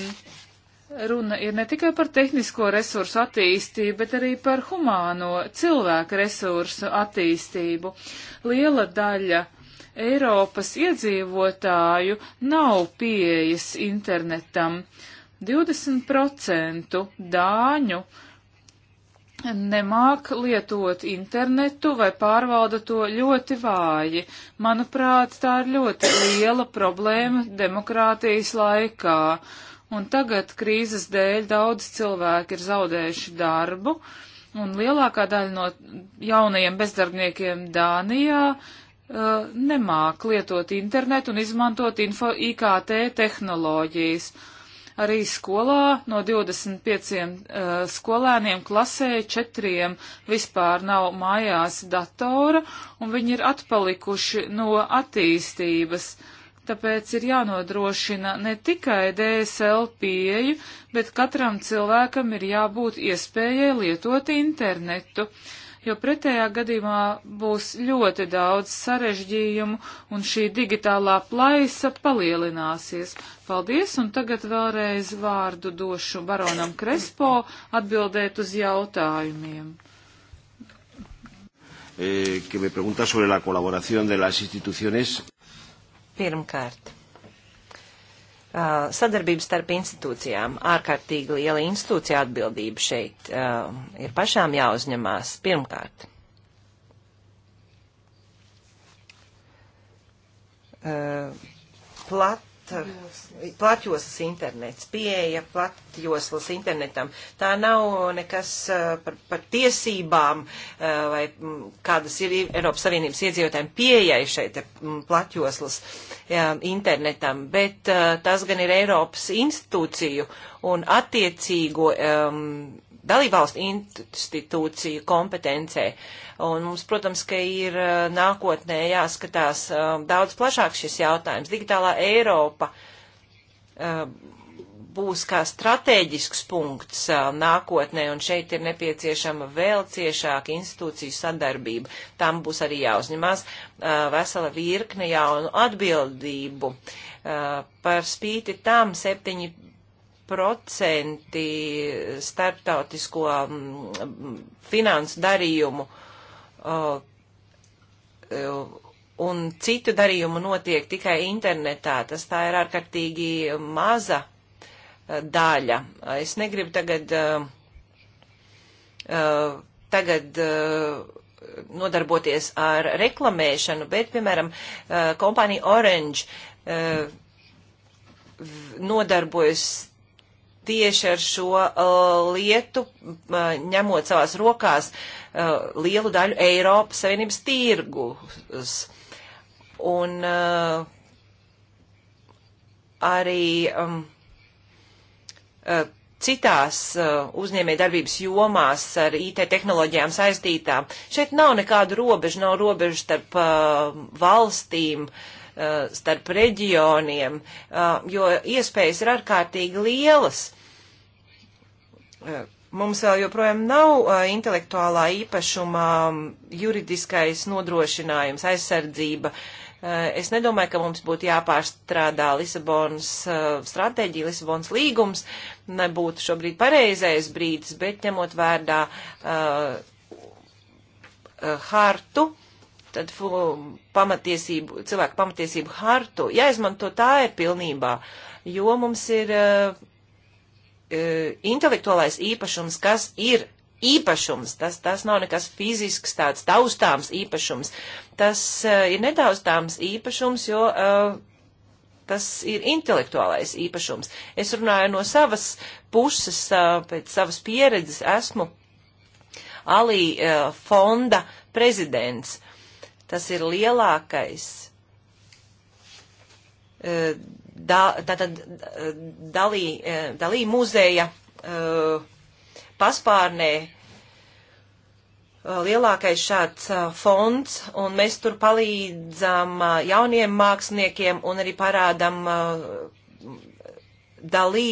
runa ir ne tikai par tehnisko resursu attīstību, bet arī par humāno cilvēku resursu attīstību. Liela daļa Eiropas iedzīvotāju nav pieejas internetam. 20% dāņu uh, nemāk lietot internetu vai pārvalda to ļoti vāji. Manuprāt, tā ir ļoti liela problēma demokrātijas laikā. Un tagad krīzes dēļ daudz cilvēki ir zaudējuši darbu, un lielākā daļa no jaunajiem bezdarbniekiem Dānijā uh, nemāk lietot internetu un izmantot info IKT tehnoloģijas. Uh, Arī skolā no 25 uh, eh, skolēniem klasē četriem vispār nav mājās datora, un viņi ir atpalikuši no attīstības. Tāpēc ir jānodrošina ne tikai DSL pieeju, bet katram cilvēkam ir jābūt iespējai lietot internetu. Uh, jo pretējā gadījumā būs ļoti daudz sarežģījumu un šī digitālā plaisa palielināsies. Paldies, un tagad vēlreiz vārdu došu baronam Krespo atbildēt uz jautājumiem. Eh, que me pregunta sobre la colaboración de las instituciones. Pirmkārt, Uh, sadarbību starp institūcijām. Ārkārtīgi liela institūcija atbildība šeit uh, ir pašām jāuzņemās pirmkārt. Uh, plat, plat, platjoslas internets, pieeja platjoslas internetam. Tā nav nekas eh, par, par tiesībām eh, vai mm, kādas ir Eiropas Savienības iedzīvotājiem pieejai šeit eh, mm, platjoslas internetam, bet tas gan ir Eiropas institūciju un attiecīgo um, dalībvalstu institūciju kompetencē. Un mums, protams, ka ir nākotnē jāskatās daudz plašāk šis jautājums. Digitālā Eiropa būs kā strateģisks punkts nākotnē, un šeit ir nepieciešama vēl ciešāka institūciju sadarbība. Tam būs arī jāuzņemās vesela virkne jaunu atbildību. Par spīti tam septiņi procenti starptautisko mm, finansu darījumu uh, uh, un citu darījumu notiek tikai internetā. Tas tā ir ārkārtīgi maza uh, daļa. Es negribu tagad, tagad nodarboties ar reklamēšanu, bet, piemēram, kompānija Orange nodarbojas tieši ar šo uh, lietu, uh, ņemot savās rokās uh, lielu daļu Eiropas Savienības tirgus. Un uh, arī um, uh, citās uh, uzņēmē darbības jomās ar IT tehnoloģijām saistītām. Šeit nav nekādu robežu, nav robežu starp uh, valstīm, uh, starp reģioniem, uh, jo iespējas ir ārkārtīgi lielas. Mums vēl joprojām nav intelektuālā īpašumā juridiskais nodrošinājums, aizsardzība. Es nedomāju, ka mums būtu jāpārstrādā Lisabonas stratēģija, Lisabonas līgums, nebūtu šobrīd pareizais brīdis, bet ņemot vērdā uh, hartu, tad fu, pamatiesību, cilvēku pamatiesību hartu, jāizmanto tā ir pilnībā, jo mums ir uh, E, intelektuālais īpašums, kas ir īpašums, tas, tas nav nekas fizisks tāds taustāms īpašums, tas uh, ir netaustāms īpašums, jo uh, tas ir intelektuālais īpašums. Es runāju no savas puses, uh, pēc savas pieredzes esmu Alī uh, fonda prezidents. Tas ir lielākais uh, da, tātad dalī, e, dalī muzeja e, paspārnē e, lielākais šāds fonds, un mēs tur palīdzam jauniem māksliniekiem un arī parādam dalī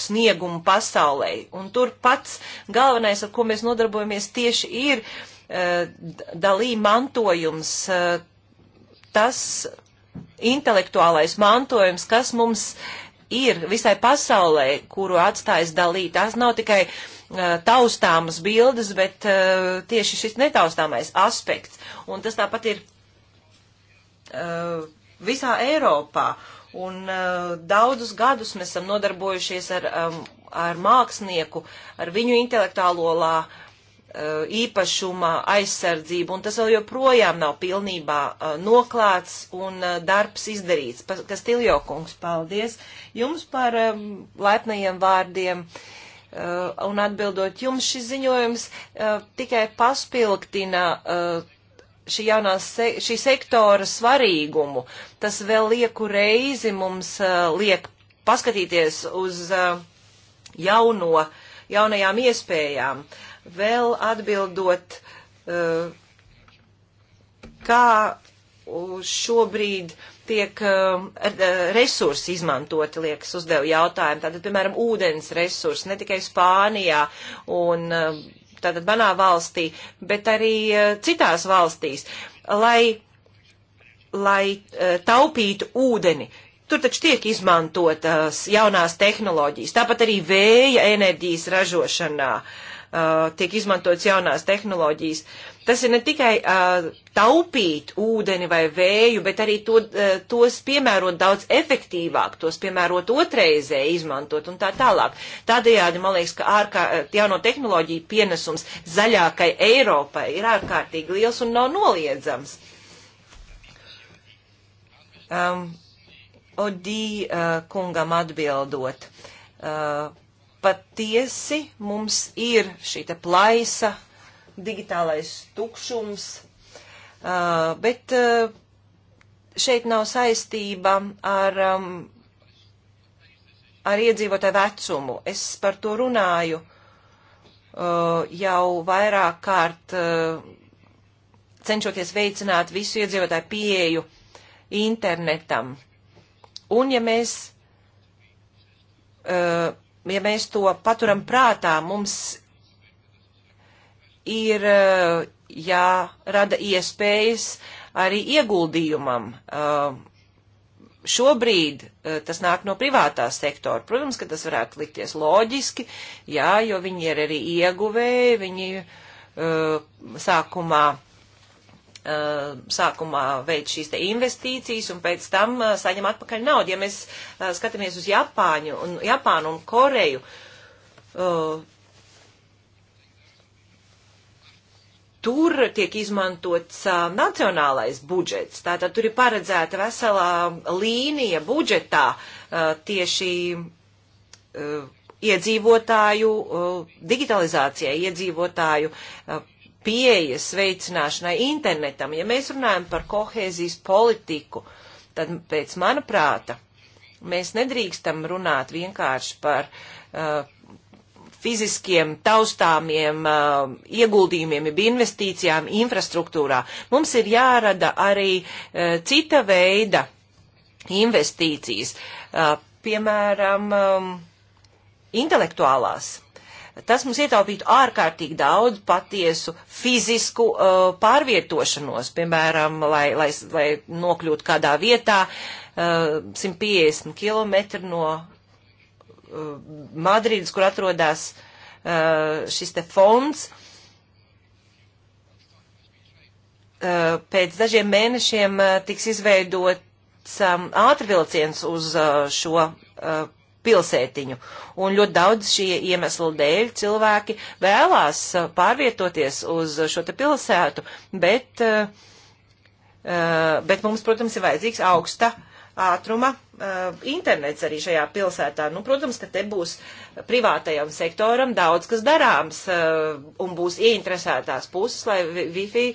sniegumu pasaulē. Un tur pats galvenais, ar ko mēs nodarbojamies tieši ir dalī mantojums, tas intelektuālais mantojums, kas mums ir visai pasaulē, kuru atstājas dalīt. Tās nav tikai uh, taustāmas bildes, bet uh, tieši šis netaustāmais aspekts. Un tas tāpat ir uh, visā Eiropā. Un uh, daudzus gadus mēs esam nodarbojušies ar, um, ar mākslinieku, ar viņu intelektuālo lā, uh, Uh, īpašuma aizsardzību, un tas vēl joprojām nav pilnībā uh, noklāts un uh, darbs izdarīts. Kastiljo kungs, paldies jums par um, laipnajiem vārdiem. Un atbildot jums, šis ziņojums tikai paspilgtina šī jaunā se šī sektora svarīgumu. Tas vēl lieku reizi mums liek paskatīties uz jauno, jaunajām iespējām. Uh, vēl atbildot, eh, kā šobrīd tiek eh, resursi izmantoti, liekas, uzdev jautājumu. Tātad, piemēram, ūdens resursi, ne tikai Spānijā un eh, tātad manā valstī, bet arī citās valstīs, lai, lai taupītu ūdeni. Tur taču tiek izmantotas jaunās tehnoloģijas, tāpat arī vēja enerģijas ražošanā. Uh, Uh, tiek izmantotas jaunās tehnoloģijas. Tas ir ne tikai uh, taupīt ūdeni vai vēju, bet arī to, uh, tos piemērot daudz efektīvāk, tos piemērot otrreizē izmantot un tā tālāk. Tādējādi, man liekas, ka ārkā, jauno tehnoloģiju pienesums zaļākai Eiropai ir ārkārtīgi liels un nav noliedzams. Um, Odī uh, kungam atbildot. Uh, patiesi mums ir šī te plaisa, digitālais tukšums, uh, bet uh, šeit nav saistība ar, um, ar iedzīvotāju vecumu. Es par to runāju uh, jau vairāk kārt, cenšoties veicināt visu iedzīvotāju pieeju internetam. Un ja mēs ja mēs to paturam prātā, mums ir eh, jārada iespējas arī ieguldījumam. Eh, šobrīd eh, tas nāk no privātā sektora. Protams, ka tas varētu likties loģiski, jā, jo viņi ir arī ieguvēji, viņi sākumā Uh, sākumā veic šīs te investīcijas un pēc tam uh, saņem atpakaļ naudu. Ja mēs uh, skatāmies uz Japāņu un, Japānu un Koreju, tur tiek izmantots uh, nacionālais budžets. Tātad tur ir paredzēta veselā līnija budžetā uh, tieši uh, iedzīvotāju uh, digitalizācijai, iedzīvotāju uh, pieejas veicināšanai internetam. Ja mēs runājam par kohēzijas politiku, tad pēc mana prāta mēs nedrīkstam runāt vienkārši par uh, fiziskiem, taustāmiem uh, ieguldījumiem, jeb investīcijām infrastruktūrā. Mums ir jārada arī uh, cita veida investīcijas, uh, piemēram, um, intelektuālās Tas mums ietaupītu ārkārtīgi daudz patiesu fizisku uh, pārvietošanos, piemēram, lai, lai, lai nokļūtu kādā vietā uh, 150 km no uh, Madrīdas, kur atrodas uh, šis te fonds. Uh, pēc dažiem mēnešiem uh, tiks izveidots um, ātrvilciens uz uh, šo uh, pilsētiņu. Un ļoti daudz šie iemeslu dēļ cilvēki vēlās uh, pārvietoties uz šo te pilsētu, bet, uh, uh, bet mums, protams, ir vajadzīgs augsta ātruma internets arī šajā pilsētā. Nu, protams, ka te būs privātajam sektoram daudz kas darāms un būs ieinteresētās puses, lai Wi-Fi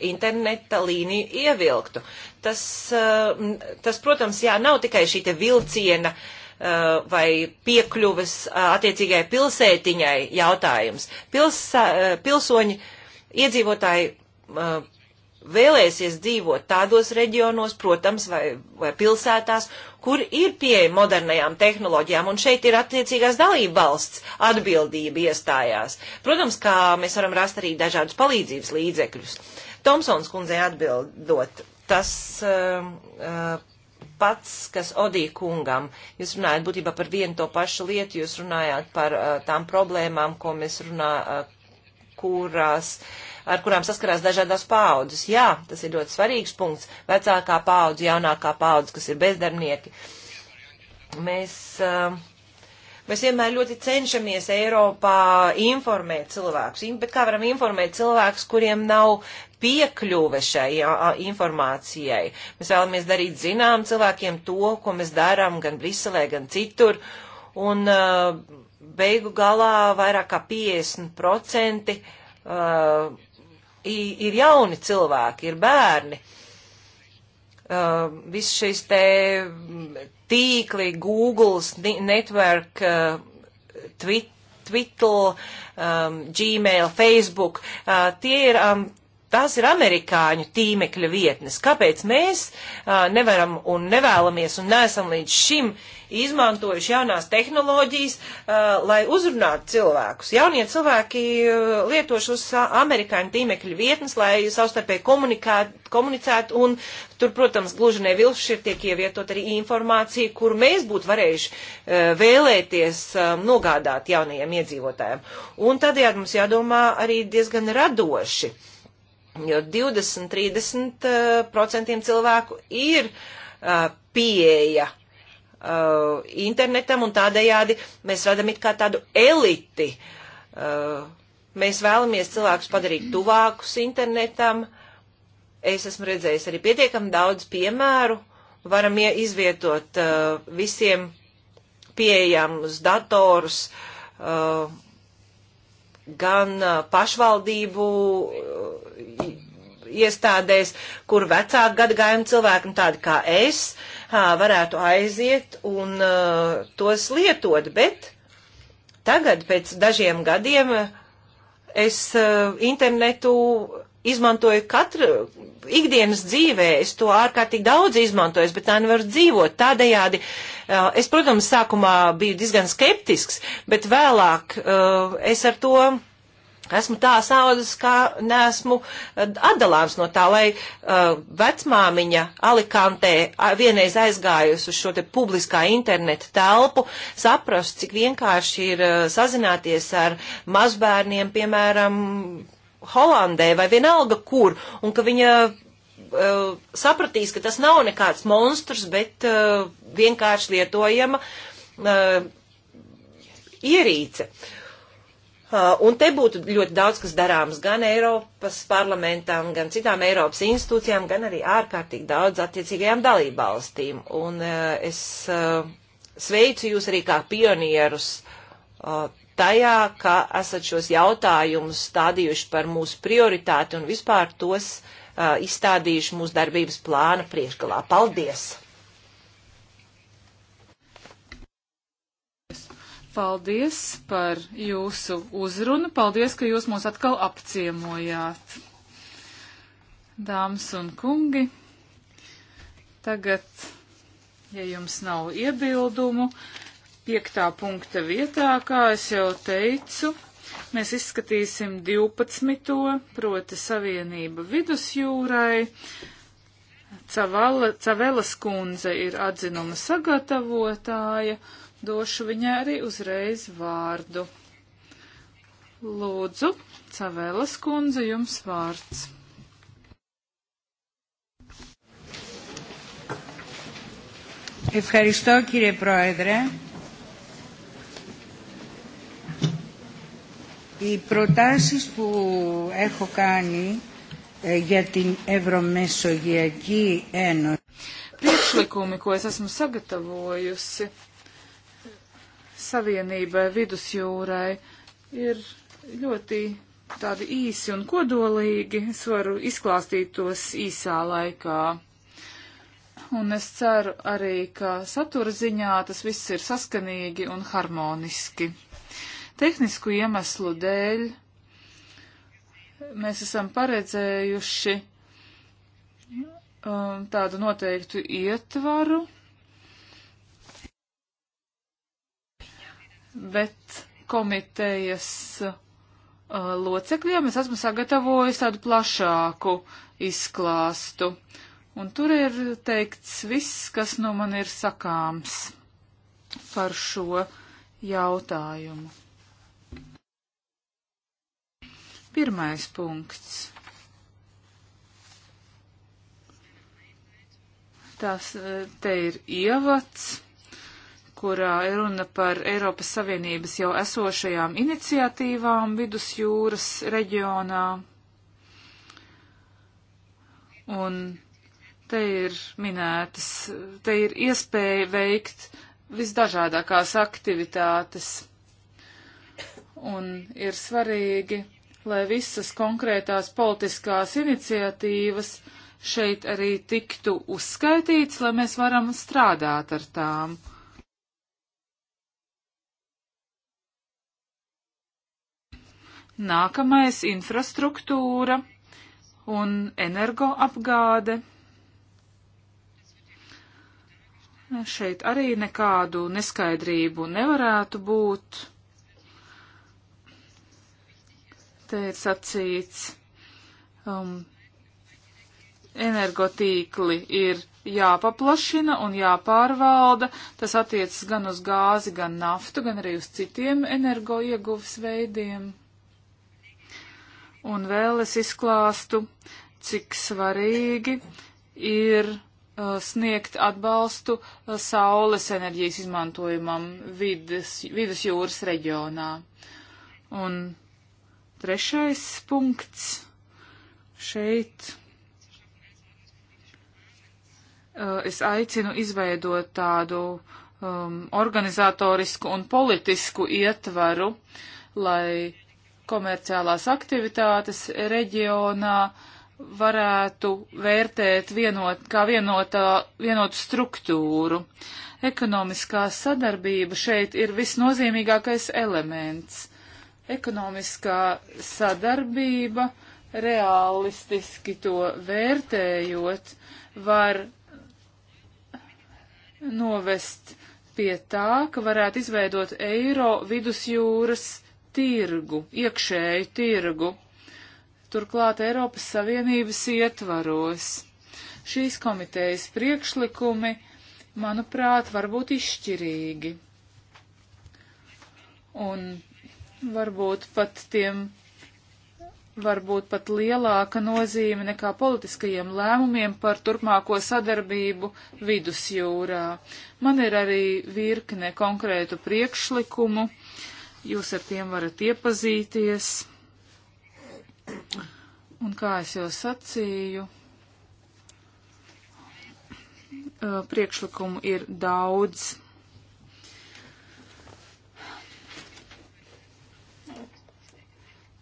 interneta līniju ievilktu. Tas, uh, tas protams, jā, nav tikai šī te vilciena uh, vai piekļuves uh, attiecīgai pilsētiņai jautājums. Pilsā, pilsoņi, iedzīvotāji vēlēsies dzīvot tādos reģionos, protams, vai, vai pilsētās, kur ir pieeja modernajām tehnoloģijām, un šeit ir attiecīgās dalība valsts atbildība iestājās. Protams, kā mēs varam rast arī dažādus palīdzības līdzekļus. Tomsons kundzei atbildot, tas uh, uh, pats, kas Odī kungam, jūs runājat būtībā par vienu to pašu lietu, jūs runājāt par uh, tām problēmām, ko mēs runājam. Uh, kurās, ar kurām saskarās dažādās paaudzes. Jā, tas ir ļoti svarīgs punkts. Vecākā paudze, jaunākā paudze, kas ir bezdarbnieki. Mēs, uh, mēs vienmēr ļoti cenšamies Eiropā informēt cilvēkus, bet kā varam informēt cilvēkus, kuriem nav piekļuve šai informācijai. Mēs vēlamies darīt zinām cilvēkiem to, ko mēs darām gan Briselē, gan citur. Un uh, beigu galā vairāk kā 50% uh, ir jauni cilvēki, ir bērni. Uh, Viss šis te tīkli, Google, Network, uh, Twitter, Twitter um, Gmail, Facebook, uh, tie ir um, Tās ir amerikāņu tīmekļa vietnes. Kāpēc mēs uh, nevaram un nevēlamies un neesam līdz šim izmantojuši jaunās tehnoloģijas, uh, lai uzrunātu cilvēkus? Jaunie cilvēki uh, lietoši uz uh, amerikāņu tīmekļa vietnes, lai savstarpēji komunicētu un tur, protams, gluži nevilši ir tiek ievietot arī informācija, kur mēs būtu varējuši uh, vēlēties um, nogādāt jaunajiem iedzīvotājiem. Un tādējādi mums jādomā arī diezgan radoši. Uh, jo 20-30% eh, cilvēku ir eh, pieeja eh, internetam un tādējādi mēs radam it kā tādu eliti. Mēs vēlamies cilvēkus padarīt tuvākus internetam. Es esmu redzējis arī pietiekami daudz piemēru. Varam izvietot visiem pieejamus datorus, gan pašvaldību iestādēs, kur vecāku gadagājumu cilvēki, nu, tādi kā es, varētu aiziet un tos lietot, bet tagad pēc dažiem gadiem es internetu izmantoju katru ikdienas dzīvē, es to ārkārtīgi daudz izmantoju, bet tā nevar dzīvot. Tādējādi es, protams, sākumā biju diezgan skeptisks, bet vēlāk es ar to Esmu tā saudzes, ka neesmu eh, atdalāms no tā, lai uh, vecmāmiņa Alikantē vienreiz aizgājusi uz šo te publiskā interneta telpu, saprast, cik vienkārši ir uh, sazināties ar mazbērniem, piemēram, Holandē vai vienalga kur, un ka viņa uh, sapratīs, ka tas nav nekāds monstrs, bet uh, vienkārši lietojama uh, ierīce. Uh, Uh, un te būtu ļoti daudz, kas darāms gan Eiropas parlamentam, gan citām Eiropas institūcijām, gan arī ārkārtīgi daudz attiecīgajām dalībvalstīm. Un uh, es uh, sveicu jūs arī kā pionierus tajā, ka esat šos jautājumus stādījuši par mūsu prioritāti un vispār tos izstādījuši mūsu darbības plāna priekšgalā. Paldies! Paldies par jūsu uzrunu. Paldies, ka jūs mūs atkal apciemojāt. Dāmas un kungi, tagad, ja jums nav iebildumu, piektā punkta vietā, kā es jau teicu, mēs izskatīsim 12. proti Savienība vidusjūrai. Cavala, Cavelas kundze ir atzinuma sagatavotāja došu viņai arī uzreiz vārdu. Lūdzu, Cavēlas kundze, jums vārds. Ευχαριστώ κύριε Πρόεδρε. Οι προτάσεις που έχω κάνει για την Ευρωμεσογειακή Ένωση. Priekšlikumi, ko es esmu sagatavojusi Savienībai, vidusjūrai ir ļoti tādi īsi un kodolīgi. Es varu izklāstīt tos īsā laikā. Un es ceru arī, ka satura ziņā tas viss ir saskanīgi un harmoniski. Tehnisku iemeslu dēļ mēs esam paredzējuši um, tādu noteiktu ietvaru bet komitejas uh, locekļiem es esmu sagatavojis tādu plašāku izklāstu. Un tur ir teikts viss, kas no nu man ir sakāms par šo jautājumu. Pirmais punkts. Tas eh, te ir ievads kurā ir runa par Eiropas Savienības jau esošajām iniciatīvām vidusjūras reģionā. Un te ir minētas, te ir iespēja veikt visdažādākās aktivitātes. Un ir svarīgi, lai visas konkrētās politiskās iniciatīvas šeit arī tiktu uzskaitīts, lai mēs varam strādāt ar tām. Uh, Nākamais - infrastruktūra un energoapgāde. Šeit arī nekādu neskaidrību nevarētu būt. Te ir sacīts, um, energotīkli ir jāpaplašina un jāpārvalda. Tas attiecas gan uz gāzi, gan naftu, gan arī uz citiem energoieguves veidiem. Un vēl es izklāstu, cik svarīgi ir uh, sniegt atbalstu uh, saules enerģijas izmantojumam vidas, vidus jūras reģionā. Un trešais punkts šeit. Uh, es aicinu izveidot tādu um, organizatorisku un politisku ietvaru, lai komerciālās aktivitātes reģionā varētu vērtēt vienot, kā vienotā, vienotu struktūru. Ekonomiskā sadarbība šeit ir visnozīmīgākais elements. Ekonomiskā sadarbība, realistiski to vērtējot, var novest pie tā, ka varētu izveidot eiro vidusjūras tirgu, iekšēju tirgu, turklāt Eiropas Savienības ietvaros. Šīs komitejas priekšlikumi, manuprāt, var būt izšķirīgi. Un varbūt pat tiem varbūt pat lielāka nozīme nekā politiskajiem lēmumiem par turpmāko sadarbību vidusjūrā. Man ir arī virkne konkrētu priekšlikumu, Jūs ar tiem varat iepazīties. Un kā es jau sacīju, priekšlikumu ir daudz.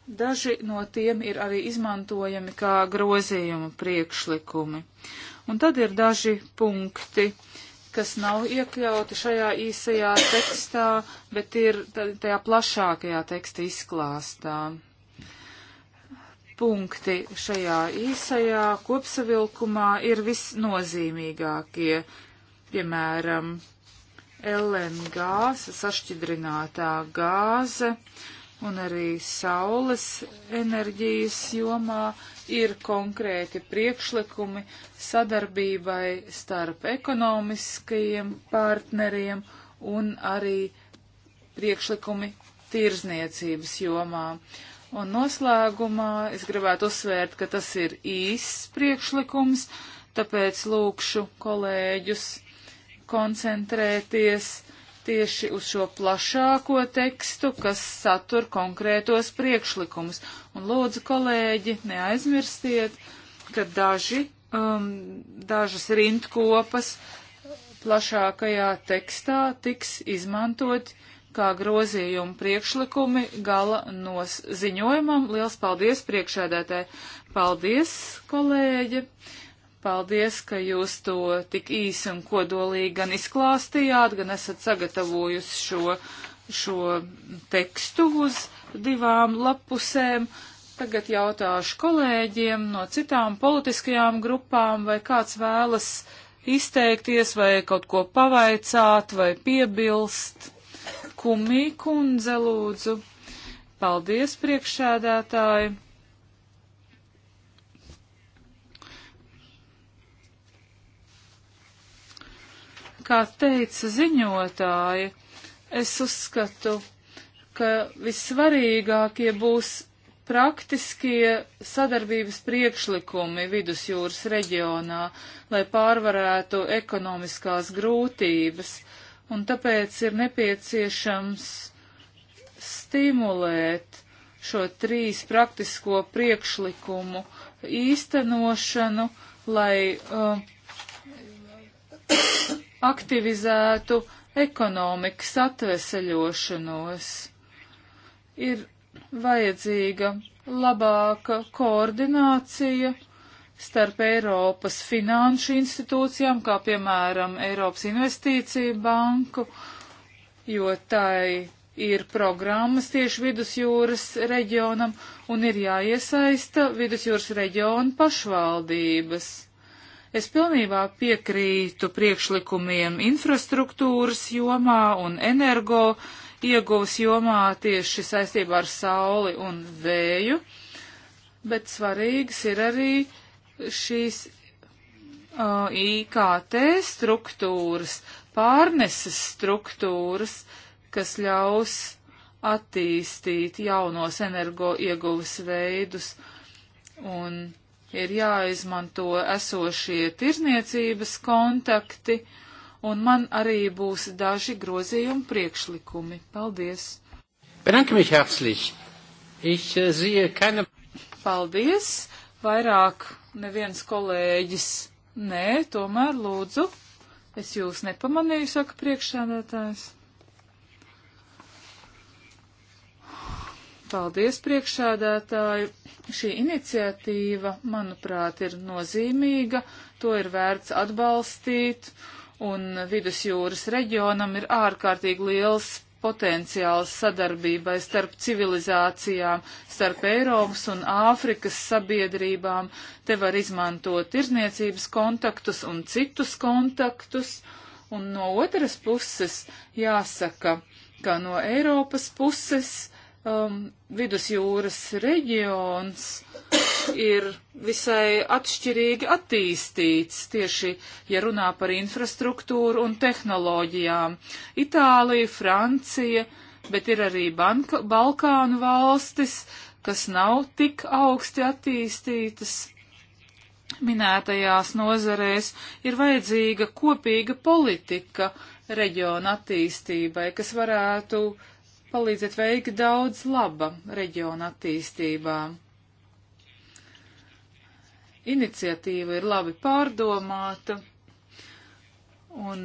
Daži no tiem ir arī izmantojami kā grozījuma priekšlikumi. Un tad ir daži punkti, uh, kas nav iekļauti šajā īsajā tekstā, bet ir tajā plašākajā teksta izklāstā. Punkti šajā īsajā kopsavilkumā ir visnozīmīgākie, piemēram, LNG, sašķidrinātā gāze un arī saules enerģijas jomā ir konkrēti priekšlikumi sadarbībai starp ekonomiskajiem partneriem un arī priekšlikumi tirzniecības jomā. Un noslēgumā es gribētu uzsvērt, ka tas ir īsts priekšlikums, tāpēc lūkšu kolēģus koncentrēties tieši uz šo plašāko tekstu, kas satur konkrētos priekšlikumus. Un lūdzu, kolēģi, neaizmirstiet, ka daži, um, dažas rindkopas plašākajā tekstā tiks izmantot kā grozījumu priekšlikumi gala nos ziņojumam. Liels paldies priekšēdētāji! Paldies, kolēģi! Paldies, ka jūs to tik īsi un kodolīgi gan izklāstījāt, gan esat sagatavojusi šo, šo tekstu uz divām lapusēm. Tagad jautāšu kolēģiem no citām politiskajām grupām, vai kāds vēlas izteikties, vai kaut ko pavaicāt, vai piebilst. Kumī kundze lūdzu. Paldies, priekšsēdētāji! Kā teica ziņotāji, es uzskatu, ka vissvarīgākie būs praktiskie sadarbības priekšlikumi vidusjūras reģionā, lai pārvarētu ekonomiskās grūtības, un tāpēc ir nepieciešams stimulēt šo trīs praktisko priekšlikumu īstenošanu, lai uh, aktivizētu ekonomikas atveseļošanos. Ir vajadzīga labāka koordinācija starp Eiropas finanšu institūcijām, kā piemēram Eiropas investīciju banku, jo tai ir programmas tieši vidusjūras reģionam un ir jāiesaista vidusjūras reģiona pašvaldības. Es pilnībā piekrītu priekšlikumiem infrastruktūras jomā un energo ieguvas jomā tieši saistībā ar sauli un vēju, bet svarīgs ir arī šīs uh, IKT struktūras, pārneses struktūras, kas ļaus attīstīt jaunos energo ieguvas veidus un ir jāizmanto esošie tirzniecības kontakti, un man arī būs daži grozījumi priekšlikumi. Paldies! Äh, Paldies! Vairāk neviens kolēģis. Nē, tomēr lūdzu. Es jūs nepamanīju, saka priekšsēdētājs. Paldies, priekšsēdētāji. Šī iniciatīva, manuprāt, ir nozīmīga, to ir vērts atbalstīt, un vidusjūras reģionam ir ārkārtīgi liels potenciāls sadarbībai starp civilizācijām, starp Eiropas un Āfrikas sabiedrībām. Te var izmantot tirzniecības kontaktus un citus kontaktus. Un no otras puses jāsaka, ka no Eiropas puses um, vidusjūras reģions ir visai atšķirīgi attīstīts tieši, ja runā par infrastruktūru un tehnoloģijām. Itālija, Francija, bet ir arī Banka, Balkānu valstis, kas nav tik augsti attīstītas. Minētajās nozarēs ir vajadzīga kopīga politika reģiona attīstībai, kas varētu uh, palīdzat veikt daudz laba reģiona attīstībā. Iniciatīva ir labi pārdomāta un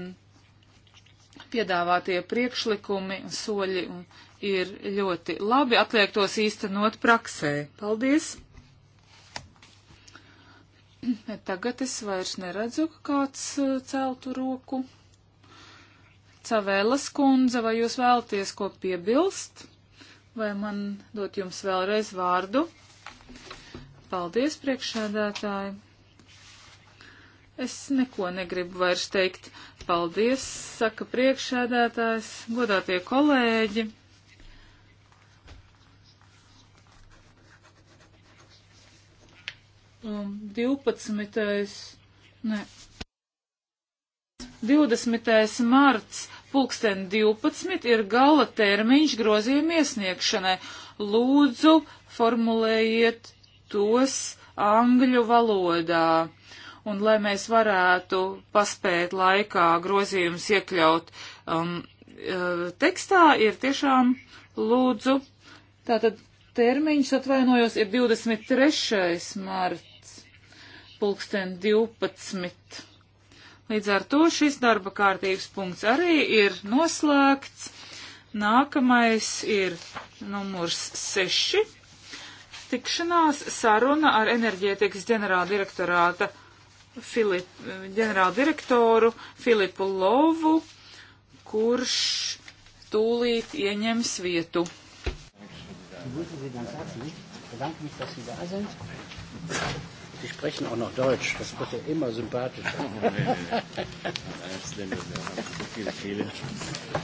piedāvātie priekšlikumi un soļi ir ļoti labi. Atliek tos īstenot praksē. Paldies! Tagad es vairs neredzu, ka kāds eh, celtu roku. Cavēlas kundze, vai jūs vēlaties ko piebilst? Vai man dot jums vēlreiz vārdu? Paldies, priekšsēdētāji! Es neko negribu vairs teikt. Paldies, saka priekšsēdētājs, godātie kolēģi. Um, 12. Ne, 20. marts pulksten 12 ir gala termiņš grozījuma iesniegšanai. Lūdzu, formulējiet tos angļu valodā. Un lai mēs varētu paspēt laikā grozījumus iekļaut um, uh, tekstā, ir tiešām lūdzu. Tātad termiņš atvainojos ir 23. marts, pulksten 12. Līdz ar to šis darba kārtības punkts arī ir noslēgts. Nākamais ir numurs 6. Tikšanās saruna ar enerģētikas ģenerāldirektorāta Filip, ģenerāldirektoru Filipu Lovu, kurš tūlīt ieņems vietu. Bedanke mich, dass Sie da sind. Die sprechen auch noch Deutsch. Das wird ja immer sympathischer. Oh, nee, nee, nee. Länder, so viele Fehler.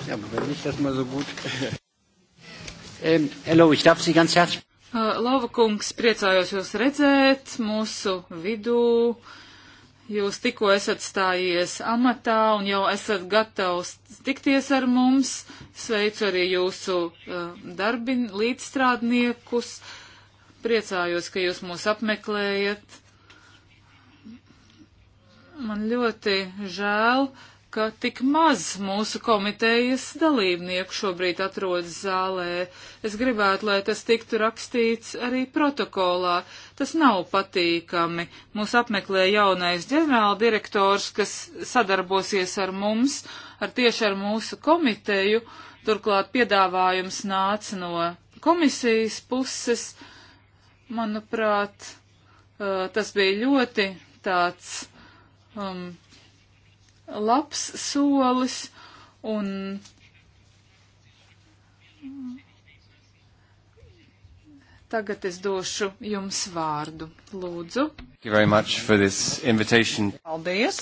Ja, aber wenn ich das mal so gut. Ähm, hello, ich darf Sie ganz herzlich. Uh, äh, Lava kungs, priecājos jūs redzēt mūsu vidū. Jūs tikko esat stājies amatā un jau esat gatavs tikties ar mums. Sveicu arī jūsu uh, darbin līdzstrādniekus. Priecājos, ka jūs mūs apmeklējat. Man ļoti žēl, ka tik maz mūsu komitejas dalībnieku šobrīd atrodas zālē. Es gribētu, lai tas tiktu rakstīts arī protokolā. Tas nav patīkami. Mūs apmeklē jaunais ģenerāldirektors, kas sadarbosies ar mums, ar tieši ar mūsu komiteju. Turklāt piedāvājums nāca no komisijas puses. Manuprāt, uh, tas bija ļoti tāds um, labs solis un Tagad es došu jums vārdu. Lūdzu. Paldies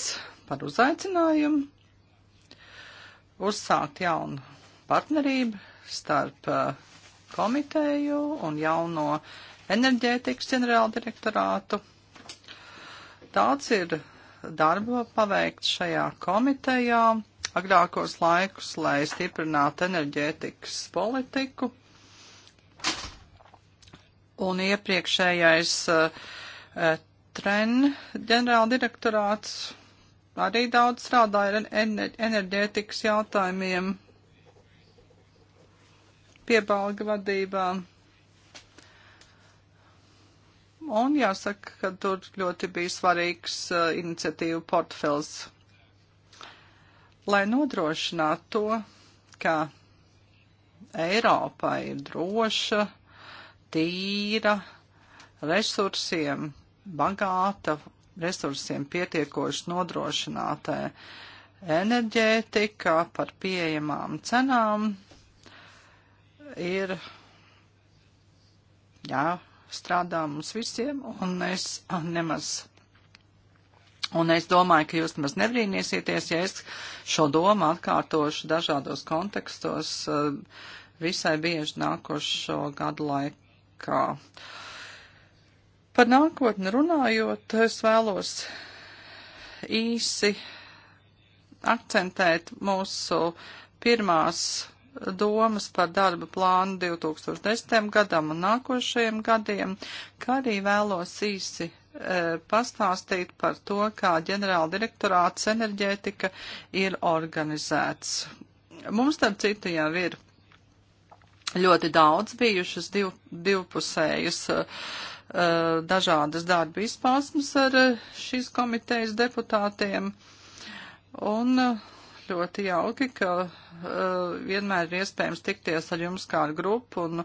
par uzaicinājumu. Uzsākt jaunu partnerību starp uh, komiteju un jauno enerģētikas ģenerāldirektorātu. Tāds ir darbu paveikt šajā komitejā agrākos laikus, lai stiprinātu enerģētikas politiku. Un iepriekšējais uh, tren ģenerāldirektorāts arī daudz strādāja ar enerģētikas jautājumiem piebalga vadībā. Un jāsaka, ka tur ļoti bija svarīgs uh, eh, iniciatīvu portfels. Lai nodrošinātu to, ka Eiropa ir droša, tīra, resursiem bagāta, resursiem pietiekoši nodrošinātē enerģētika par pieejamām cenām ir jā, strādā mums visiem, un es ah, nemaz. Un es domāju, ka jūs nemaz nebrīnīsieties, ja es šo domu atkārtošu dažādos kontekstos eh, visai bieži nākošo gadu laikā. Par nākotni runājot, es vēlos īsi akcentēt mūsu pirmās domas par darba plānu 2010. gadam un nākošajiem gadiem, kā arī vēlos īsi e, pastāstīt par to, kā ģenerāla direktorāts enerģētika ir organizēts. Mums, starp citu, jau ir ļoti daudz bijušas div, divpusējas e, e, dažādas darba izpausmes ar šīs komitejas deputātiem. Un ļoti jauki, ka uh, vienmēr ir iespējams tikties ar jums kā ar grupu un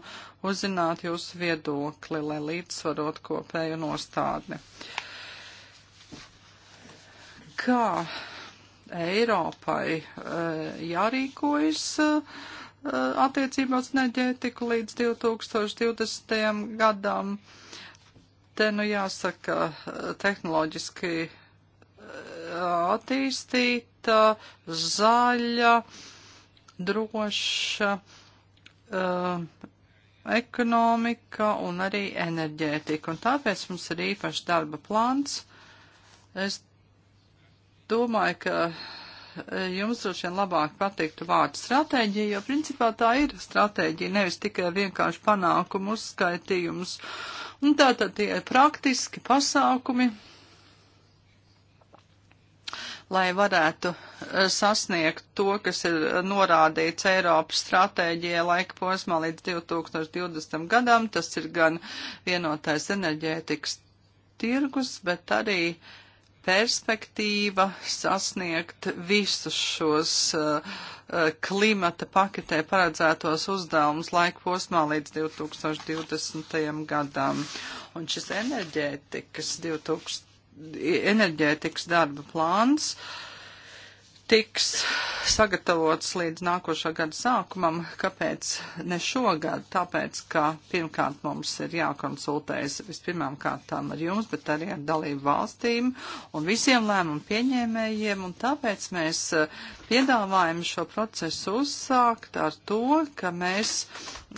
uzzināt jūsu viedokli, lai līdzsvarot kopēju nostādni. Kā Eiropai uh, jārīkojas uh, attiecībās enerģētiku līdz 2020. gadam? Te nu jāsaka tehnoloģiski attīstīt vieta, zaļa, droša uh, ekonomika un arī enerģētika. Un tāpēc mums ir īpašs darba plāns. Es domāju, ka eh, jums droši vien labāk patiktu vārdu stratēģija, jo principā tā ir stratēģija, nevis tikai vienkārši panākumu uzskaitījums. Un tā tad tie ir praktiski pasākumi, lai varētu eh, sasniegt to, kas ir norādīts Eiropas stratēģijā laika posmā līdz 2020. gadam. Tas ir gan vienotais enerģētikas tirgus, bet arī perspektīva sasniegt visus šos uh, klimata paketē paredzētos uzdevumus laika posmā līdz 2020. gadam. Un šis enerģētikas 2000 enerģētikas darba plāns. Uh, tiks sagatavots līdz nākošā gada sākumam. Kāpēc ne šogad? Tāpēc, ka pirmkārt mums ir jākonsultējas vispirmām kārtām ar jums, bet arī ar dalību valstīm un visiem lēmumu pieņēmējiem, un tāpēc mēs eh, piedāvājam šo procesu uzsākt ar to, ka mēs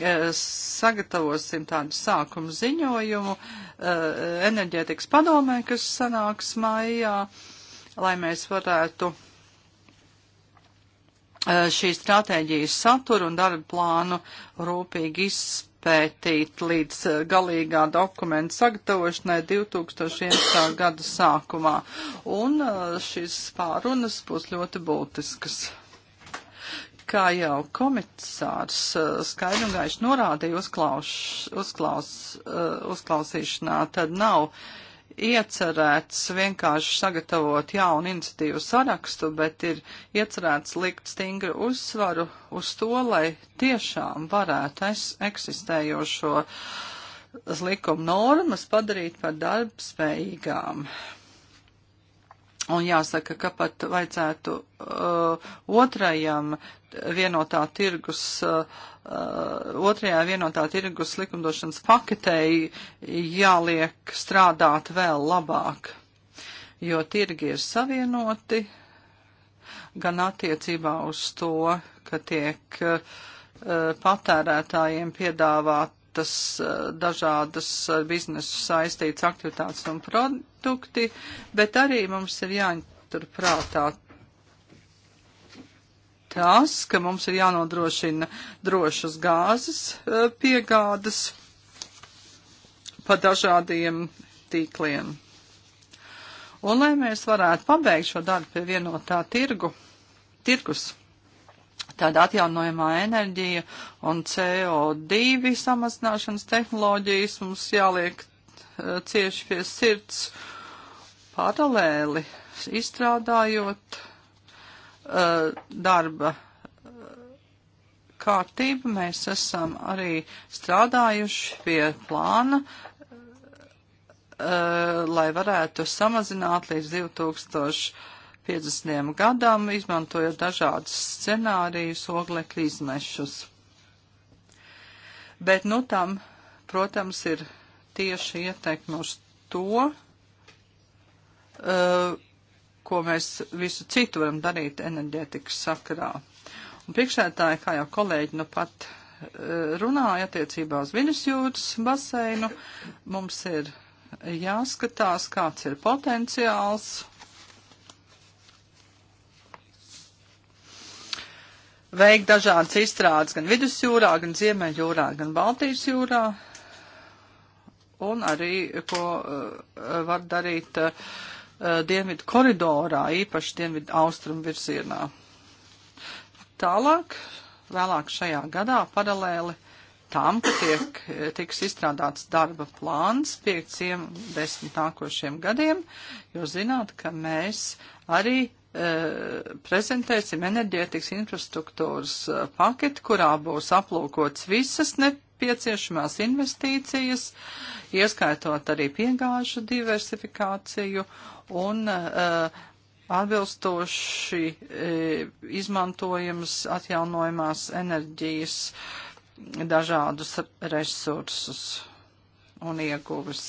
eh, sagatavosim tādu sākumu ziņojumu eh, enerģētikas padomē, kas sanāks maijā lai mēs varētu Eh, šīs stratēģijas saturu un darba plānu rūpīgi izpētīt līdz eh, galīgā dokumenta sagatavošanai 2011. gada sākumā. Un eh, šīs pārunas būs ļoti būtiskas. Kā jau komisārs skaidri un gaiši norādīja uzklaus, uzklaus, uzklausīšanā, tad nav uh, iecerēts vienkārši sagatavot jaunu iniciatīvu sarakstu, bet ir iecerēts likt stingru uzsvaru uz to, lai tiešām varētu eksistējošo likuma normas padarīt par darbspējīgām. spējīgām. Un jāsaka, ka pat vajadzētu uh, otrajam vienotā tirgus, uh, uh, otrajā vienotā tirgus likumdošanas paketei jāliek strādāt vēl labāk, jo tirgi ir savienoti gan attiecībā uz to, ka tiek uh, patērētājiem piedāvāt citas eh, dažādas ar eh, biznesu saistītas aktivitātes un produkti, bet arī mums ir jāņem prātā tas, ka mums ir jānodrošina drošas gāzes eh, piegādes pa dažādiem tīkliem. Un lai mēs varētu pabeigt šo darbu pie vienotā tirgu, tirgus Tāda atjaunojamā enerģija un CO2 samazināšanas tehnoloģijas mums jāliek eh, cieši pie sirds paralēli izstrādājot uh, darba eh, kārtību. Mēs esam arī strādājuši pie plāna, uh, lai varētu samazināt līdz 2000. 50. gadam, izmantojot dažādus scenārijus, oglekļu izmešus. Bet, nu, tam, protams, ir tieši ietekme uz to, uh, ko mēs visu citu varam darīt enerģētikas sakarā. Un priekšētāji, kā jau kolēģi nu pat runāja attiecībā uz vidusjūras baseinu, mums ir jāskatās, kāds ir potenciāls veikt dažādas izstrādes gan vidusjūrā, gan ziemeļjūrā, gan Baltijas jūrā. Un arī, ko uh, var darīt uh, dienvidu koridorā, īpaši dienvidu austrumu virzienā. Tālāk, vēlāk šajā gadā paralēli tam, ka tiek, tiks izstrādāts darba plāns pieciem, desmit nākošiem gadiem, jo zināt, ka mēs arī E, prezentēsim enerģētikas infrastruktūras e, paketi, kurā būs aplūkots visas nepieciešamās investīcijas, ieskaitot arī piegāžu diversifikāciju un uh, atbilstoši uh, izmantojams atjaunojumās enerģijas dažādus resursus un ieguvis.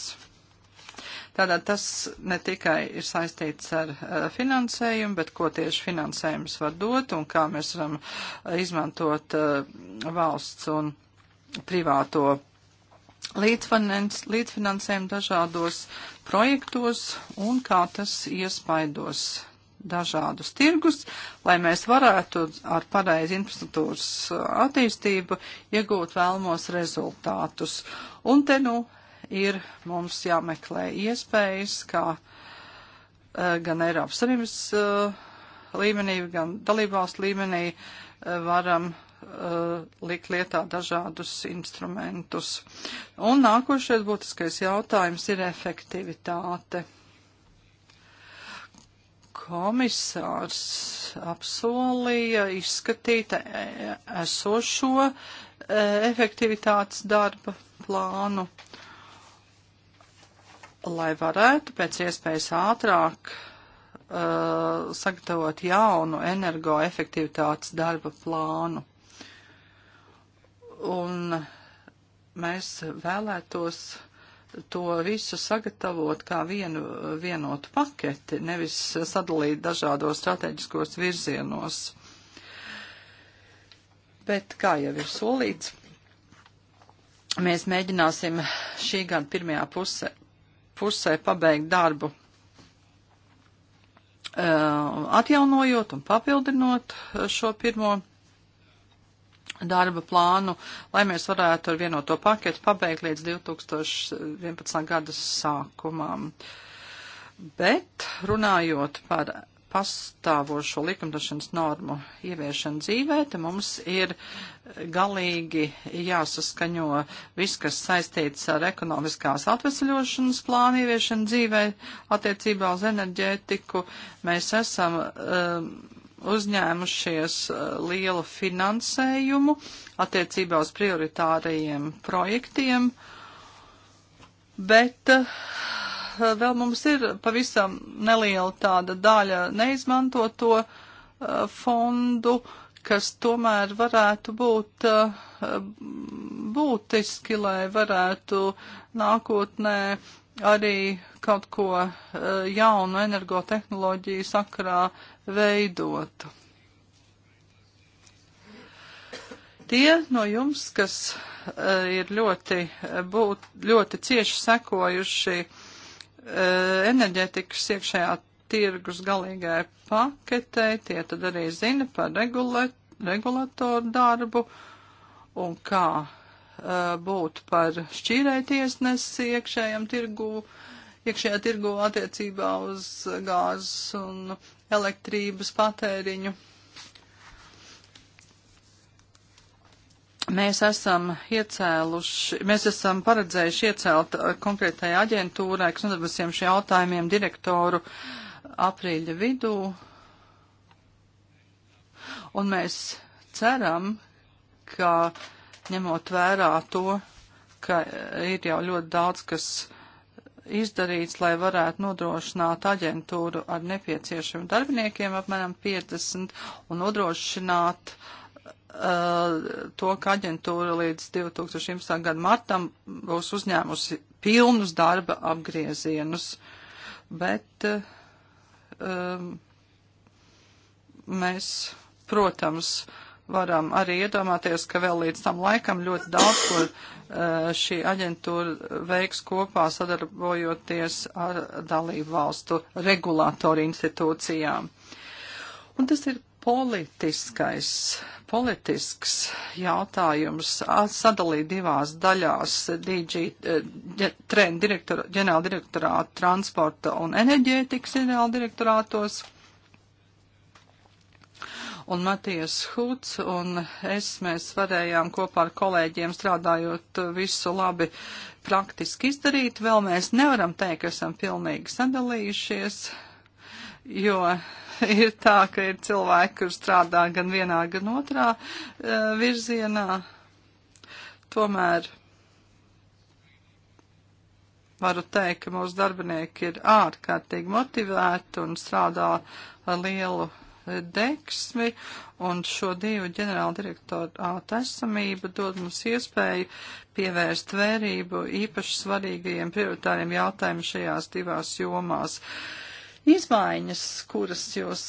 Tātad tas ne tikai ir saistīts ar eh, finansējumu, bet ko tieši finansējums var dot un kā mēs varam eh, izmantot eh, valsts un privāto līdzfinansējumu dažādos projektos un kā tas iespaidos dažādus tirgus, lai mēs varētu ar pareizi infrastruktūras attīstību iegūt vēlmos rezultātus. Un te nu ir mums jāmeklē iespējas, kā eh, gan Eiropas Savienības eh, līmenī, gan dalībvalstu līmenī eh, varam likt lietā dažādus instrumentus. Un nākošais būtiskais jautājums ir efektivitāte. Komisārs apsolīja izskatīt esošo efektivitātes darba plānu. Uh, lai varētu pēc iespējas ātrāk uh, sagatavot jaunu energoefektivitātes darba plānu. Un mēs vēlētos to visu sagatavot kā vienu vienotu paketi, nevis sadalīt dažādos strateģiskos virzienos. Bet, kā jau ir solīts, mēs mēģināsim šī gada pirmajā puse, pusē pabeigt darbu eh, atjaunojot un papildinot eh, šo pirmo darba plānu, lai mēs varētu ar vienoto paketu pabeigt līdz 2011. gada sākumam. Bet runājot par pastāvošo likumdošanas normu ieviešanu dzīvē, te mums ir galīgi jāsaskaņo viss, kas saistīts ar ekonomiskās atvesaļošanas plānu ieviešanu dzīvē attiecībā uz enerģētiku. Mēs esam um, uzņēmušies uh, lielu finansējumu attiecībā uz prioritārajiem projektiem, bet uh, Eh, vēl mums ir pavisam neliela tāda daļa neizmantoto eh, fondu, kas tomēr varētu būt eh, būtiski, lai varētu nākotnē arī kaut ko jaunu energotehnoloģiju sakarā veidot. Tie no jums, kas ir ļoti, būt, ļoti cieši sekojuši uh, Eh, enerģētikas iekšējā tirgus galīgai paketei, tie tad arī zina par regulē, regulatoru darbu un kā eh, būt par šķīrēju tiesnesi iekšējam tirgu, iekšējā tirgu attiecībā uz gāzes un elektrības patēriņu. mēs esam iecēluši, mēs esam paredzējuši iecelt eh, konkrētai aģentūrai, kas nodarbojas šiem jautājumiem, direktoru aprīļa vidū. Un mēs ceram, ka ņemot vērā to, ka eh, ir jau ļoti daudz, kas izdarīts, lai varētu nodrošināt aģentūru ar nepieciešamiem darbiniekiem apmēram 50 un nodrošināt uh, to, ka aģentūra līdz 2011. gada martam būs uzņēmusi pilnus darba apgriezienus, bet um, mēs, protams, varam arī iedomāties, ka vēl līdz tam laikam ļoti daudz, ko uh, šī aģentūra veiks kopā sadarbojoties ar dalību valstu regulātoru institūcijām. Un tas ir politiskais, politisks jautājums sadalīt divās daļās DG, eh, trend direktora, ģenerāla direktorāta transporta un enerģētikas ģenerāla direktorātos. Un Matijas Huds un es mēs varējām kopā ar kolēģiem strādājot visu labi praktiski izdarīt. Vēl mēs nevaram teikt, ka esam pilnīgi sadalījušies, jo ir tā, ka ir cilvēki, kur strādā gan vienā, gan otrā eh, virzienā. Tomēr varu teikt, ka mūsu darbinieki ir ārkārtīgi motivēti un strādā ar lielu eh, deksmi, un šo divu ģenerāla direktorāta esamība dod mums iespēju pievērst vērību īpaši svarīgajiem prioritāriem jautājumiem šajās divās jomās. Uh, Izmaiņas, kuras jūs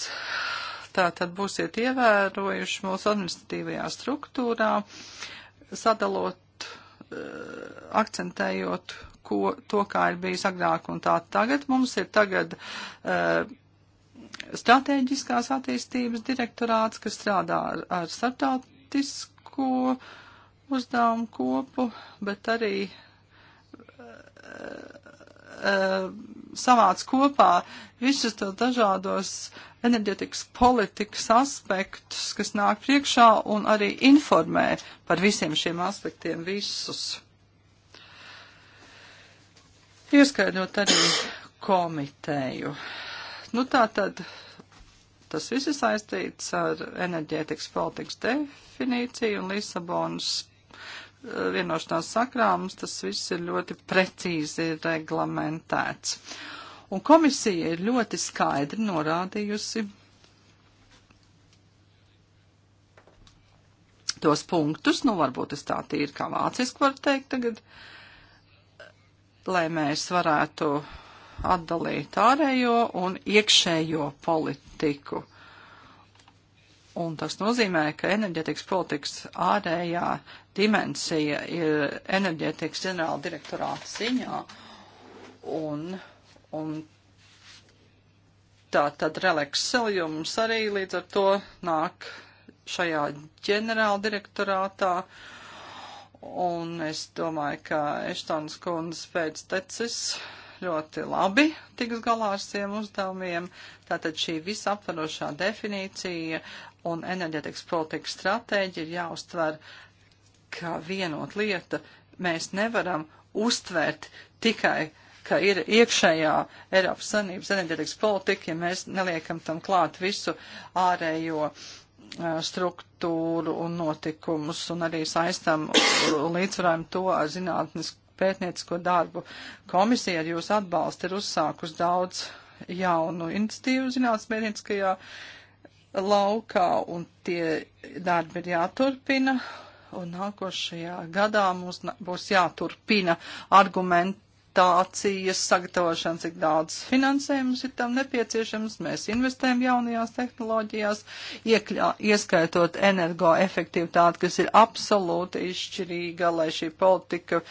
tātad būsiet ievērojuši mūsu administratīvajā struktūrā, sadalot, eh, akcentējot ko, to, kā ir bijis agrāk un tā. Tagad mums ir tagad uh, strateģiskās attīstības direktorāts, kas strādā ar, ar startautisko uzdevumu kopu, bet arī uh, uh, savāc kopā visus tos dažādos enerģetikas politikas aspektus, kas nāk priekšā un arī informē par visiem šiem aspektiem visus. Ieskaidrot arī komiteju. Nu tā tad tas viss ir saistīts ar enerģētikas politikas definīciju un Lisabonas Eh, vienošanās sakrā mums tas viss ir ļoti precīzi reglamentēts. Un komisija ir ļoti skaidri norādījusi tos punktus, nu varbūt es tā tīri kā vāciski varu teikt tagad, lai mēs varētu atdalīt ārējo un iekšējo politiku Un tas nozīmē, ka enerģetikas politikas ārējā dimensija ir enerģetikas ģenerāla direktorāta ziņā. Un, un tā tad relekseljums arī līdz ar to nāk šajā ģenerāla direktorātā. Un es domāju, ka Eštons kundze pēc tecis ļoti labi tiks galā ar saviem uzdevumiem. Tātad šī visaptvarošā definīcija un enerģetikas politikas stratēģija ir jāuztver kā vienot lieta. Mēs nevaram uztvērt tikai, ka ir iekšējā Eiropas Sanības enerģetikas politika, ja mēs neliekam tam klāt visu ārējo struktūru un notikumus un arī saistam līdzvarām to ar zinātnisku pētniecisko darbu. Komisija ar jūsu atbalstu ir uzsākus daudz jaunu iniciatīvu zinātniskajā laukā, un tie darbi ir jāturpina. Un nākošajā gadā mums būs jāturpina argument, adaptācijas sagatavošana, cik daudz finansējums ir tam nepieciešams. Mēs investējam jaunajās tehnoloģijās, iekļā, ieskaitot energoefektivitāti, kas ir absolūti izšķirīga, lai šī politika,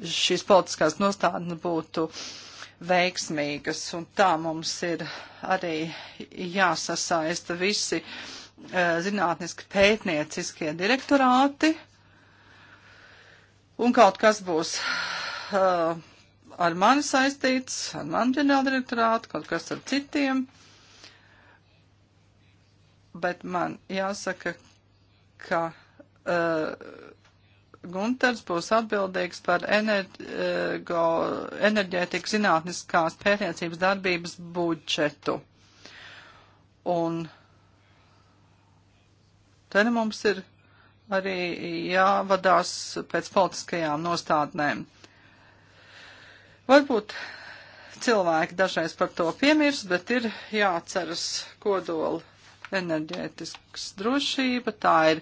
šīs politiskās nostādnes būtu veiksmīgas. Un tā mums ir arī jāsasaista visi eh, zinātniski pētnieciskie direktorāti, un kaut kas būs uh, ar mani saistīts, ar manu ģenerāldirektorātu, kaut kas ar citiem. Bet man jāsaka, ka uh, Gunters būs atbildīgs par energo, enerģētikas zinātniskās pētniecības darbības budžetu. Un te mums ir arī jāvadās pēc politiskajām nostādnēm. Varbūt cilvēki dažreiz par to piemirst, bet ir jāatceras kodola enerģētisks drošība, tā ir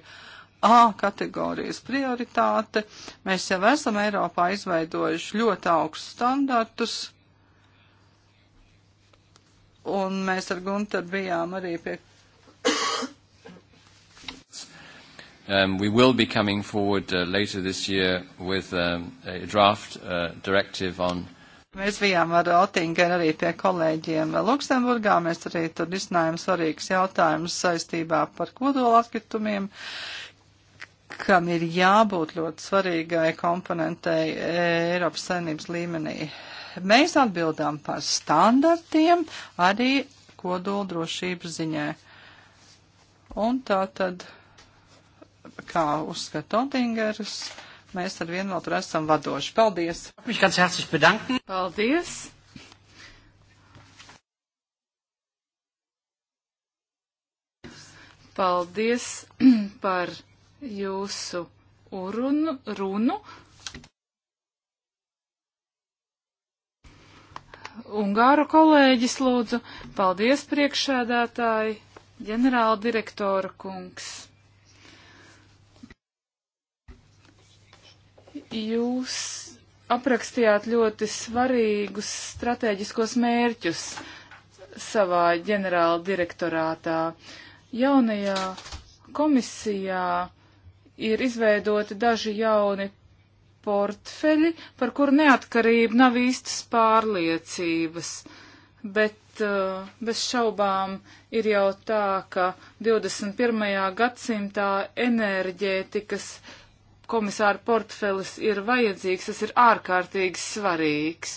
A kategorijas prioritāte. Mēs jau esam Eiropā izveidojuši ļoti augstus standartus, un mēs ar Gunteru bijām arī pie Um, we will be coming forward uh, later this year with um, a draft uh, directive on Mēs bijām ar Otingeru arī pie kolēģiem Luksemburgā. Mēs arī tur risinājām svarīgs jautājums saistībā par kodola atkritumiem, kam ir jābūt ļoti svarīgai komponentei Eiropas saimnības līmenī. Mēs atbildām par standartiem arī kodola drošības ziņā. Un tā tad kā uzskata Tondingers, mēs ar vienu vēl tur esam vadoši. Paldies! Paldies! Paldies par jūsu urunu, runu. Ungāru kolēģis lūdzu. Paldies priekšēdētāji, ģenerāla direktora kungs. Jūs aprakstījāt ļoti svarīgus strateģiskos mērķus savā ģenerāla direktorātā. Jaunajā komisijā ir izveidoti daži jauni portfeļi, par kur neatkarība nav īstas pārliecības, bet uh, bez šaubām ir jau tā, ka 21. gadsimtā enerģētikas komisāra portfelis ir vajadzīgs, tas ir ārkārtīgi svarīgs.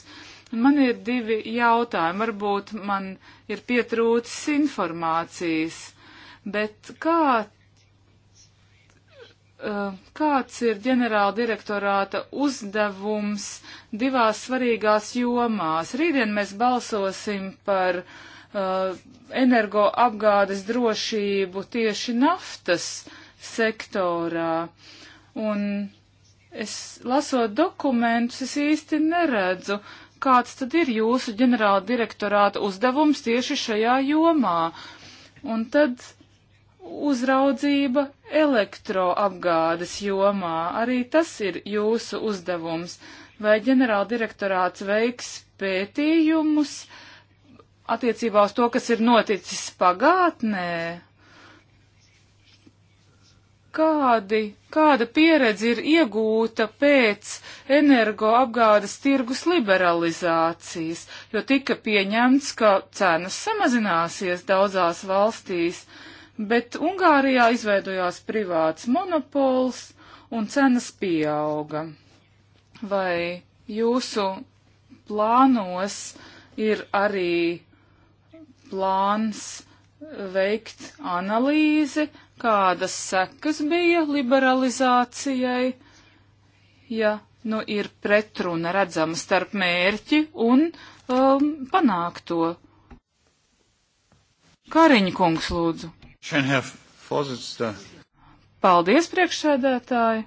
Un man ir divi jautājumi, varbūt man ir pietrūcis informācijas, bet kā, eh, kāds ir ģenerāla direktorāta uzdevums divās svarīgās jomās? Rītdien mēs balsosim par uh, energoapgādes drošību tieši naftas sektorā. Uh, Un es lasot dokumentus, es īsti neredzu, kāds tad ir jūsu ģenerāla direktorāta uzdevums tieši šajā jomā. Un tad uzraudzība elektroapgādes jomā. Arī tas ir jūsu uzdevums. Vai ģenerāla direktorāts veiks pētījumus attiecībā uz to, kas ir noticis pagātnē? kādi, kāda pieredze ir iegūta pēc energoapgādes tirgus liberalizācijas, jo tika pieņemts, ka cenas samazināsies daudzās valstīs, bet Ungārijā izveidojās privāts monopols un cenas pieauga. Vai jūsu plānos ir arī plāns veikt analīzi kādas sekas bija liberalizācijai, ja nu ir pretruna redzama starp mērķi un um, panākto. Kariņkungs, lūdzu. Paldies, priekšsēdētāji.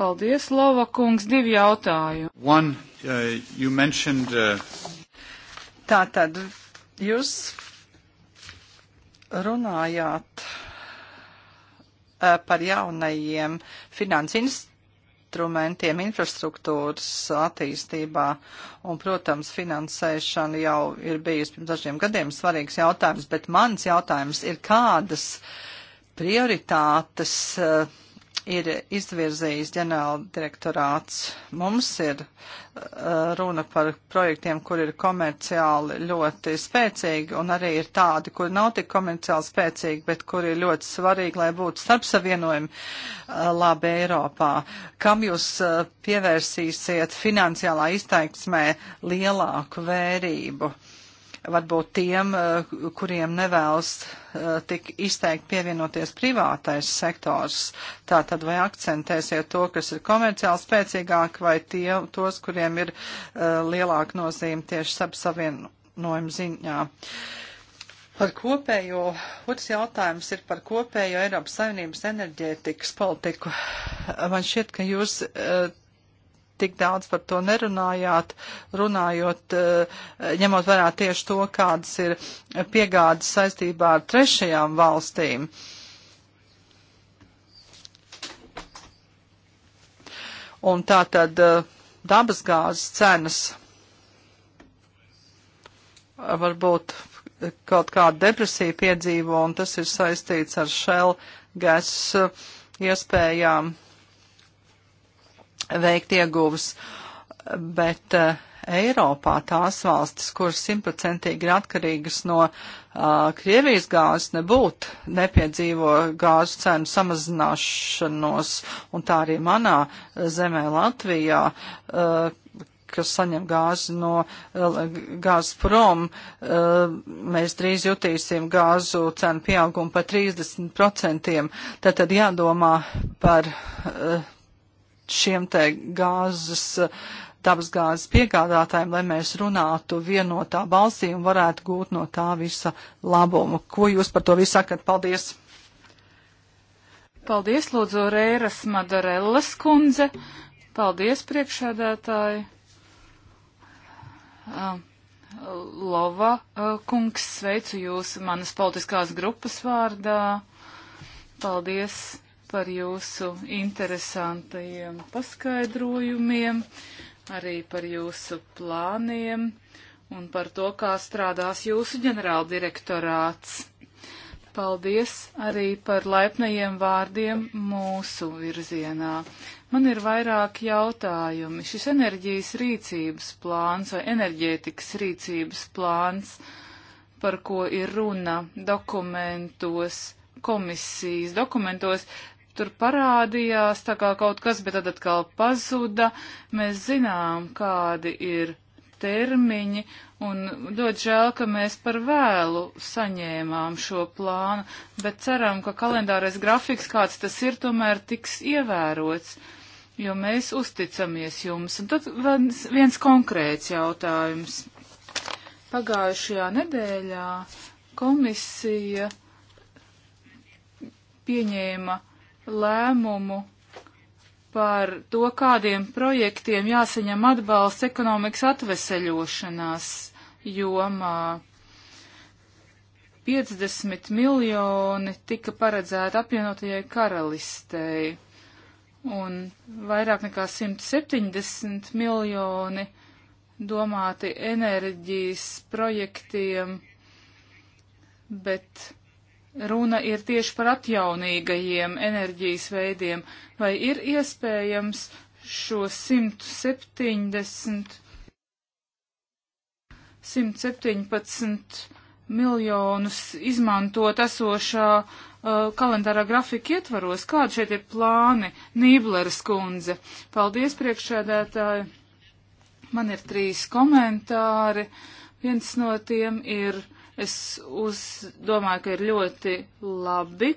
Paldies, Lova kungs, divi jautājumi. One, uh, you mentioned, uh... Tātad, jūs runājāt par jaunajiem finansu instrumentiem infrastruktūras attīstībā. Un, protams, finansēšana jau ir bijusi pirms dažiem gadiem svarīgs jautājums, bet mans jautājums ir, kādas prioritātes uh, ir izvirzījis ģenerāla direktorāts. Mums ir uh, runa par projektiem, kur ir komerciāli ļoti spēcīgi, un arī ir tādi, kur nav tik komerciāli spēcīgi, bet kur ir ļoti svarīgi, lai būtu starpsavienojumi uh, labi Eiropā. Kam jūs uh, pievērsīsiet finansiālā izteiksmē lielāku vērību? Uh, varbūt tiem, eh, kuriem nevēlas eh, tik izteikti pievienoties privātais sektors. Tā tad vai akcentēsiet to, kas ir komerciāli spēcīgāk, vai tie, tos, kuriem ir eh, lielāka nozīme tieši sapsavienojuma ziņā. Par kopējo, otrs jautājums ir par kopējo Eiropas Savienības enerģētikas politiku. Man šķiet, ka jūs tik daudz par to nerunājāt, runājot, eh, ņemot vērā tieši to, kādas ir piegādes saistībā ar trešajām valstīm. Un tā tad eh, dabasgāzes cenas varbūt kaut kādu depresiju piedzīvo, un tas ir saistīts ar Shell gas eh, iespējām. Uh, veikt ieguvus, bet uh, Eiropā tās valstis, kuras simtprocentīgi ir atkarīgas no uh, Krievijas gāzes, nebūtu nepiedzīvo gāzes cenu samazināšanos, un tā arī manā eh, zemē Latvijā, uh, kas saņem gāzi no gāzes prom, mēs drīz jutīsim gāzu cenu pieaugumu par 30%. Tad, tad jādomā par šiem te gāzes, dabas gāzes piegādātājiem, lai mēs runātu vienotā balsī un varētu gūt no tā visa labumu. Ko jūs par to visu sakat? Paldies! Paldies, lūdzu, Rēras Madarellas kundze. Paldies, priekšēdētāji. Um. Lova kungs, sveicu jūs manas politiskās grupas vārdā. Paldies par jūsu interesantajiem paskaidrojumiem, arī par jūsu plāniem un par to, kā strādās jūsu ģenerāldirektorāts. Paldies arī par laipnajiem vārdiem mūsu virzienā. Man ir vairāk jautājumi. Šis enerģijas rīcības plāns vai enerģētikas rīcības plāns, par ko ir runa dokumentos, komisijas dokumentos, tur parādījās tā kā kaut kas, bet tad atkal pazuda. Mēs zinām, kādi ir termiņi, un ļoti žēl, ka mēs par vēlu saņēmām šo plānu, bet ceram, ka kalendārais grafiks, kāds tas ir, tomēr tiks ievērots, jo mēs uzticamies jums. Un tad viens, viens konkrēts jautājums. Pagājušajā nedēļā komisija pieņēma lēmumu par to, kādiem projektiem jāsaņem atbalsts ekonomikas atveseļošanās jomā. 50 miljoni tika paredzēti apvienotajai karalistei un vairāk nekā 170 miljoni domāti enerģijas projektiem, bet runa ir tieši par atjaunīgajiem enerģijas veidiem, vai ir iespējams šo 170, 117 miljonus izmantot esošā uh, kalendārā grafika ietvaros. Kādi šeit ir plāni, Nībleres kundze? Paldies, priekšsēdētāji. Man ir trīs komentāri. Viens no tiem ir Es uz, domāju, ka ir ļoti labi,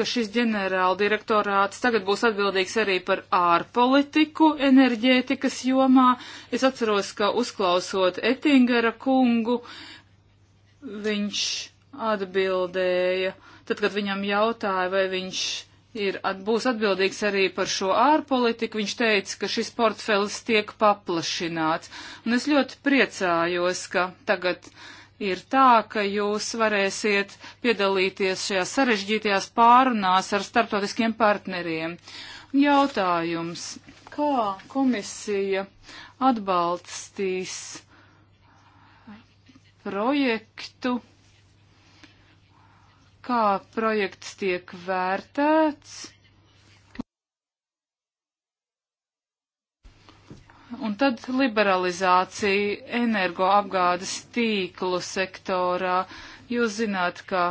ka šis ģenerāldirektorāts tagad būs atbildīgs arī par ārpolitiku enerģētikas jomā. Es atceros, ka uzklausot Ettingera kungu, viņš atbildēja, tad, kad viņam jautāja, vai viņš ir, at, būs atbildīgs arī par šo ārpolitiku. Viņš teica, ka šis portfels tiek paplašināts. Un es ļoti priecājos, ka tagad ir tā, ka jūs varēsiet piedalīties šajā sarežģītajās pārunās ar starptautiskiem partneriem. Jautājums, kā komisija atbalstīs projektu, kā projekts tiek vērtēts? Un tad liberalizācija energoapgādes tīklu sektorā. Jūs zināt, ka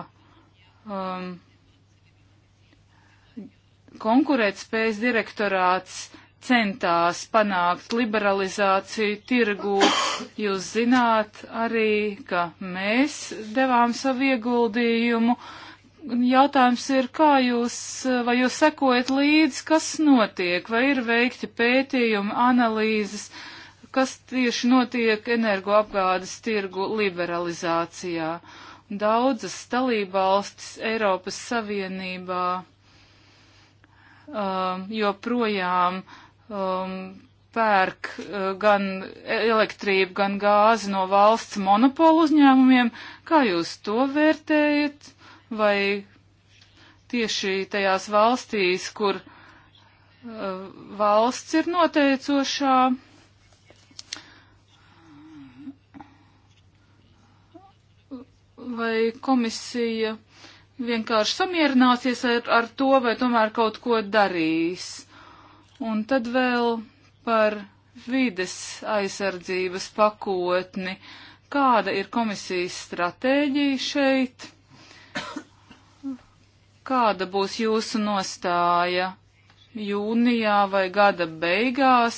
um, konkurētspējas direktorāts centās panākt liberalizāciju tirgū. Jūs zināt arī, ka mēs devām savu ieguldījumu uh, Jautājums ir, kā jūs, vai jūs sekojat līdzi, kas notiek, vai ir veikti pētījumi, analīzes, kas tieši notiek energoapgādes tirgu liberalizācijā. Daudzas dalībvalstis Eiropas Savienībā um, joprojām um, pērk uh, gan elektrību, gan gāzi no valsts monopolu uzņēmumiem. Kā jūs to vērtējat? vai tieši tajās valstīs, kur uh, valsts ir noteicošā. Vai komisija vienkārši samierināsies ar, ar to, vai tomēr kaut ko darīs. Un tad vēl par vides aizsardzības pakotni. Kāda ir komisijas stratēģija šeit? Kāda būs jūsu nostāja jūnijā vai gada beigās?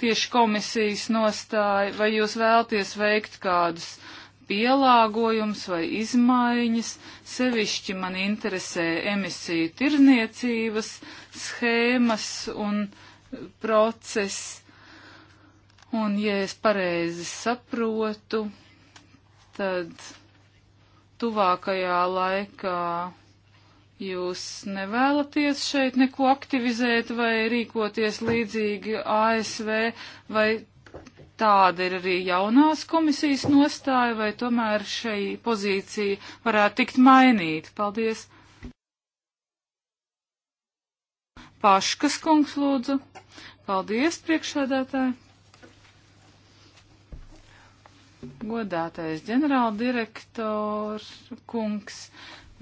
Tieši komisijas nostāja, vai jūs vēlties veikt kādus pielāgojums vai izmaiņas, sevišķi man interesē emisiju tirniecības schēmas un process. Un, ja es pareizi saprotu, tad tuvākajā laikā Jūs nevēlaties šeit neko aktivizēt vai rīkoties līdzīgi ASV, vai tāda ir arī jaunās komisijas nostāja, vai tomēr šai pozīcija varētu tikt mainīta? Paldies! Paškas kungs lūdzu. Paldies, priekšsēdētāji. Godātais ģenerāldirektors kungs,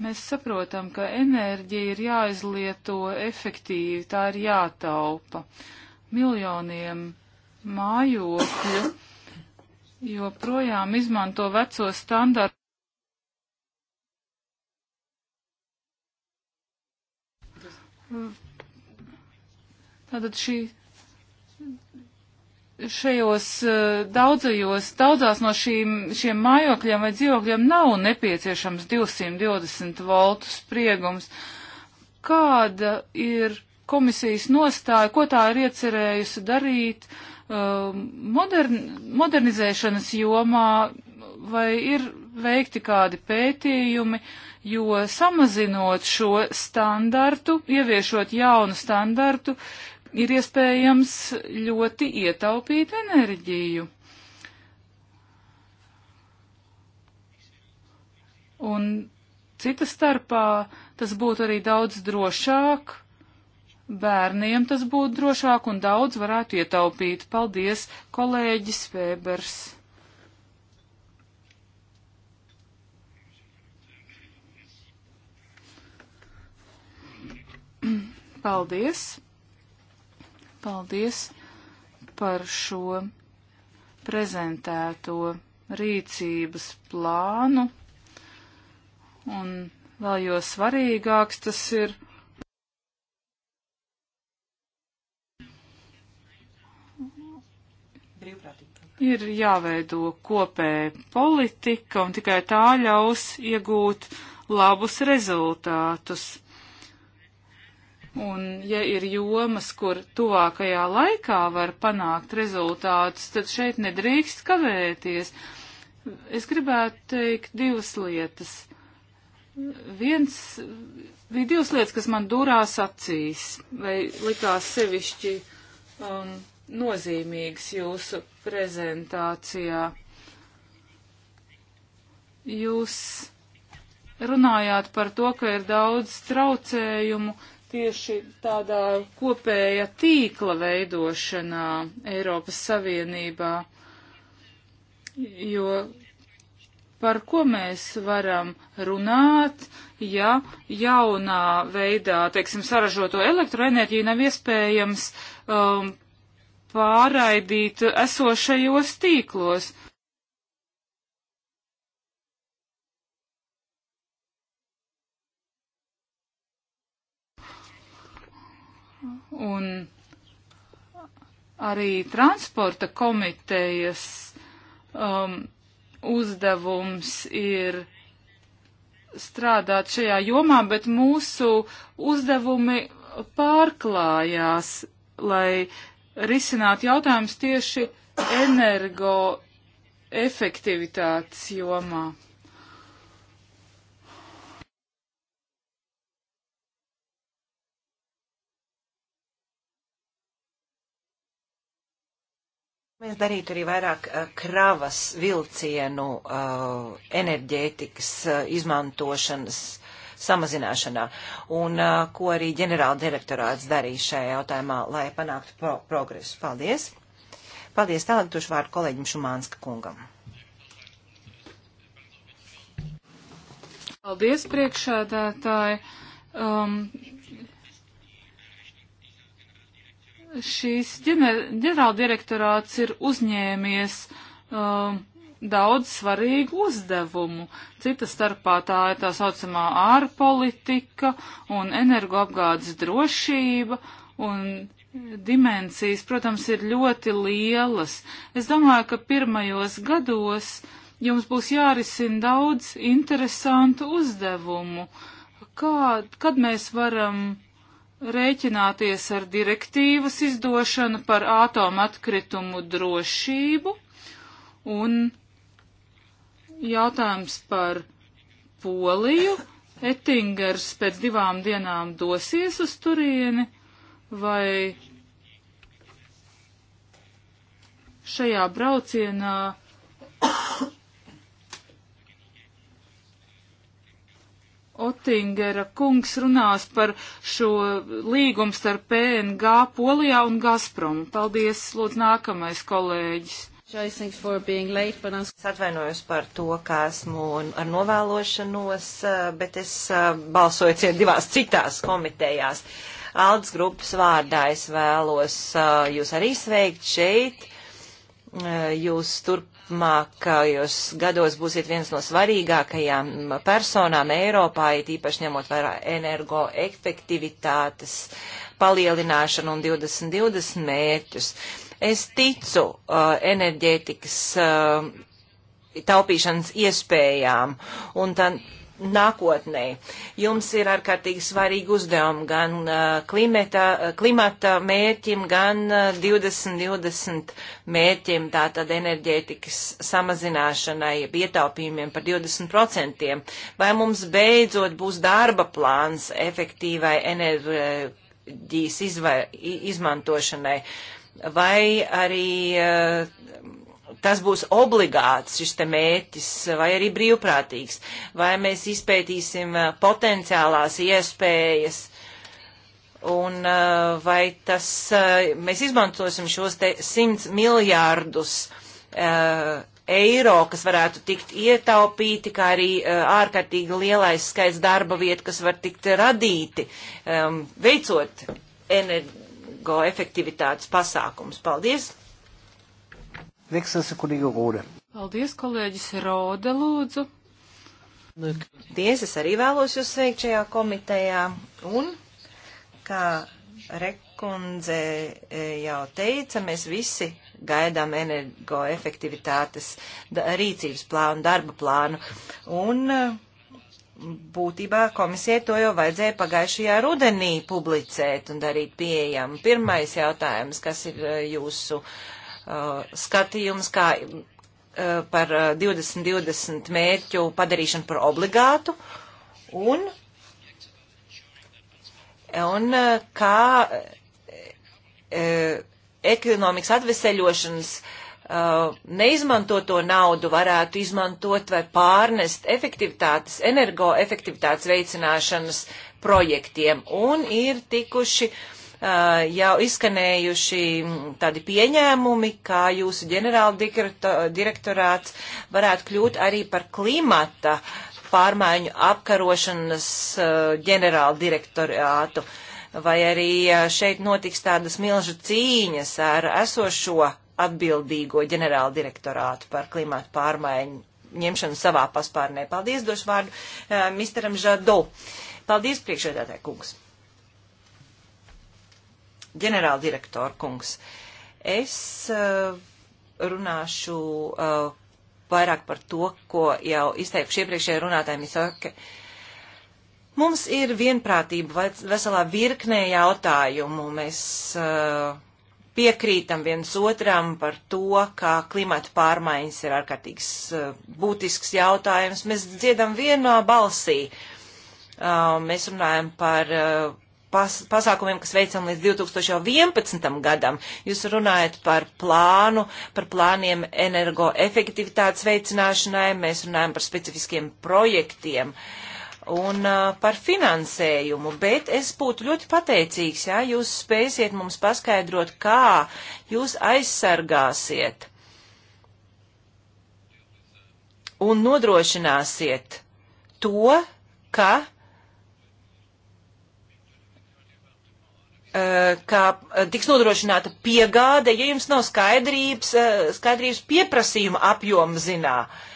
Mēs saprotam, ka enerģija ir jāizlieto efektīvi, tā ir jātaupa. Miljoniem mājokļu joprojām izmanto veco standartu. Tātad šī šajos eh, daudzajos, daudzās no šīm, šiem mājokļiem vai dzīvokļiem nav nepieciešams 220 voltu spriegums. Kāda ir komisijas nostāja, ko tā ir iecerējusi darīt eh, modern, modernizēšanas jomā, vai ir veikti kādi pētījumi, jo samazinot šo standartu, ieviešot jaunu standartu, ir iespējams ļoti ietaupīt enerģiju. Un cita starpā tas būtu arī daudz drošāk, bērniem tas būtu drošāk un daudz varētu ietaupīt. Paldies, kolēģis Vēbers! Paldies! Paldies par šo prezentēto rīcības plānu. Un vēl jo svarīgāks tas ir. Ir jāveido kopēja politika, un tikai tā ļaus iegūt labus rezultātus. Un, ja ir jomas, kur tuvākajā laikā var panākt rezultātus, tad šeit nedrīkst kavēties. Es gribētu teikt divas lietas. Viens, bija divas lietas, kas man durās acīs, vai likās sevišķi um, nozīmīgas jūsu prezentācijā. Jūs runājāt par to, ka ir daudz traucējumu tieši tādā kopējā tīkla veidošanā Eiropas Savienībā, jo par ko mēs varam runāt, ja jaunā veidā, teiksim, saražoto elektroenerģiju nav iespējams um, pārraidīt esošajos tīklos. Uh, un arī transporta komitejas um, uzdevums ir strādāt šajā jomā, bet mūsu uzdevumi pārklājās, lai risinātu jautājumus tieši energoefektivitātes jomā. Mēs darītu arī vairāk eh, kravas vilcienu eh, enerģētikas eh, izmantošanas samazināšanā, un ko arī ģenerāla direktorāts darīja šajā jautājumā, lai panāktu pro progresu. Paldies! Paldies! Tālāk došu vārdu kolēģim Šumānska kungam. Paldies, priekšādātāji! Um, šīs ģenerāldirektorāts ir uzņēmies um, daudz svarīgu uzdevumu. Cita starpā tā ir tā saucamā ārpolitika un energoapgādes drošība un dimensijas, protams, ir ļoti lielas. Es domāju, ka pirmajos gados jums būs jārisina daudz interesantu uzdevumu. Kā, kad mēs varam rēķināties ar direktīvas izdošanu par atomatkritumu drošību un jautājums par Poliju. Ettingers pēc divām dienām dosies uz turieni vai šajā braucienā Otingera kungs runās par šo līgumu starp PNG Polijā un Gazpromu. Paldies, lūdzu, nākamais kolēģis. Late, es atvainojos par to, ka esmu ar novēlošanos, bet es eh, balsoju divās citās komitejās. Aldas grupas vārdā es vēlos eh, jūs arī sveikt šeit. Eh, jūs turp turpmākajos gados būsiet viens no svarīgākajām personām Eiropā, it īpaši ņemot vērā energoefektivitātes palielināšanu un 2020 mērķus. Es ticu uh, enerģētikas uh, taupīšanas iespējām un tad nākotnē. Jums ir ārkārtīgi svarīgi uzdevumi gan uh, klimata, uh, klimata mērķim, gan 2020 uh, mērķim, tātad enerģētikas samazināšanai, ietaupījumiem par 20%. Vai mums beidzot būs darba plāns efektīvai enerģijas izva, izmantošanai? Vai arī uh, tas būs obligāts šis te mērķis vai arī brīvprātīgs, vai mēs izpētīsim eh, potenciālās iespējas un eh, vai tas, eh, mēs izmantosim šos te 100 miljārdus eiro, kas varētu tikt ietaupīti, kā arī ārkārtīgi lielais skaits darba vietu, kas var tikt radīti, veicot energoefektivitātes pasākums. Paldies! Neksas kolēģi Rode. Paldies, kolēģis Rode, lūdzu. Paldies, es arī vēlos jūs sveikt šajā komitejā. Un, kā Rekundze e, jau teica, mēs visi gaidām energoefektivitātes rīcības plānu, darba plānu. Un e, būtībā komisijai to jau vajadzēja pagājušajā rudenī publicēt un darīt pieejamu. Pirmais jautājums, kas ir e, jūsu uh, Uh, skatījums, kā uh, par 2020 uh, mērķu padarīšanu par obligātu un, un kā ekonomikas atveseļošanas neizmantoto naudu varētu izmantot vai pārnest efektivitātes, energoefektivitātes veicināšanas projektiem. Un ir tikuši uh, jau izskanējuši tādi pieņēmumi, kā jūsu ģenerāla direktorāts varētu kļūt arī par klimata pārmaiņu apkarošanas ģenerāla direktorātu. Vai arī šeit notiks tādas milžu cīņas ar esošo atbildīgo ģenerāla direktorātu par klimatu pārmaiņu ņemšanu savā paspārnē. Paldies, došu vārdu uh, misteram Žado. Paldies, priekšēdētāji kungs ģenerāla direktora kungs. Es eh, runāšu eh, vairāk par to, ko jau izteikuši iepriekšējā runātājiem. Saka, mums ir vienprātība veselā virknē jautājumu. Mēs eh, piekrītam viens otram par to, ka klimata pārmaiņas ir ārkārtīgs būtisks jautājums. Mēs dziedam vienā balsī. Mēs runājam par pas, pasākumiem, kas veicam līdz 2011. gadam. Jūs runājat par plānu, par plāniem energoefektivitātes veicināšanai, mēs runājam par specifiskiem projektiem un uh, par finansējumu, bet es būtu ļoti pateicīgs, ja jūs spēsiet mums paskaidrot, kā jūs aizsargāsiet un nodrošināsiet to, ka uh, Eh, ka eh, tiks nodrošināta piegāde, ja jums nav skaidrības, eh, skaidrības pieprasījuma apjoma zinā,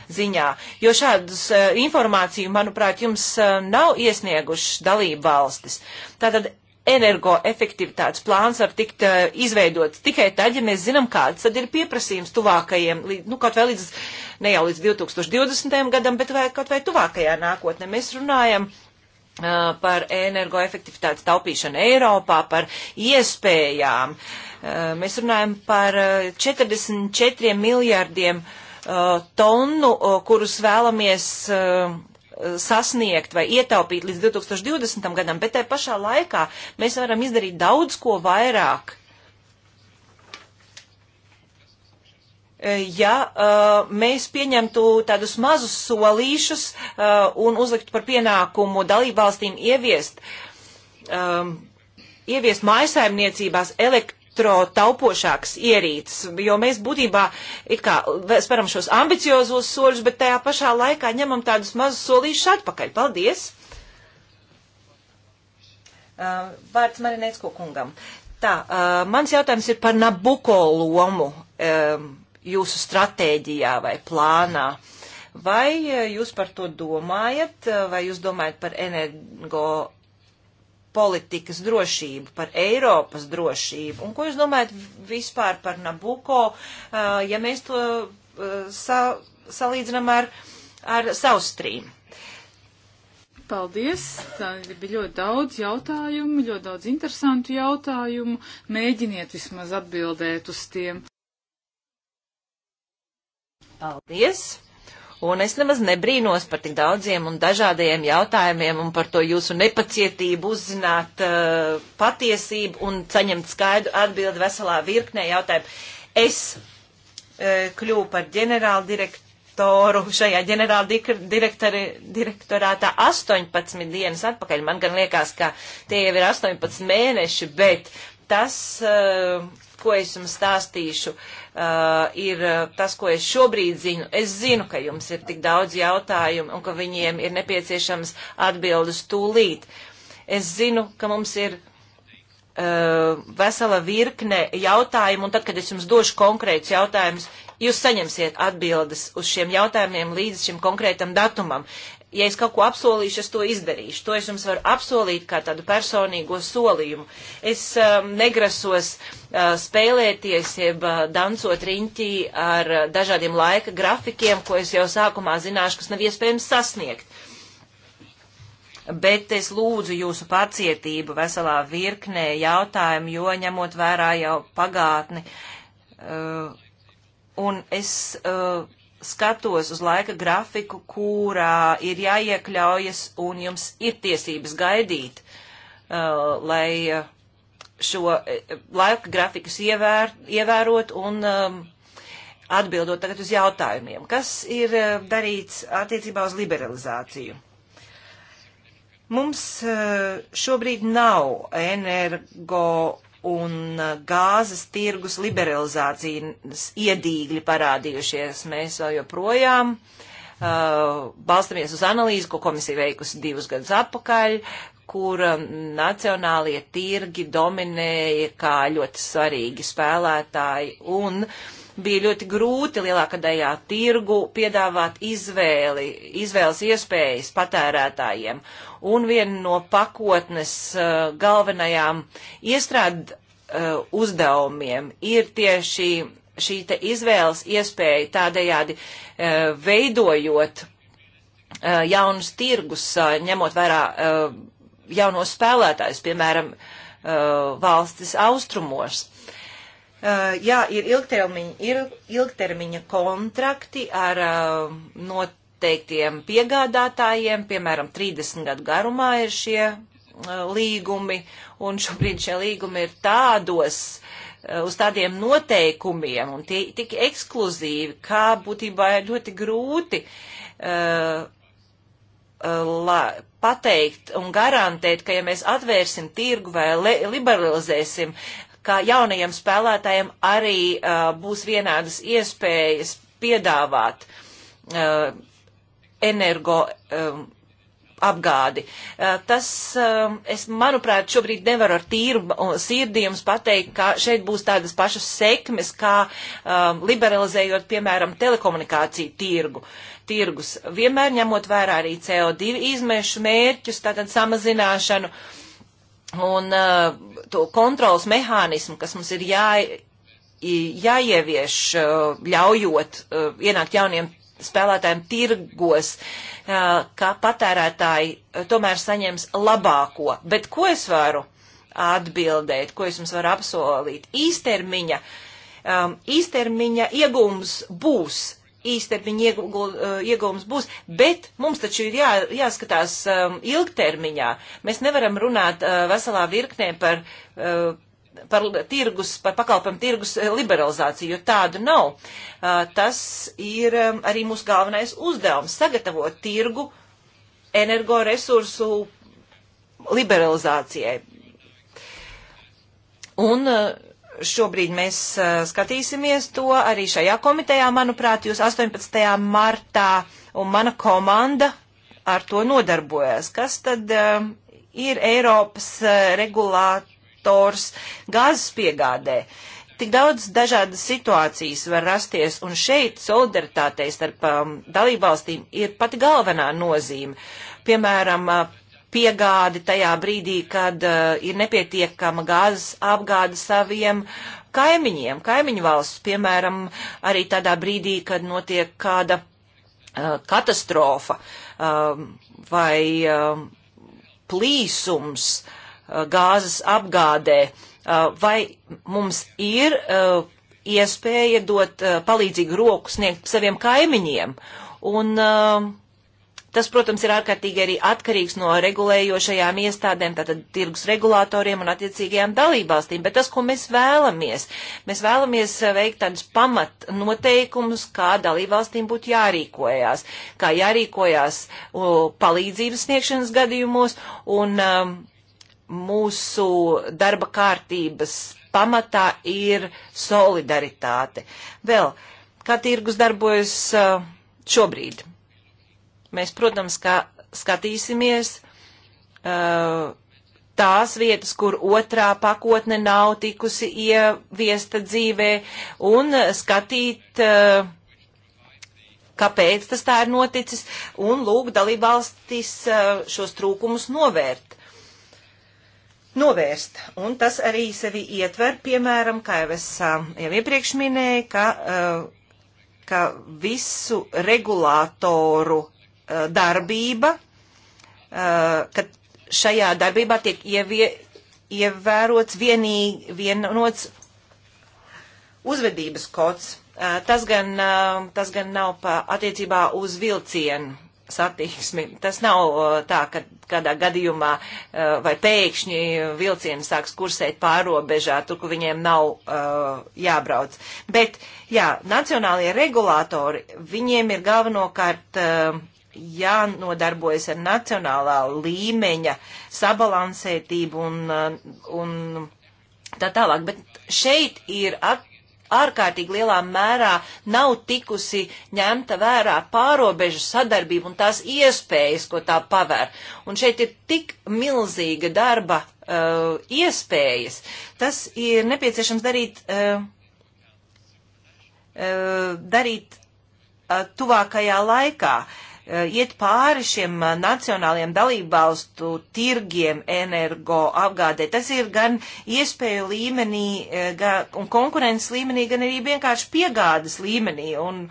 ziņā. Jo šādus informāciju, manuprāt, jums nav iesniegušas dalība valstis. Tātad energoefektivitātes plāns var tikt izveidots tikai tad, ja mēs zinām, kāds tad ir pieprasījums tuvākajiem, nu, kaut vai līdz, ne jau līdz 2020. gadam, bet vai kaut vai tuvākajā nākotnē. Mēs runājam. Uh, par energoefektivitātes taupīšanu Eiropā, par iespējām. Mēs runājam par 44 miljārdiem tonu, kurus vēlamies sasniegt vai ietaupīt līdz 2020. gadam, bet tajā pašā laikā mēs varam izdarīt daudz ko vairāk ja uh, mēs pieņemtu tādus mazus solīšus uh, un uzliktu par pienākumu dalībvalstīm ieviest, um, ieviest mājasaimniecībās elektroniski elektrotaupošāks ierīces, jo mēs būtībā it kā speram šos ambiciozos soļus, bet tajā pašā laikā ņemam tādus mazus solīšus atpakaļ. Paldies! Uh, vārds Marinēcko kungam. Tā, uh, mans jautājums ir par Nabuko lomu. Um, jūsu stratēģijā vai plānā. Vai e, jūs par to domājat, e, vai jūs domājat par energo politikas drošību, par Eiropas drošību, un ko jūs domājat vispār par Nabuko, e, ja mēs to sa salīdzinām ar, ar South Stream? Paldies! Tā bija ļoti daudz jautājumu, ļoti daudz interesantu jautājumu. Mēģiniet vismaz atbildēt uz tiem. Paldies! Un es nemaz nebrīnos par tik daudziem un dažādiem jautājumiem un par to jūsu nepacietību uzzināt uh, patiesību un saņemt skaidru atbildi veselā virknē jautājumu. Es uh, kļuvu par ģenerāla direktoru šajā ģenerāla direktorātā 18 dienas atpakaļ. Man gan liekas, ka tie jau ir 18 mēneši, bet tas. Uh, ko es jums stāstīšu, uh, ir uh, tas, ko es šobrīd zinu. Es zinu, ka jums ir tik daudz jautājumu un ka viņiem ir nepieciešams atbildes tūlīt. Es zinu, ka mums ir uh, vesela virkne jautājumu, un tad, kad es jums došu konkrētus jautājumus, jūs saņemsiet atbildes uz šiem jautājumiem līdz šim konkrētam datumam ja es kaut ko apsolīšu, es to izdarīšu. To es jums varu apsolīt kā tādu personīgo solījumu. Es um, negrasos uh, spēlēties, jeb uh, dansot riņķī ar uh, dažādiem laika grafikiem, ko es jau sākumā zināšu, kas nav iespējams sasniegt. Bet es lūdzu jūsu pacietību veselā virknē jautājumu, jo ņemot vērā jau pagātni. Uh, un es. Uh, skatos uz laika grafiku, kurā ir jāiekļaujas un jums ir tiesības gaidīt, uh, lai uh, šo uh, laika grafikus ievēr, ievērot un um, atbildot tagad uz jautājumiem. Kas ir uh, darīts attiecībā uz liberalizāciju? Mums šobrīd nav energo un uh, gāzes tirgus liberalizācijas iedīgļi parādījušies. Mēs vēl joprojām uh, balstamies uz analīzi, ko komisija veikusi divus gadus atpakaļ, kur um, nacionālie tirgi dominēja kā ļoti svarīgi spēlētāji un uh, bija ļoti grūti lielākā daļā tirgu piedāvāt izvēli, izvēles iespējas patērētājiem. Un viena no pakotnes uh, galvenajām iestrād uh, uzdevumiem ir tieši šī te izvēles iespēja tādējādi uh, veidojot uh, jaunus tirgus, uh, ņemot vērā uh, jaunos spēlētājus, piemēram, valstis austrumos. Eh, jā, ir ilgtermiņa, ir ilgtermiņa kontrakti ar eh, noteiktiem piegādātājiem, piemēram, 30 gadu garumā ir šie eh, līgumi, un šobrīd šie līgumi ir tādos, uz tādiem noteikumiem, un tie tik ekskluzīvi, kā būtībā ir ļoti grūti uh, la, pateikt un garantēt, ka ja mēs atvērsim tirgu vai le, liberalizēsim ka jaunajiem spēlētājiem arī uh, būs vienādas iespējas piedāvāt uh, energo um, apgādi. Uh, tas, uh, es manuprāt, šobrīd nevaru ar tīru sirdi jums pateikt, ka šeit būs tādas pašas sekmes, kā um, liberalizējot, piemēram, telekomunikāciju tirgu. Tirgus vienmēr ņemot vērā arī CO2 izmešu mērķus, tātad samazināšanu. Uh, un uh, to kontrols mehānismu, kas mums ir jā, jāievieš, uh, ļaujot uh, ienākt jauniem spēlētājiem tirgos, uh, ka patērētāji uh, tomēr saņems labāko. Bet ko es varu atbildēt, ko es jums varu apsolīt? Īstermiņa, um, īstermiņa iegums būs īstermiņa ieguvums būs, bet mums taču ir jā, jāskatās um, ilgtermiņā. Mēs nevaram runāt uh, veselā virknē par, uh, par tirgus, par pakalpam tirgus liberalizāciju, jo tādu nav. Uh, tas ir um, arī mūsu galvenais uzdevums - sagatavot tirgu energoresursu liberalizācijai. Un uh, šobrīd mēs skatīsimies to arī šajā komitejā, manuprāt, jūs 18. martā un mana komanda ar to nodarbojas. Kas tad ir Eiropas regulators gāzes piegādē? Tik daudz dažādas situācijas var rasties, un šeit solidaritātei starp um, dalībvalstīm ir pati galvenā nozīme. Piemēram, uh, piegādi tajā brīdī, kad uh, ir nepietiekama gāzes apgāde saviem kaimiņiem, kaimiņu valsts, piemēram, arī tādā brīdī, kad notiek kāda uh, katastrofa uh, vai uh, plīsums uh, gāzes apgādē, uh, vai mums ir uh, iespēja dot uh, palīdzīgu roku sniegt saviem kaimiņiem. Un, uh, Tas, protams, ir ārkārtīgi arī atkarīgs no regulējošajām iestādēm, tātad tirgus regulātoriem un attiecīgajām dalībvalstīm. Bet tas, ko mēs vēlamies, mēs vēlamies veikt tādus pamat noteikumus, kā dalībvalstīm būtu jārīkojās, kā jārīkojās o, palīdzības sniegšanas gadījumos un um, mūsu darba kārtības pamatā ir solidaritāte. Vēl, kā tirgus darbojas uh, šobrīd? Mēs, protams, kā skatīsimies uh, tās vietas, kur otrā pakotne nav tikusi ieviesta dzīvē, un skatīt, uh, kāpēc tas tā ir noticis, un lūk dalībvalstis uh, šos trūkumus novērt novērst. Un tas arī sevi ietver, piemēram, kā jau es uh, jau iepriekš minēju, ka, uh, ka visu regulātoru Eh, darbība, eh, ka šajā darbībā tiek ievie, ievērots vienīgi vienots uzvedības kods. Eh, tas gan, tas gan nav pa attiecībā uz vilcienu satiksmi. Tas nav tā, ka kādā gadījumā vai pēkšņi vilcieni sāks kursēt pārobežā, tur, kur viņiem nav uh, jābrauc. Bet, jā, nacionālie regulātori, viņiem ir galvenokārt uh, jānodarbojas ar nacionālā līmeņa sabalansētību un, un tā tālāk. Bet šeit ir at, ārkārtīgi lielā mērā nav tikusi ņemta vērā pārobežu sadarbība un tās iespējas, ko tā paver. Un šeit ir tik milzīga darba uh, iespējas. Tas ir nepieciešams darīt, uh, uh, darīt uh, tuvākajā laikā. Uh, Eh, iet pāri šiem eh, nacionāliem dalībvalstu tirgiem energo apgādē. Tas ir gan iespēju līmenī, eh, gan, un konkurences līmenī, gan arī vienkārši piegādes līmenī. Un,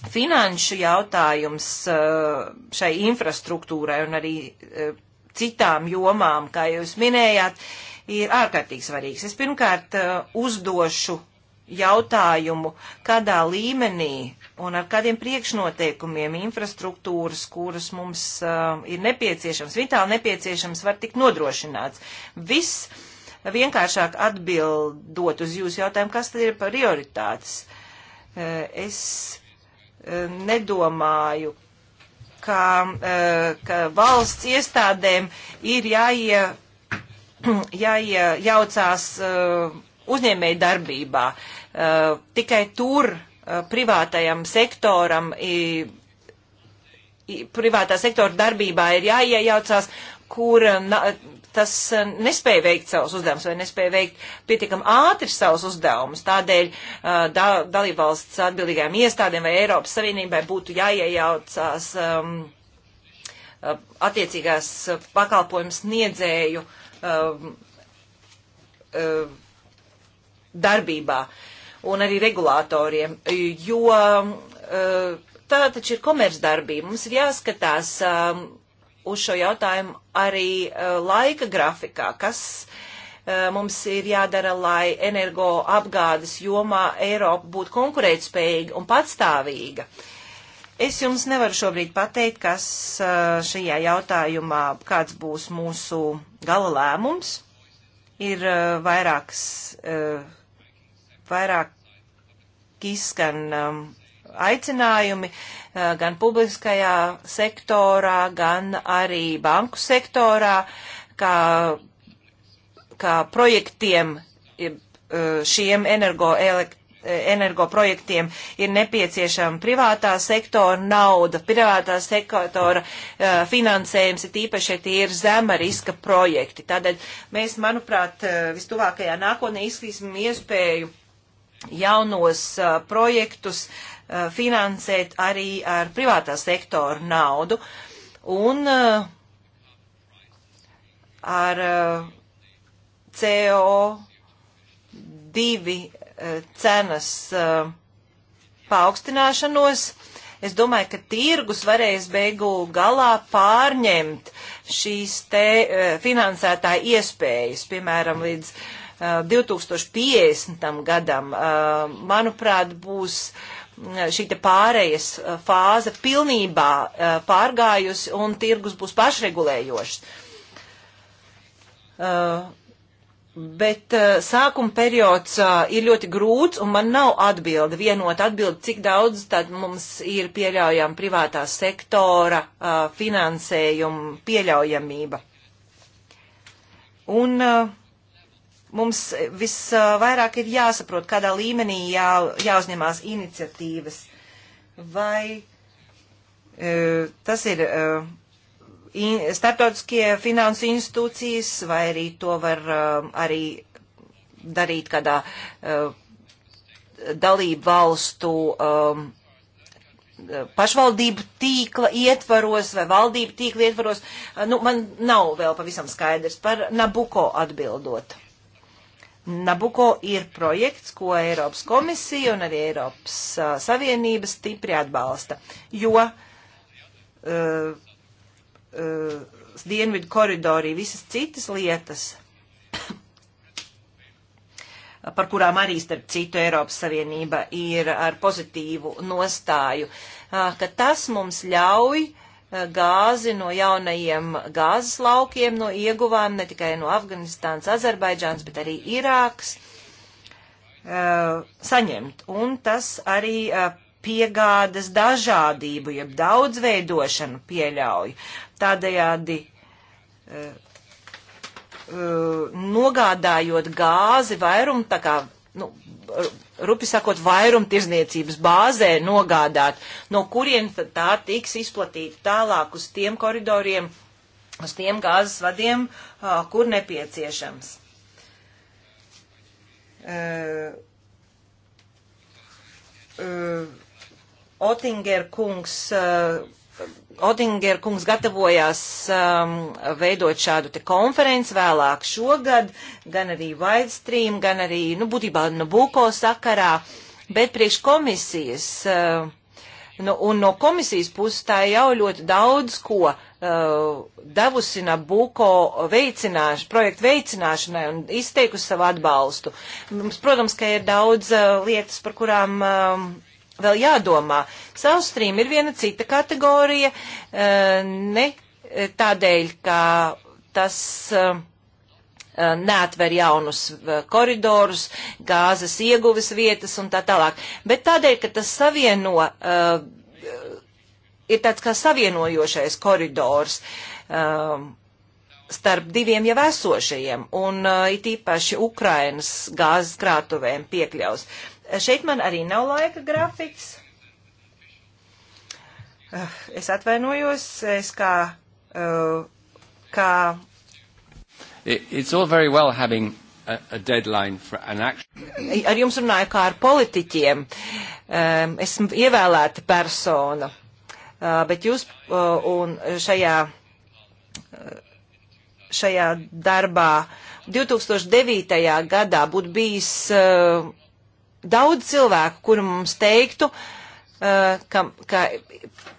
Finanšu jautājums šai infrastruktūrai un arī citām jomām, kā jūs minējāt, ir ārkārtīgi svarīgs. Es pirmkārt uzdošu jautājumu, kādā līmenī un ar kādiem priekšnoteikumiem infrastruktūras, kuras mums uh, ir nepieciešams, vitāli nepieciešams, var tikt nodrošināts. Viss vienkāršāk atbildot uz jūsu jautājumu, kas tad ir prioritātes. Uh, es uh, nedomāju, ka, uh, ka valsts iestādēm ir jāie, jāiejaucās uh, uzņēmēju darbībā. Uh, tikai tur uh, Eh, privātajam sektoram, privātā sektora darbībā ir jāiejaucās, kur eh, na, tas eh, nespēja veikt savus uzdevumus vai nespēja veikt pietiekam ātri savus uzdevumus. Tādēļ da, dalībvalsts atbildīgajām iestādēm vai Eiropas Savienībai būtu jāiejaucās um, attiecīgās pakalpojumu sniedzēju um, um, darbībā. Uh, un arī regulātoriem, jo eh, tā taču ir komercdarbība. Mums ir jāskatās eh, uz šo jautājumu arī eh, laika grafikā, kas mums ir jādara, lai energo apgādes jomā Eiropa būtu konkurētspējīga un patstāvīga. Es jums nevaru šobrīd pateikt, kas šajā jautājumā, kāds būs mūsu gala lēmums. Ir vairākas vairāk izskan um, aicinājumi uh, gan publiskajā sektorā, gan arī banku sektorā, kā, kā projektiem uh, šiem energoelektroniskajiem energoprojektiem ir nepieciešama privātā sektora nauda, privātā sektora uh, finansējums, ir īpaši, ja tie ir zema riska projekti. Tādēļ mēs, manuprāt, e, vistuvākajā nākotnē izskatīsim iespēju jaunos uh, projektus uh, finansēt arī ar privātā sektora naudu un uh, ar uh, CO2 uh, cenas uh, paaugstināšanos. Es domāju, ka tirgus varēs beigu galā pārņemt šīs te uh, finansētāja iespējas, piemēram, līdz uh, 2050. Eh, gadam, eh, manuprāt, būs eh, šī pārējas fāze pilnībā pārgājusi un tirgus būs pašregulējošs. Bet sākuma periods ir ļoti grūts un man nav atbildi, vienot atbildi, cik daudz tad mums ir pieļaujama privātā sektora finansējuma pieļaujamība. Un uh, mums visvairāk ir jāsaprot, kādā līmenī jā, jāuzņemās iniciatīvas. Vai e, tas ir e, starptautiskie finansu institūcijas, vai arī to var e, arī darīt kādā dalību valstu pašvaldību tīkla ietvaros vai valdību tīkla ietvaros. Nu, man nav vēl pavisam skaidrs par Nabuko atbildot. Nabuko ir projekts, ko Eiropas komisija un arī Eiropas uh, Savienība stipri atbalsta, jo uh, uh, dienvidu koridori visas citas lietas, par kurām arī starp citu Eiropas Savienība ir ar pozitīvu nostāju, uh, ka tas mums ļauj uh, gāzi no jaunajiem gāzes laukiem, no ieguvām ne tikai no Afganistānas, Azerbaidžāns, bet arī Irāks uh, saņemt. Un tas arī uh, piegādes dažādību, jeb daudzveidošanu pieļauj. Tādējādi uh, uh nogādājot gāzi vairumu, tā kā nu, rupi sakot, vairumtirzniecības bāzē nogādāt, no kurien tad tā tiks izplatīta tālāk uz tiem koridoriem, uz tiem gāzes vadiem, kur nepieciešams. Uh, uh, Otinger kungs uh, Odinger kungs gatavojās um, veidot šādu te konferenci vēlāk šogad, gan arī Wildstream, gan arī, nu, būtībā Nabuko nu, sakarā, bet priekš komisijas, uh, nu, un no komisijas puses tā jau ļoti daudz ko uh, devusi Nabuko veicināš, projektu veicināšanai un izteikusi savu atbalstu. Mums, protams, ka ir daudz uh, lietas, par kurām. Uh, vēl jādomā. South Stream ir viena cita kategorija, eh, ne eh, tādēļ, ka tas eh, neatver jaunus koridorus, gāzes ieguves vietas un tā tālāk, bet tādēļ, ka tas savieno, ir tāds kā savienojošais koridors starp diviem jau esošajiem un it īpaši Ukrainas gāzes krātuvēm piekļaus. Šeit man arī nav laika grafiks. Ah, es atvainojos, es kā. Uh, kā It's all very well having a deadline for an action. Ar jums runāju kā ar politiķiem. Um, esmu ievēlēta persona, uh, bet jūs uh, un šajā, šajā darbā 2009. gadā būtu bijis daudz cilvēku, kuru mums teiktu, uh, ka, ka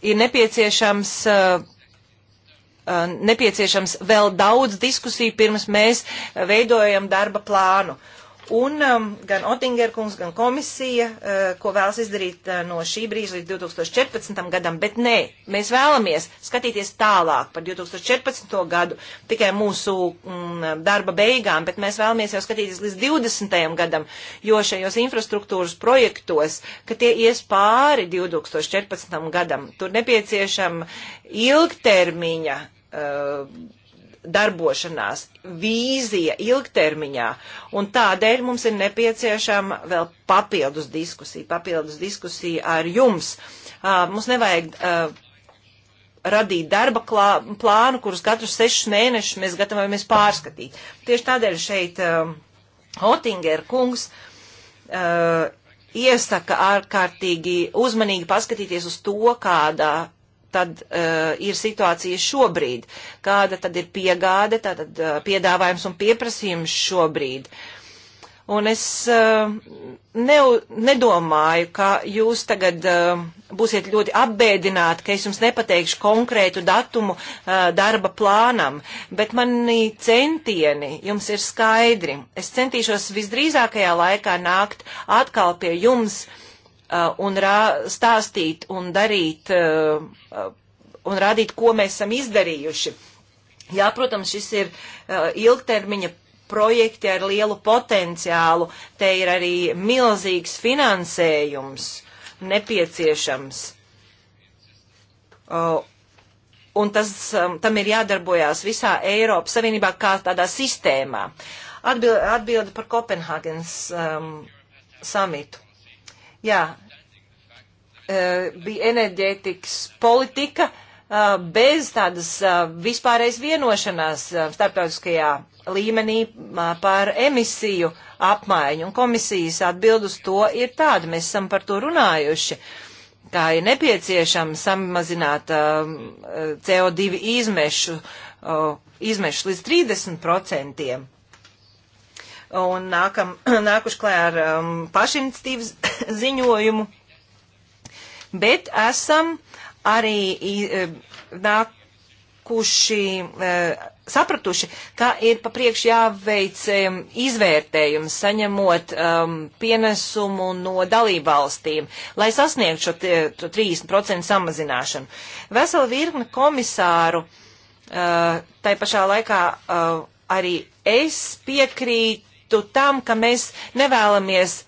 ir nepieciešams, uh, nepieciešams vēl daudz diskusiju, pirms mēs veidojam darba plānu. Uh, Un um, gan Otingerkungs, gan komisija, uh, ko vēlas izdarīt uh, no šī brīža līdz 2014. gadam, bet nē, mēs vēlamies skatīties tālāk par 2014. gadu, tikai mūsu m, mm, darba beigām, bet mēs vēlamies jau skatīties līdz 20. gadam, jo šajos infrastruktūras projektos, ka tie ies pāri 2014. gadam, tur nepieciešama ilgtermiņa. Uh, darbošanās, vīzija ilgtermiņā, un tādēļ mums ir nepieciešama vēl papildus diskusija, papildus diskusija ar jums. Uh, mums nevajag uh, radīt darba klā, plānu, kurus katrus sešus mēnešus mēs gatavojamies pārskatīt. Tieši tādēļ šeit uh, Otinger kungs iesaka ārkārtīgi uzmanīgi paskatīties uz to, kādā tad uh, ir situācija šobrīd, kāda tad ir piegāde, tātad uh, piedāvājums un pieprasījums šobrīd. Un es uh, e, ne, nedomāju, ka jūs tagad uh, būsiet ļoti apbēdināti, ka es jums nepateikšu konkrētu datumu uh, darba plānam, bet mani centieni jums ir skaidri. Es centīšos visdrīzākajā laikā nākt atkal pie jums uh, Uh, un rā, stāstīt un darīt uh, uh, un rādīt, ko mēs esam izdarījuši. Jā, protams, šis ir ilgtermiņa projekti ar lielu potenciālu. Te ir arī milzīgs finansējums nepieciešams. Un tas, um, tam ir jādarbojās visā Eiropas Savienībā kā tādā sistēmā. Atbilde, atbilde par Kopenhāgenes um, samitu. Jā, Eh, bija enerģētikas politika eh, bez tādas eh, vispārreiz vienošanās starptautiskajā līmenī par emisiju apmaiņu, un komisijas atbild uz to ir tāda, mēs esam par to runājuši, kā ir nepieciešams samazināt CO2 izmešu, izmešu līdz 30%. Un nākam, nākuši klē ar um, pašinstīvas ziņojumu bet esam arī e, nākuši, e, sapratuši, ka ir papriekš jāveic e, izvērtējums, saņemot um, pienesumu no dalībvalstīm, lai sasniegtu šo 30% samazināšanu. Vesela virkne komisāru, uh, tai pašā laikā uh, arī es piekrītu tam, ka mēs nevēlamies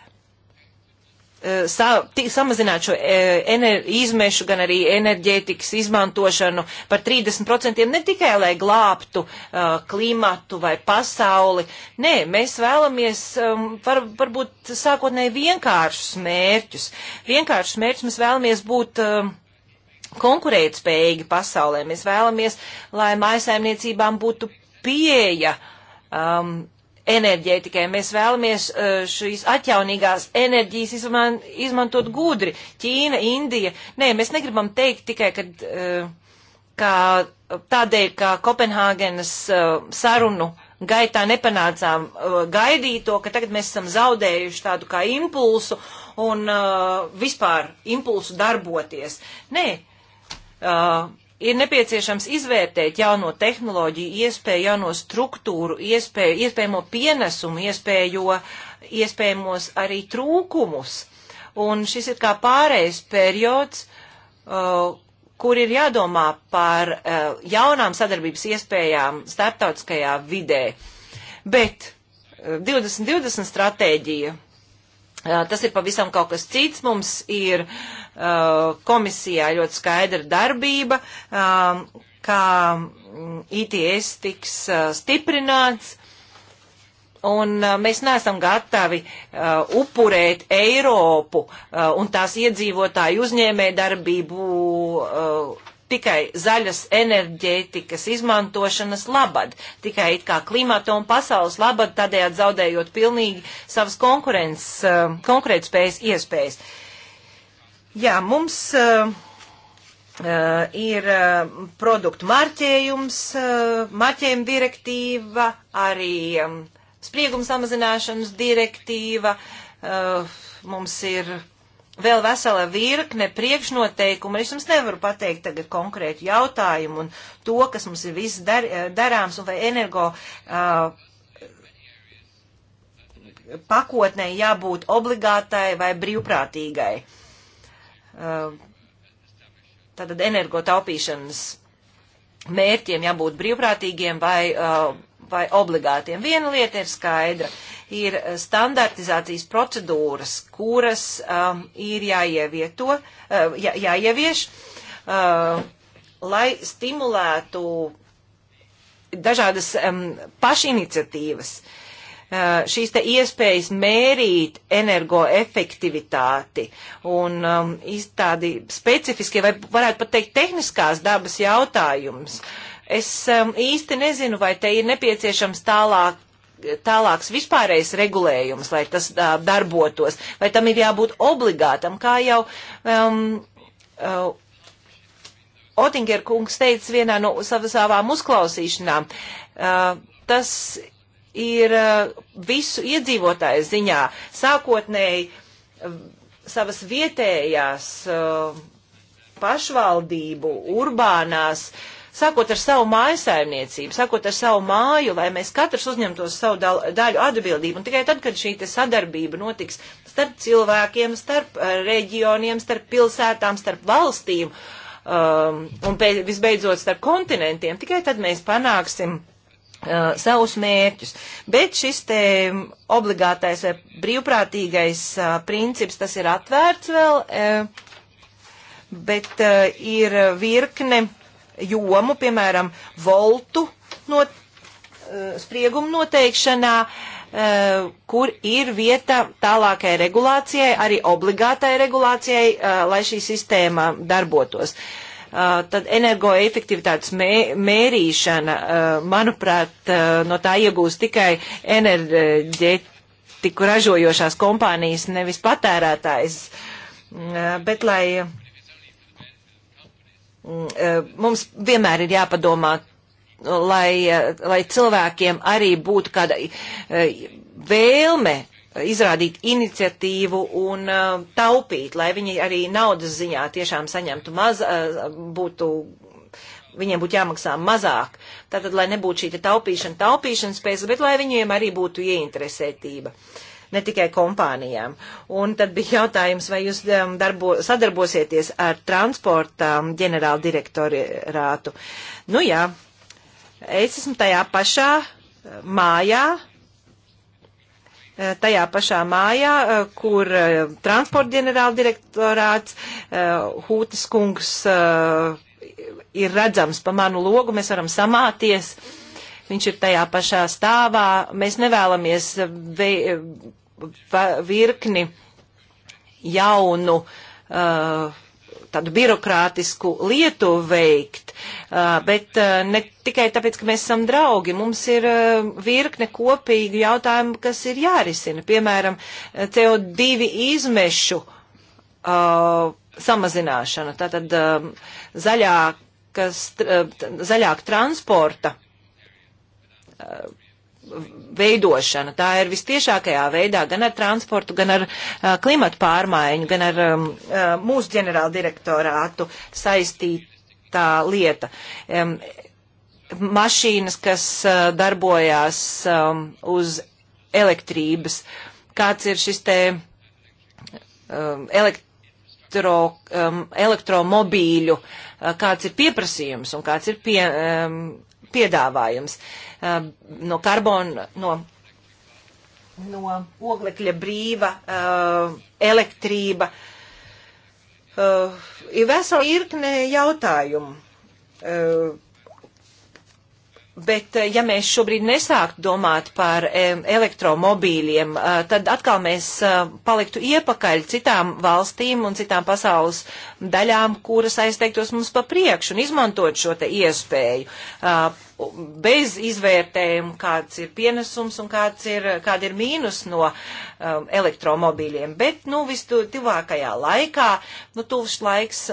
Eh, sa, tī, samazināt šo e, ener, izmešu, gan arī enerģētikas izmantošanu par 30% ne tikai, lai glābtu e, klimatu vai pasauli. Nē, mēs vēlamies e, var, varbūt sākotnēji vienkāršus mērķus. Vienkāršus mērķus mēs vēlamies būt. E, konkurētspējīgi pasaulē. Mēs vēlamies, lai mājasēmniecībām būtu pieeja um, enerģētikai. Mēs vēlamies e, šīs atjaunīgās enerģijas izman, izmantot gudri. Ķīna, Indija. Nē, mēs negribam teikt tikai, kad, e, kā tādēļ, ka Kopenhāgenes e, sarunu gaitā nepanācām gaidīto, ka tagad mēs esam zaudējuši tādu kā impulsu un vispār impulsu darboties. Nē, ir nepieciešams izvērtēt jauno tehnoloģiju, iespēju, jauno struktūru, iespēju, iespējamo pienesumu, iespējo, iespējamos arī trūkumus. Un šis ir kā pārējais periods, uh, kur ir jādomā par uh, jaunām sadarbības iespējām starptautiskajā vidē. Bet uh, 2020 stratēģija, uh, tas ir pavisam kaut kas cits, mums ir uh, Uh, komisijā ļoti skaidra darbība, um, kā mm, ITS tiks uh, stiprināts. Un uh, mēs neesam gatavi uh, upurēt Eiropu uh, un tās iedzīvotāju uzņēmē darbību uh, tikai zaļas enerģētikas izmantošanas labad, tikai it kā klimata un pasaules labad, tādējādi zaudējot pilnīgi savas konkurences, konkurētspējas iespējas. iespējas. Jā, mums uh, ir eh, produktu marķējums, uh, marķējuma direktīva, arī um, sprieguma samazināšanas direktīva. Uh, mums ir vēl vesela virkne priekšnoteikumu. Es jums nevaru pateikt tagad konkrētu jautājumu un to, kas mums ir viss dar, darāms un vai energo uh, pakotnē jābūt obligātai vai brīvprātīgai. Uh, Eh, tātad energotaupīšanas mērķiem jābūt brīvprātīgiem vai, eh, vai obligātiem. Viena lieta ir skaidra - ir standartizācijas procedūras, kuras um, ir jāievieto, uh, jā, jāievieš, uh, lai stimulētu dažādas um, pašiniciatīvas. Uh, Uh, šīs te iespējas mērīt energoefektivitāti un um, tādi specifiskie vai varētu pat teikt tehniskās dabas jautājums. Es um, īsti nezinu, vai te ir nepieciešams tālāk tālāks vispārējais regulējums, lai tas uh, darbotos, vai tam ir jābūt obligātam, kā jau um, uh, Otinger kungs teica vienā no savas savām uzklausīšanām. Uh, tas ir uh, visu iedzīvotāju ziņā. Sākotnēji um, savas vietējās um, pašvaldību, urbānās, sākot ar savu mājasaimniecību, sākot ar savu māju, lai mēs katrs uzņemtos savu daļu atbildību. Un tikai tad, kad šī sadarbība notiks starp cilvēkiem, starp uh, reģioniem, starp pilsētām, starp valstīm um, un pēc, visbeidzot starp kontinentiem, tikai tad mēs panāksim uh, Uh, savus mērķus. Bet šis te obligātais vai eh, brīvprātīgais uh, princips, tas ir atvērts vēl, uh, bet uh, ir virkne jomu, piemēram, voltu not, uh, spriegumu noteikšanā, uh, kur ir vieta tālākai regulācijai, arī obligātai regulācijai, uh, lai šī sistēma darbotos. Uh, Uh, tad energoefektivitātes mērīšana, uh, manuprāt, uh, no tā iegūst tikai enerģētiku ražojošās kompānijas, nevis patērētājs. Mm, bet lai mm, mums vienmēr ir jāpadomā, lai, lai cilvēkiem arī būtu kāda vēlme izrādīt iniciatīvu un uh, taupīt, lai viņi arī naudas ziņā tiešām saņemtu maz, uh, būtu, viņiem būtu jāmaksā mazāk. Tātad, lai nebūtu šī taupīšana, taupīšanas spējas, bet lai viņiem arī būtu ieinteresētība. Ne tikai kompānijām. Un tad bija jautājums, vai jūs um, darbo, sadarbosieties ar transporta um, ģenerāla direktorātu. Nu jā, es esmu tajā pašā uh, mājā, Eh, tajā pašā mājā, eh, kur eh, transporta ģenerāldirektorāts Hūtis kungs ir redzams pa manu logu, mēs varam samāties, viņš ir tajā pašā stāvā, mēs nevēlamies virkni jaunu uh, tādu birokrātisku lietu veikt, bet ne tikai tāpēc, ka mēs esam draugi. Mums ir virkne kopīgu jautājumu, kas ir jārisina. Piemēram, CO2 izmešu samazināšana, tātad zaļākas, zaļāk transporta veidošana. Tā ir vistiešākajā veidā gan ar transportu, gan ar uh, klimatu pārmaiņu, gan ar um, uh, mūsu ģenerāla direktorātu saistītā lieta. Um, mašīnas, kas uh, darbojās um, uz elektrības, kāds ir šis te um, elektro, um, elektromobīļu, uh, kāds ir pieprasījums un kāds ir pie, um, piedāvājums. Uh, Um, no karbona, no, no oglekļa brīva um, elektrība. Uh, ir vesela irkne jautājumu. Uh, bet, ja mēs šobrīd nesāktu domāt par um, elektromobīļiem, uh, tad atkal mēs paliktu iepakaļ citām valstīm un citām pasaules daļām, kuras aizteiktos mums pa priekšu un izmantot šo te iespēju. Uh, bez izvērtējuma, kāds ir pienesums un kāds ir, kāda ir mīnus no um, elektromobīļiem. Bet, nu, vistuvākajā laikā, nu, tuvs laiks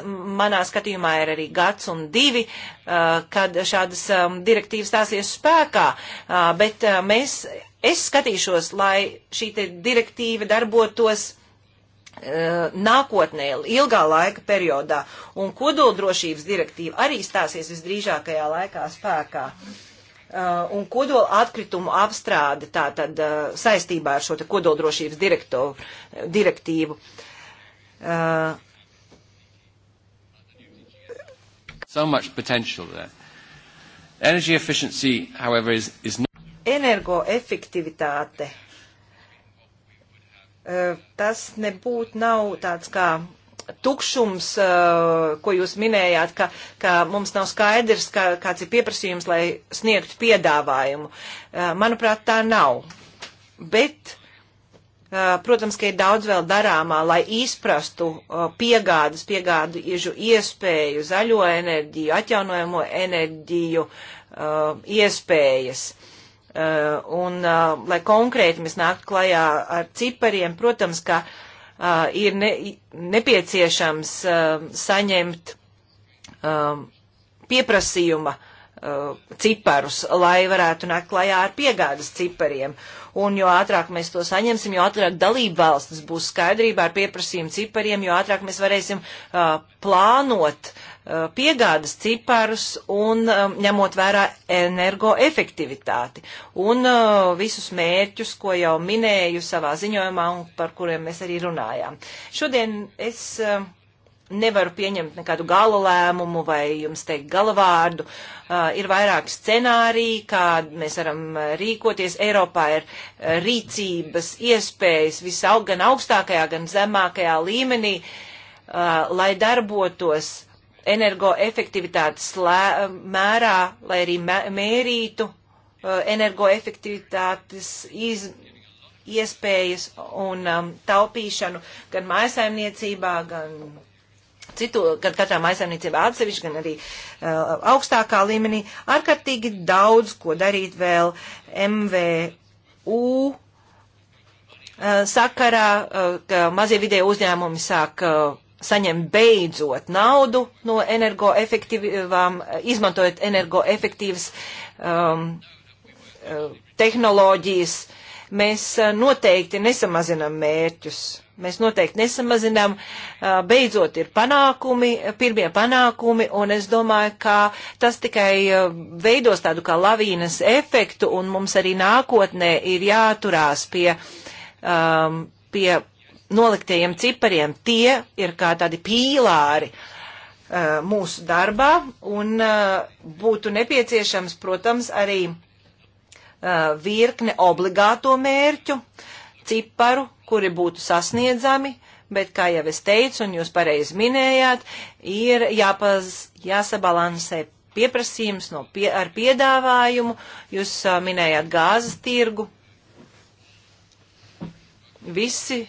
manā skatījumā ir arī gads un divi, uh, kad šādas um, direktīvas stāsies spēkā. Uh, bet uh, mēs, es skatīšos, lai šī direktīva darbotos Eh, nākotnē, ilgā laika periodā, un kodoldrošības direktīva arī stāsies visdrīzākajā laikā spēkā. Uh, un kodola atkritumu apstrāde tātad uh, eh, saistībā ar šo te kodoldrošības direktīvu. Uh, so much potential there. Energy efficiency, however, is, is not. Energoefektivitāte tas nebūtu nav tāds kā tukšums, ko jūs minējāt, ka, ka mums nav skaidrs, ka, kāds ir pieprasījums, lai sniegtu piedāvājumu. Manuprāt, tā nav. Bet, protams, ka ir daudz vēl darāmā, lai izprastu piegādas, piegādu iežu iespēju, zaļo enerģiju, atjaunojamo enerģiju, iespējas. Uh, Uh, un, uh, lai konkrēti mēs nāktu klajā ar cipariem, protams, ka uh, ir ne, nepieciešams uh, saņemt um, pieprasījuma uh, ciparus, lai varētu nākt klajā ar piegādas cipariem. Un jo ātrāk mēs to saņemsim, jo ātrāk dalība valstis būs skaidrībā ar pieprasījumu cipariem, jo ātrāk mēs varēsim uh, plānot uh, Uh, piegādas ciparus un um, ņemot vērā energoefektivitāti un uh, visus mērķus, ko jau minēju savā ziņojumā un par kuriem mēs arī runājām. Šodien es uh, nevaru pieņemt nekādu gala lēmumu vai jums teikt galavārdu. Uh, ir vairāki scenāriji, kā mēs varam rīkoties. Eiropā ir rīcības iespējas visau gan augstākajā, gan zemākajā līmenī, uh, lai darbotos energoefektivitātes mērā, lai arī mērītu uh, energoefektivitātes iz, iespējas un um, taupīšanu gan mājasaimniecībā, gan citu, gan katrā mājasaimniecībā atsevišķi, gan arī uh, augstākā līmenī. Ārkārtīgi daudz, ko darīt vēl MVU uh, sakarā, uh, ka mazie vidēji uzņēmumi sāk uh, saņem beidzot naudu no energoefektīvām, izmantojot energoefektīvas um, uh, tehnoloģijas. Mēs uh, noteikti nesamazinām mērķus. Mēs noteikti nesamazinām. Uh, beidzot ir panākumi, pirmie panākumi, un es domāju, ka tas tikai veidos tādu kā lavīnas efektu, un mums arī nākotnē ir jāturās pie, um, pie noliktajiem cipariem, tie ir kā tādi pīlāri uh, mūsu darbā un uh, būtu nepieciešams, protams, arī uh, virkne obligāto mērķu, ciparu, kuri būtu sasniedzami, bet, kā jau es teicu un jūs pareizi minējāt, ir jāpaz, jāsabalansē pieprasījums no pie, ar piedāvājumu. Jūs uh, minējāt gāzes tirgu. Visi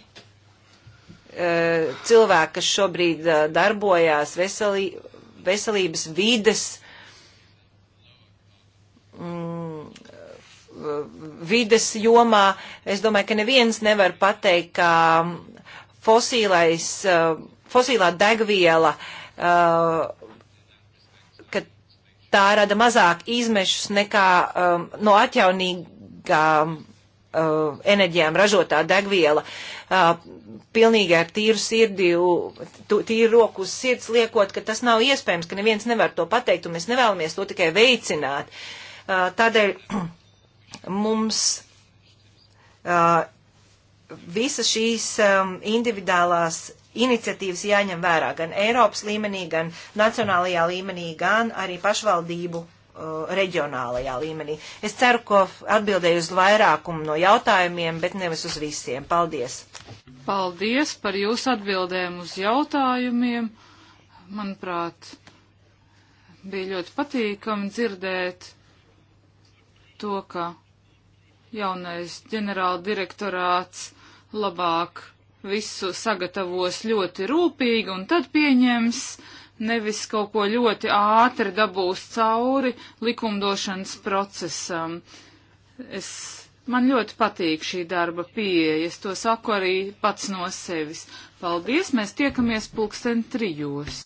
Eh, cilvēki, kas šobrīd eh, darbojās veselī, veselības vides, mm, eh, vides jomā, es domāju, ka neviens nevar pateikt, ka mm, fosīlais, fosīlā degviela, ka tā rada mazāk izmešus nekā no atjaunīgām uh, enerģijām ražotā degviela uh, pilnīgi ar tīru sirdi, tīru roku uz sirds liekot, ka tas nav iespējams, ka neviens nevar to pateikt, un mēs nevēlamies to tikai veicināt. Uh, tādēļ mums uh, visas šīs um, individuālās iniciatīvas jāņem vērā gan Eiropas līmenī, gan nacionālajā līmenī, gan arī pašvaldību uh, reģionālajā līmenī. Es ceru, ka atbildēju uz vairākumu no jautājumiem, bet nevis uz visiem. Paldies! Paldies par jūsu atbildēm uz jautājumiem. Manuprāt, bija ļoti patīkami dzirdēt to, ka jaunais ģenerāldirektorāts labāk visu sagatavos ļoti rūpīgi un tad pieņems nevis kaut ko ļoti ātri dabūs cauri likumdošanas procesam. Es, man ļoti patīk šī darba pieeja, es to saku arī pats no sevis. Paldies, mēs tiekamies pulksten trijos.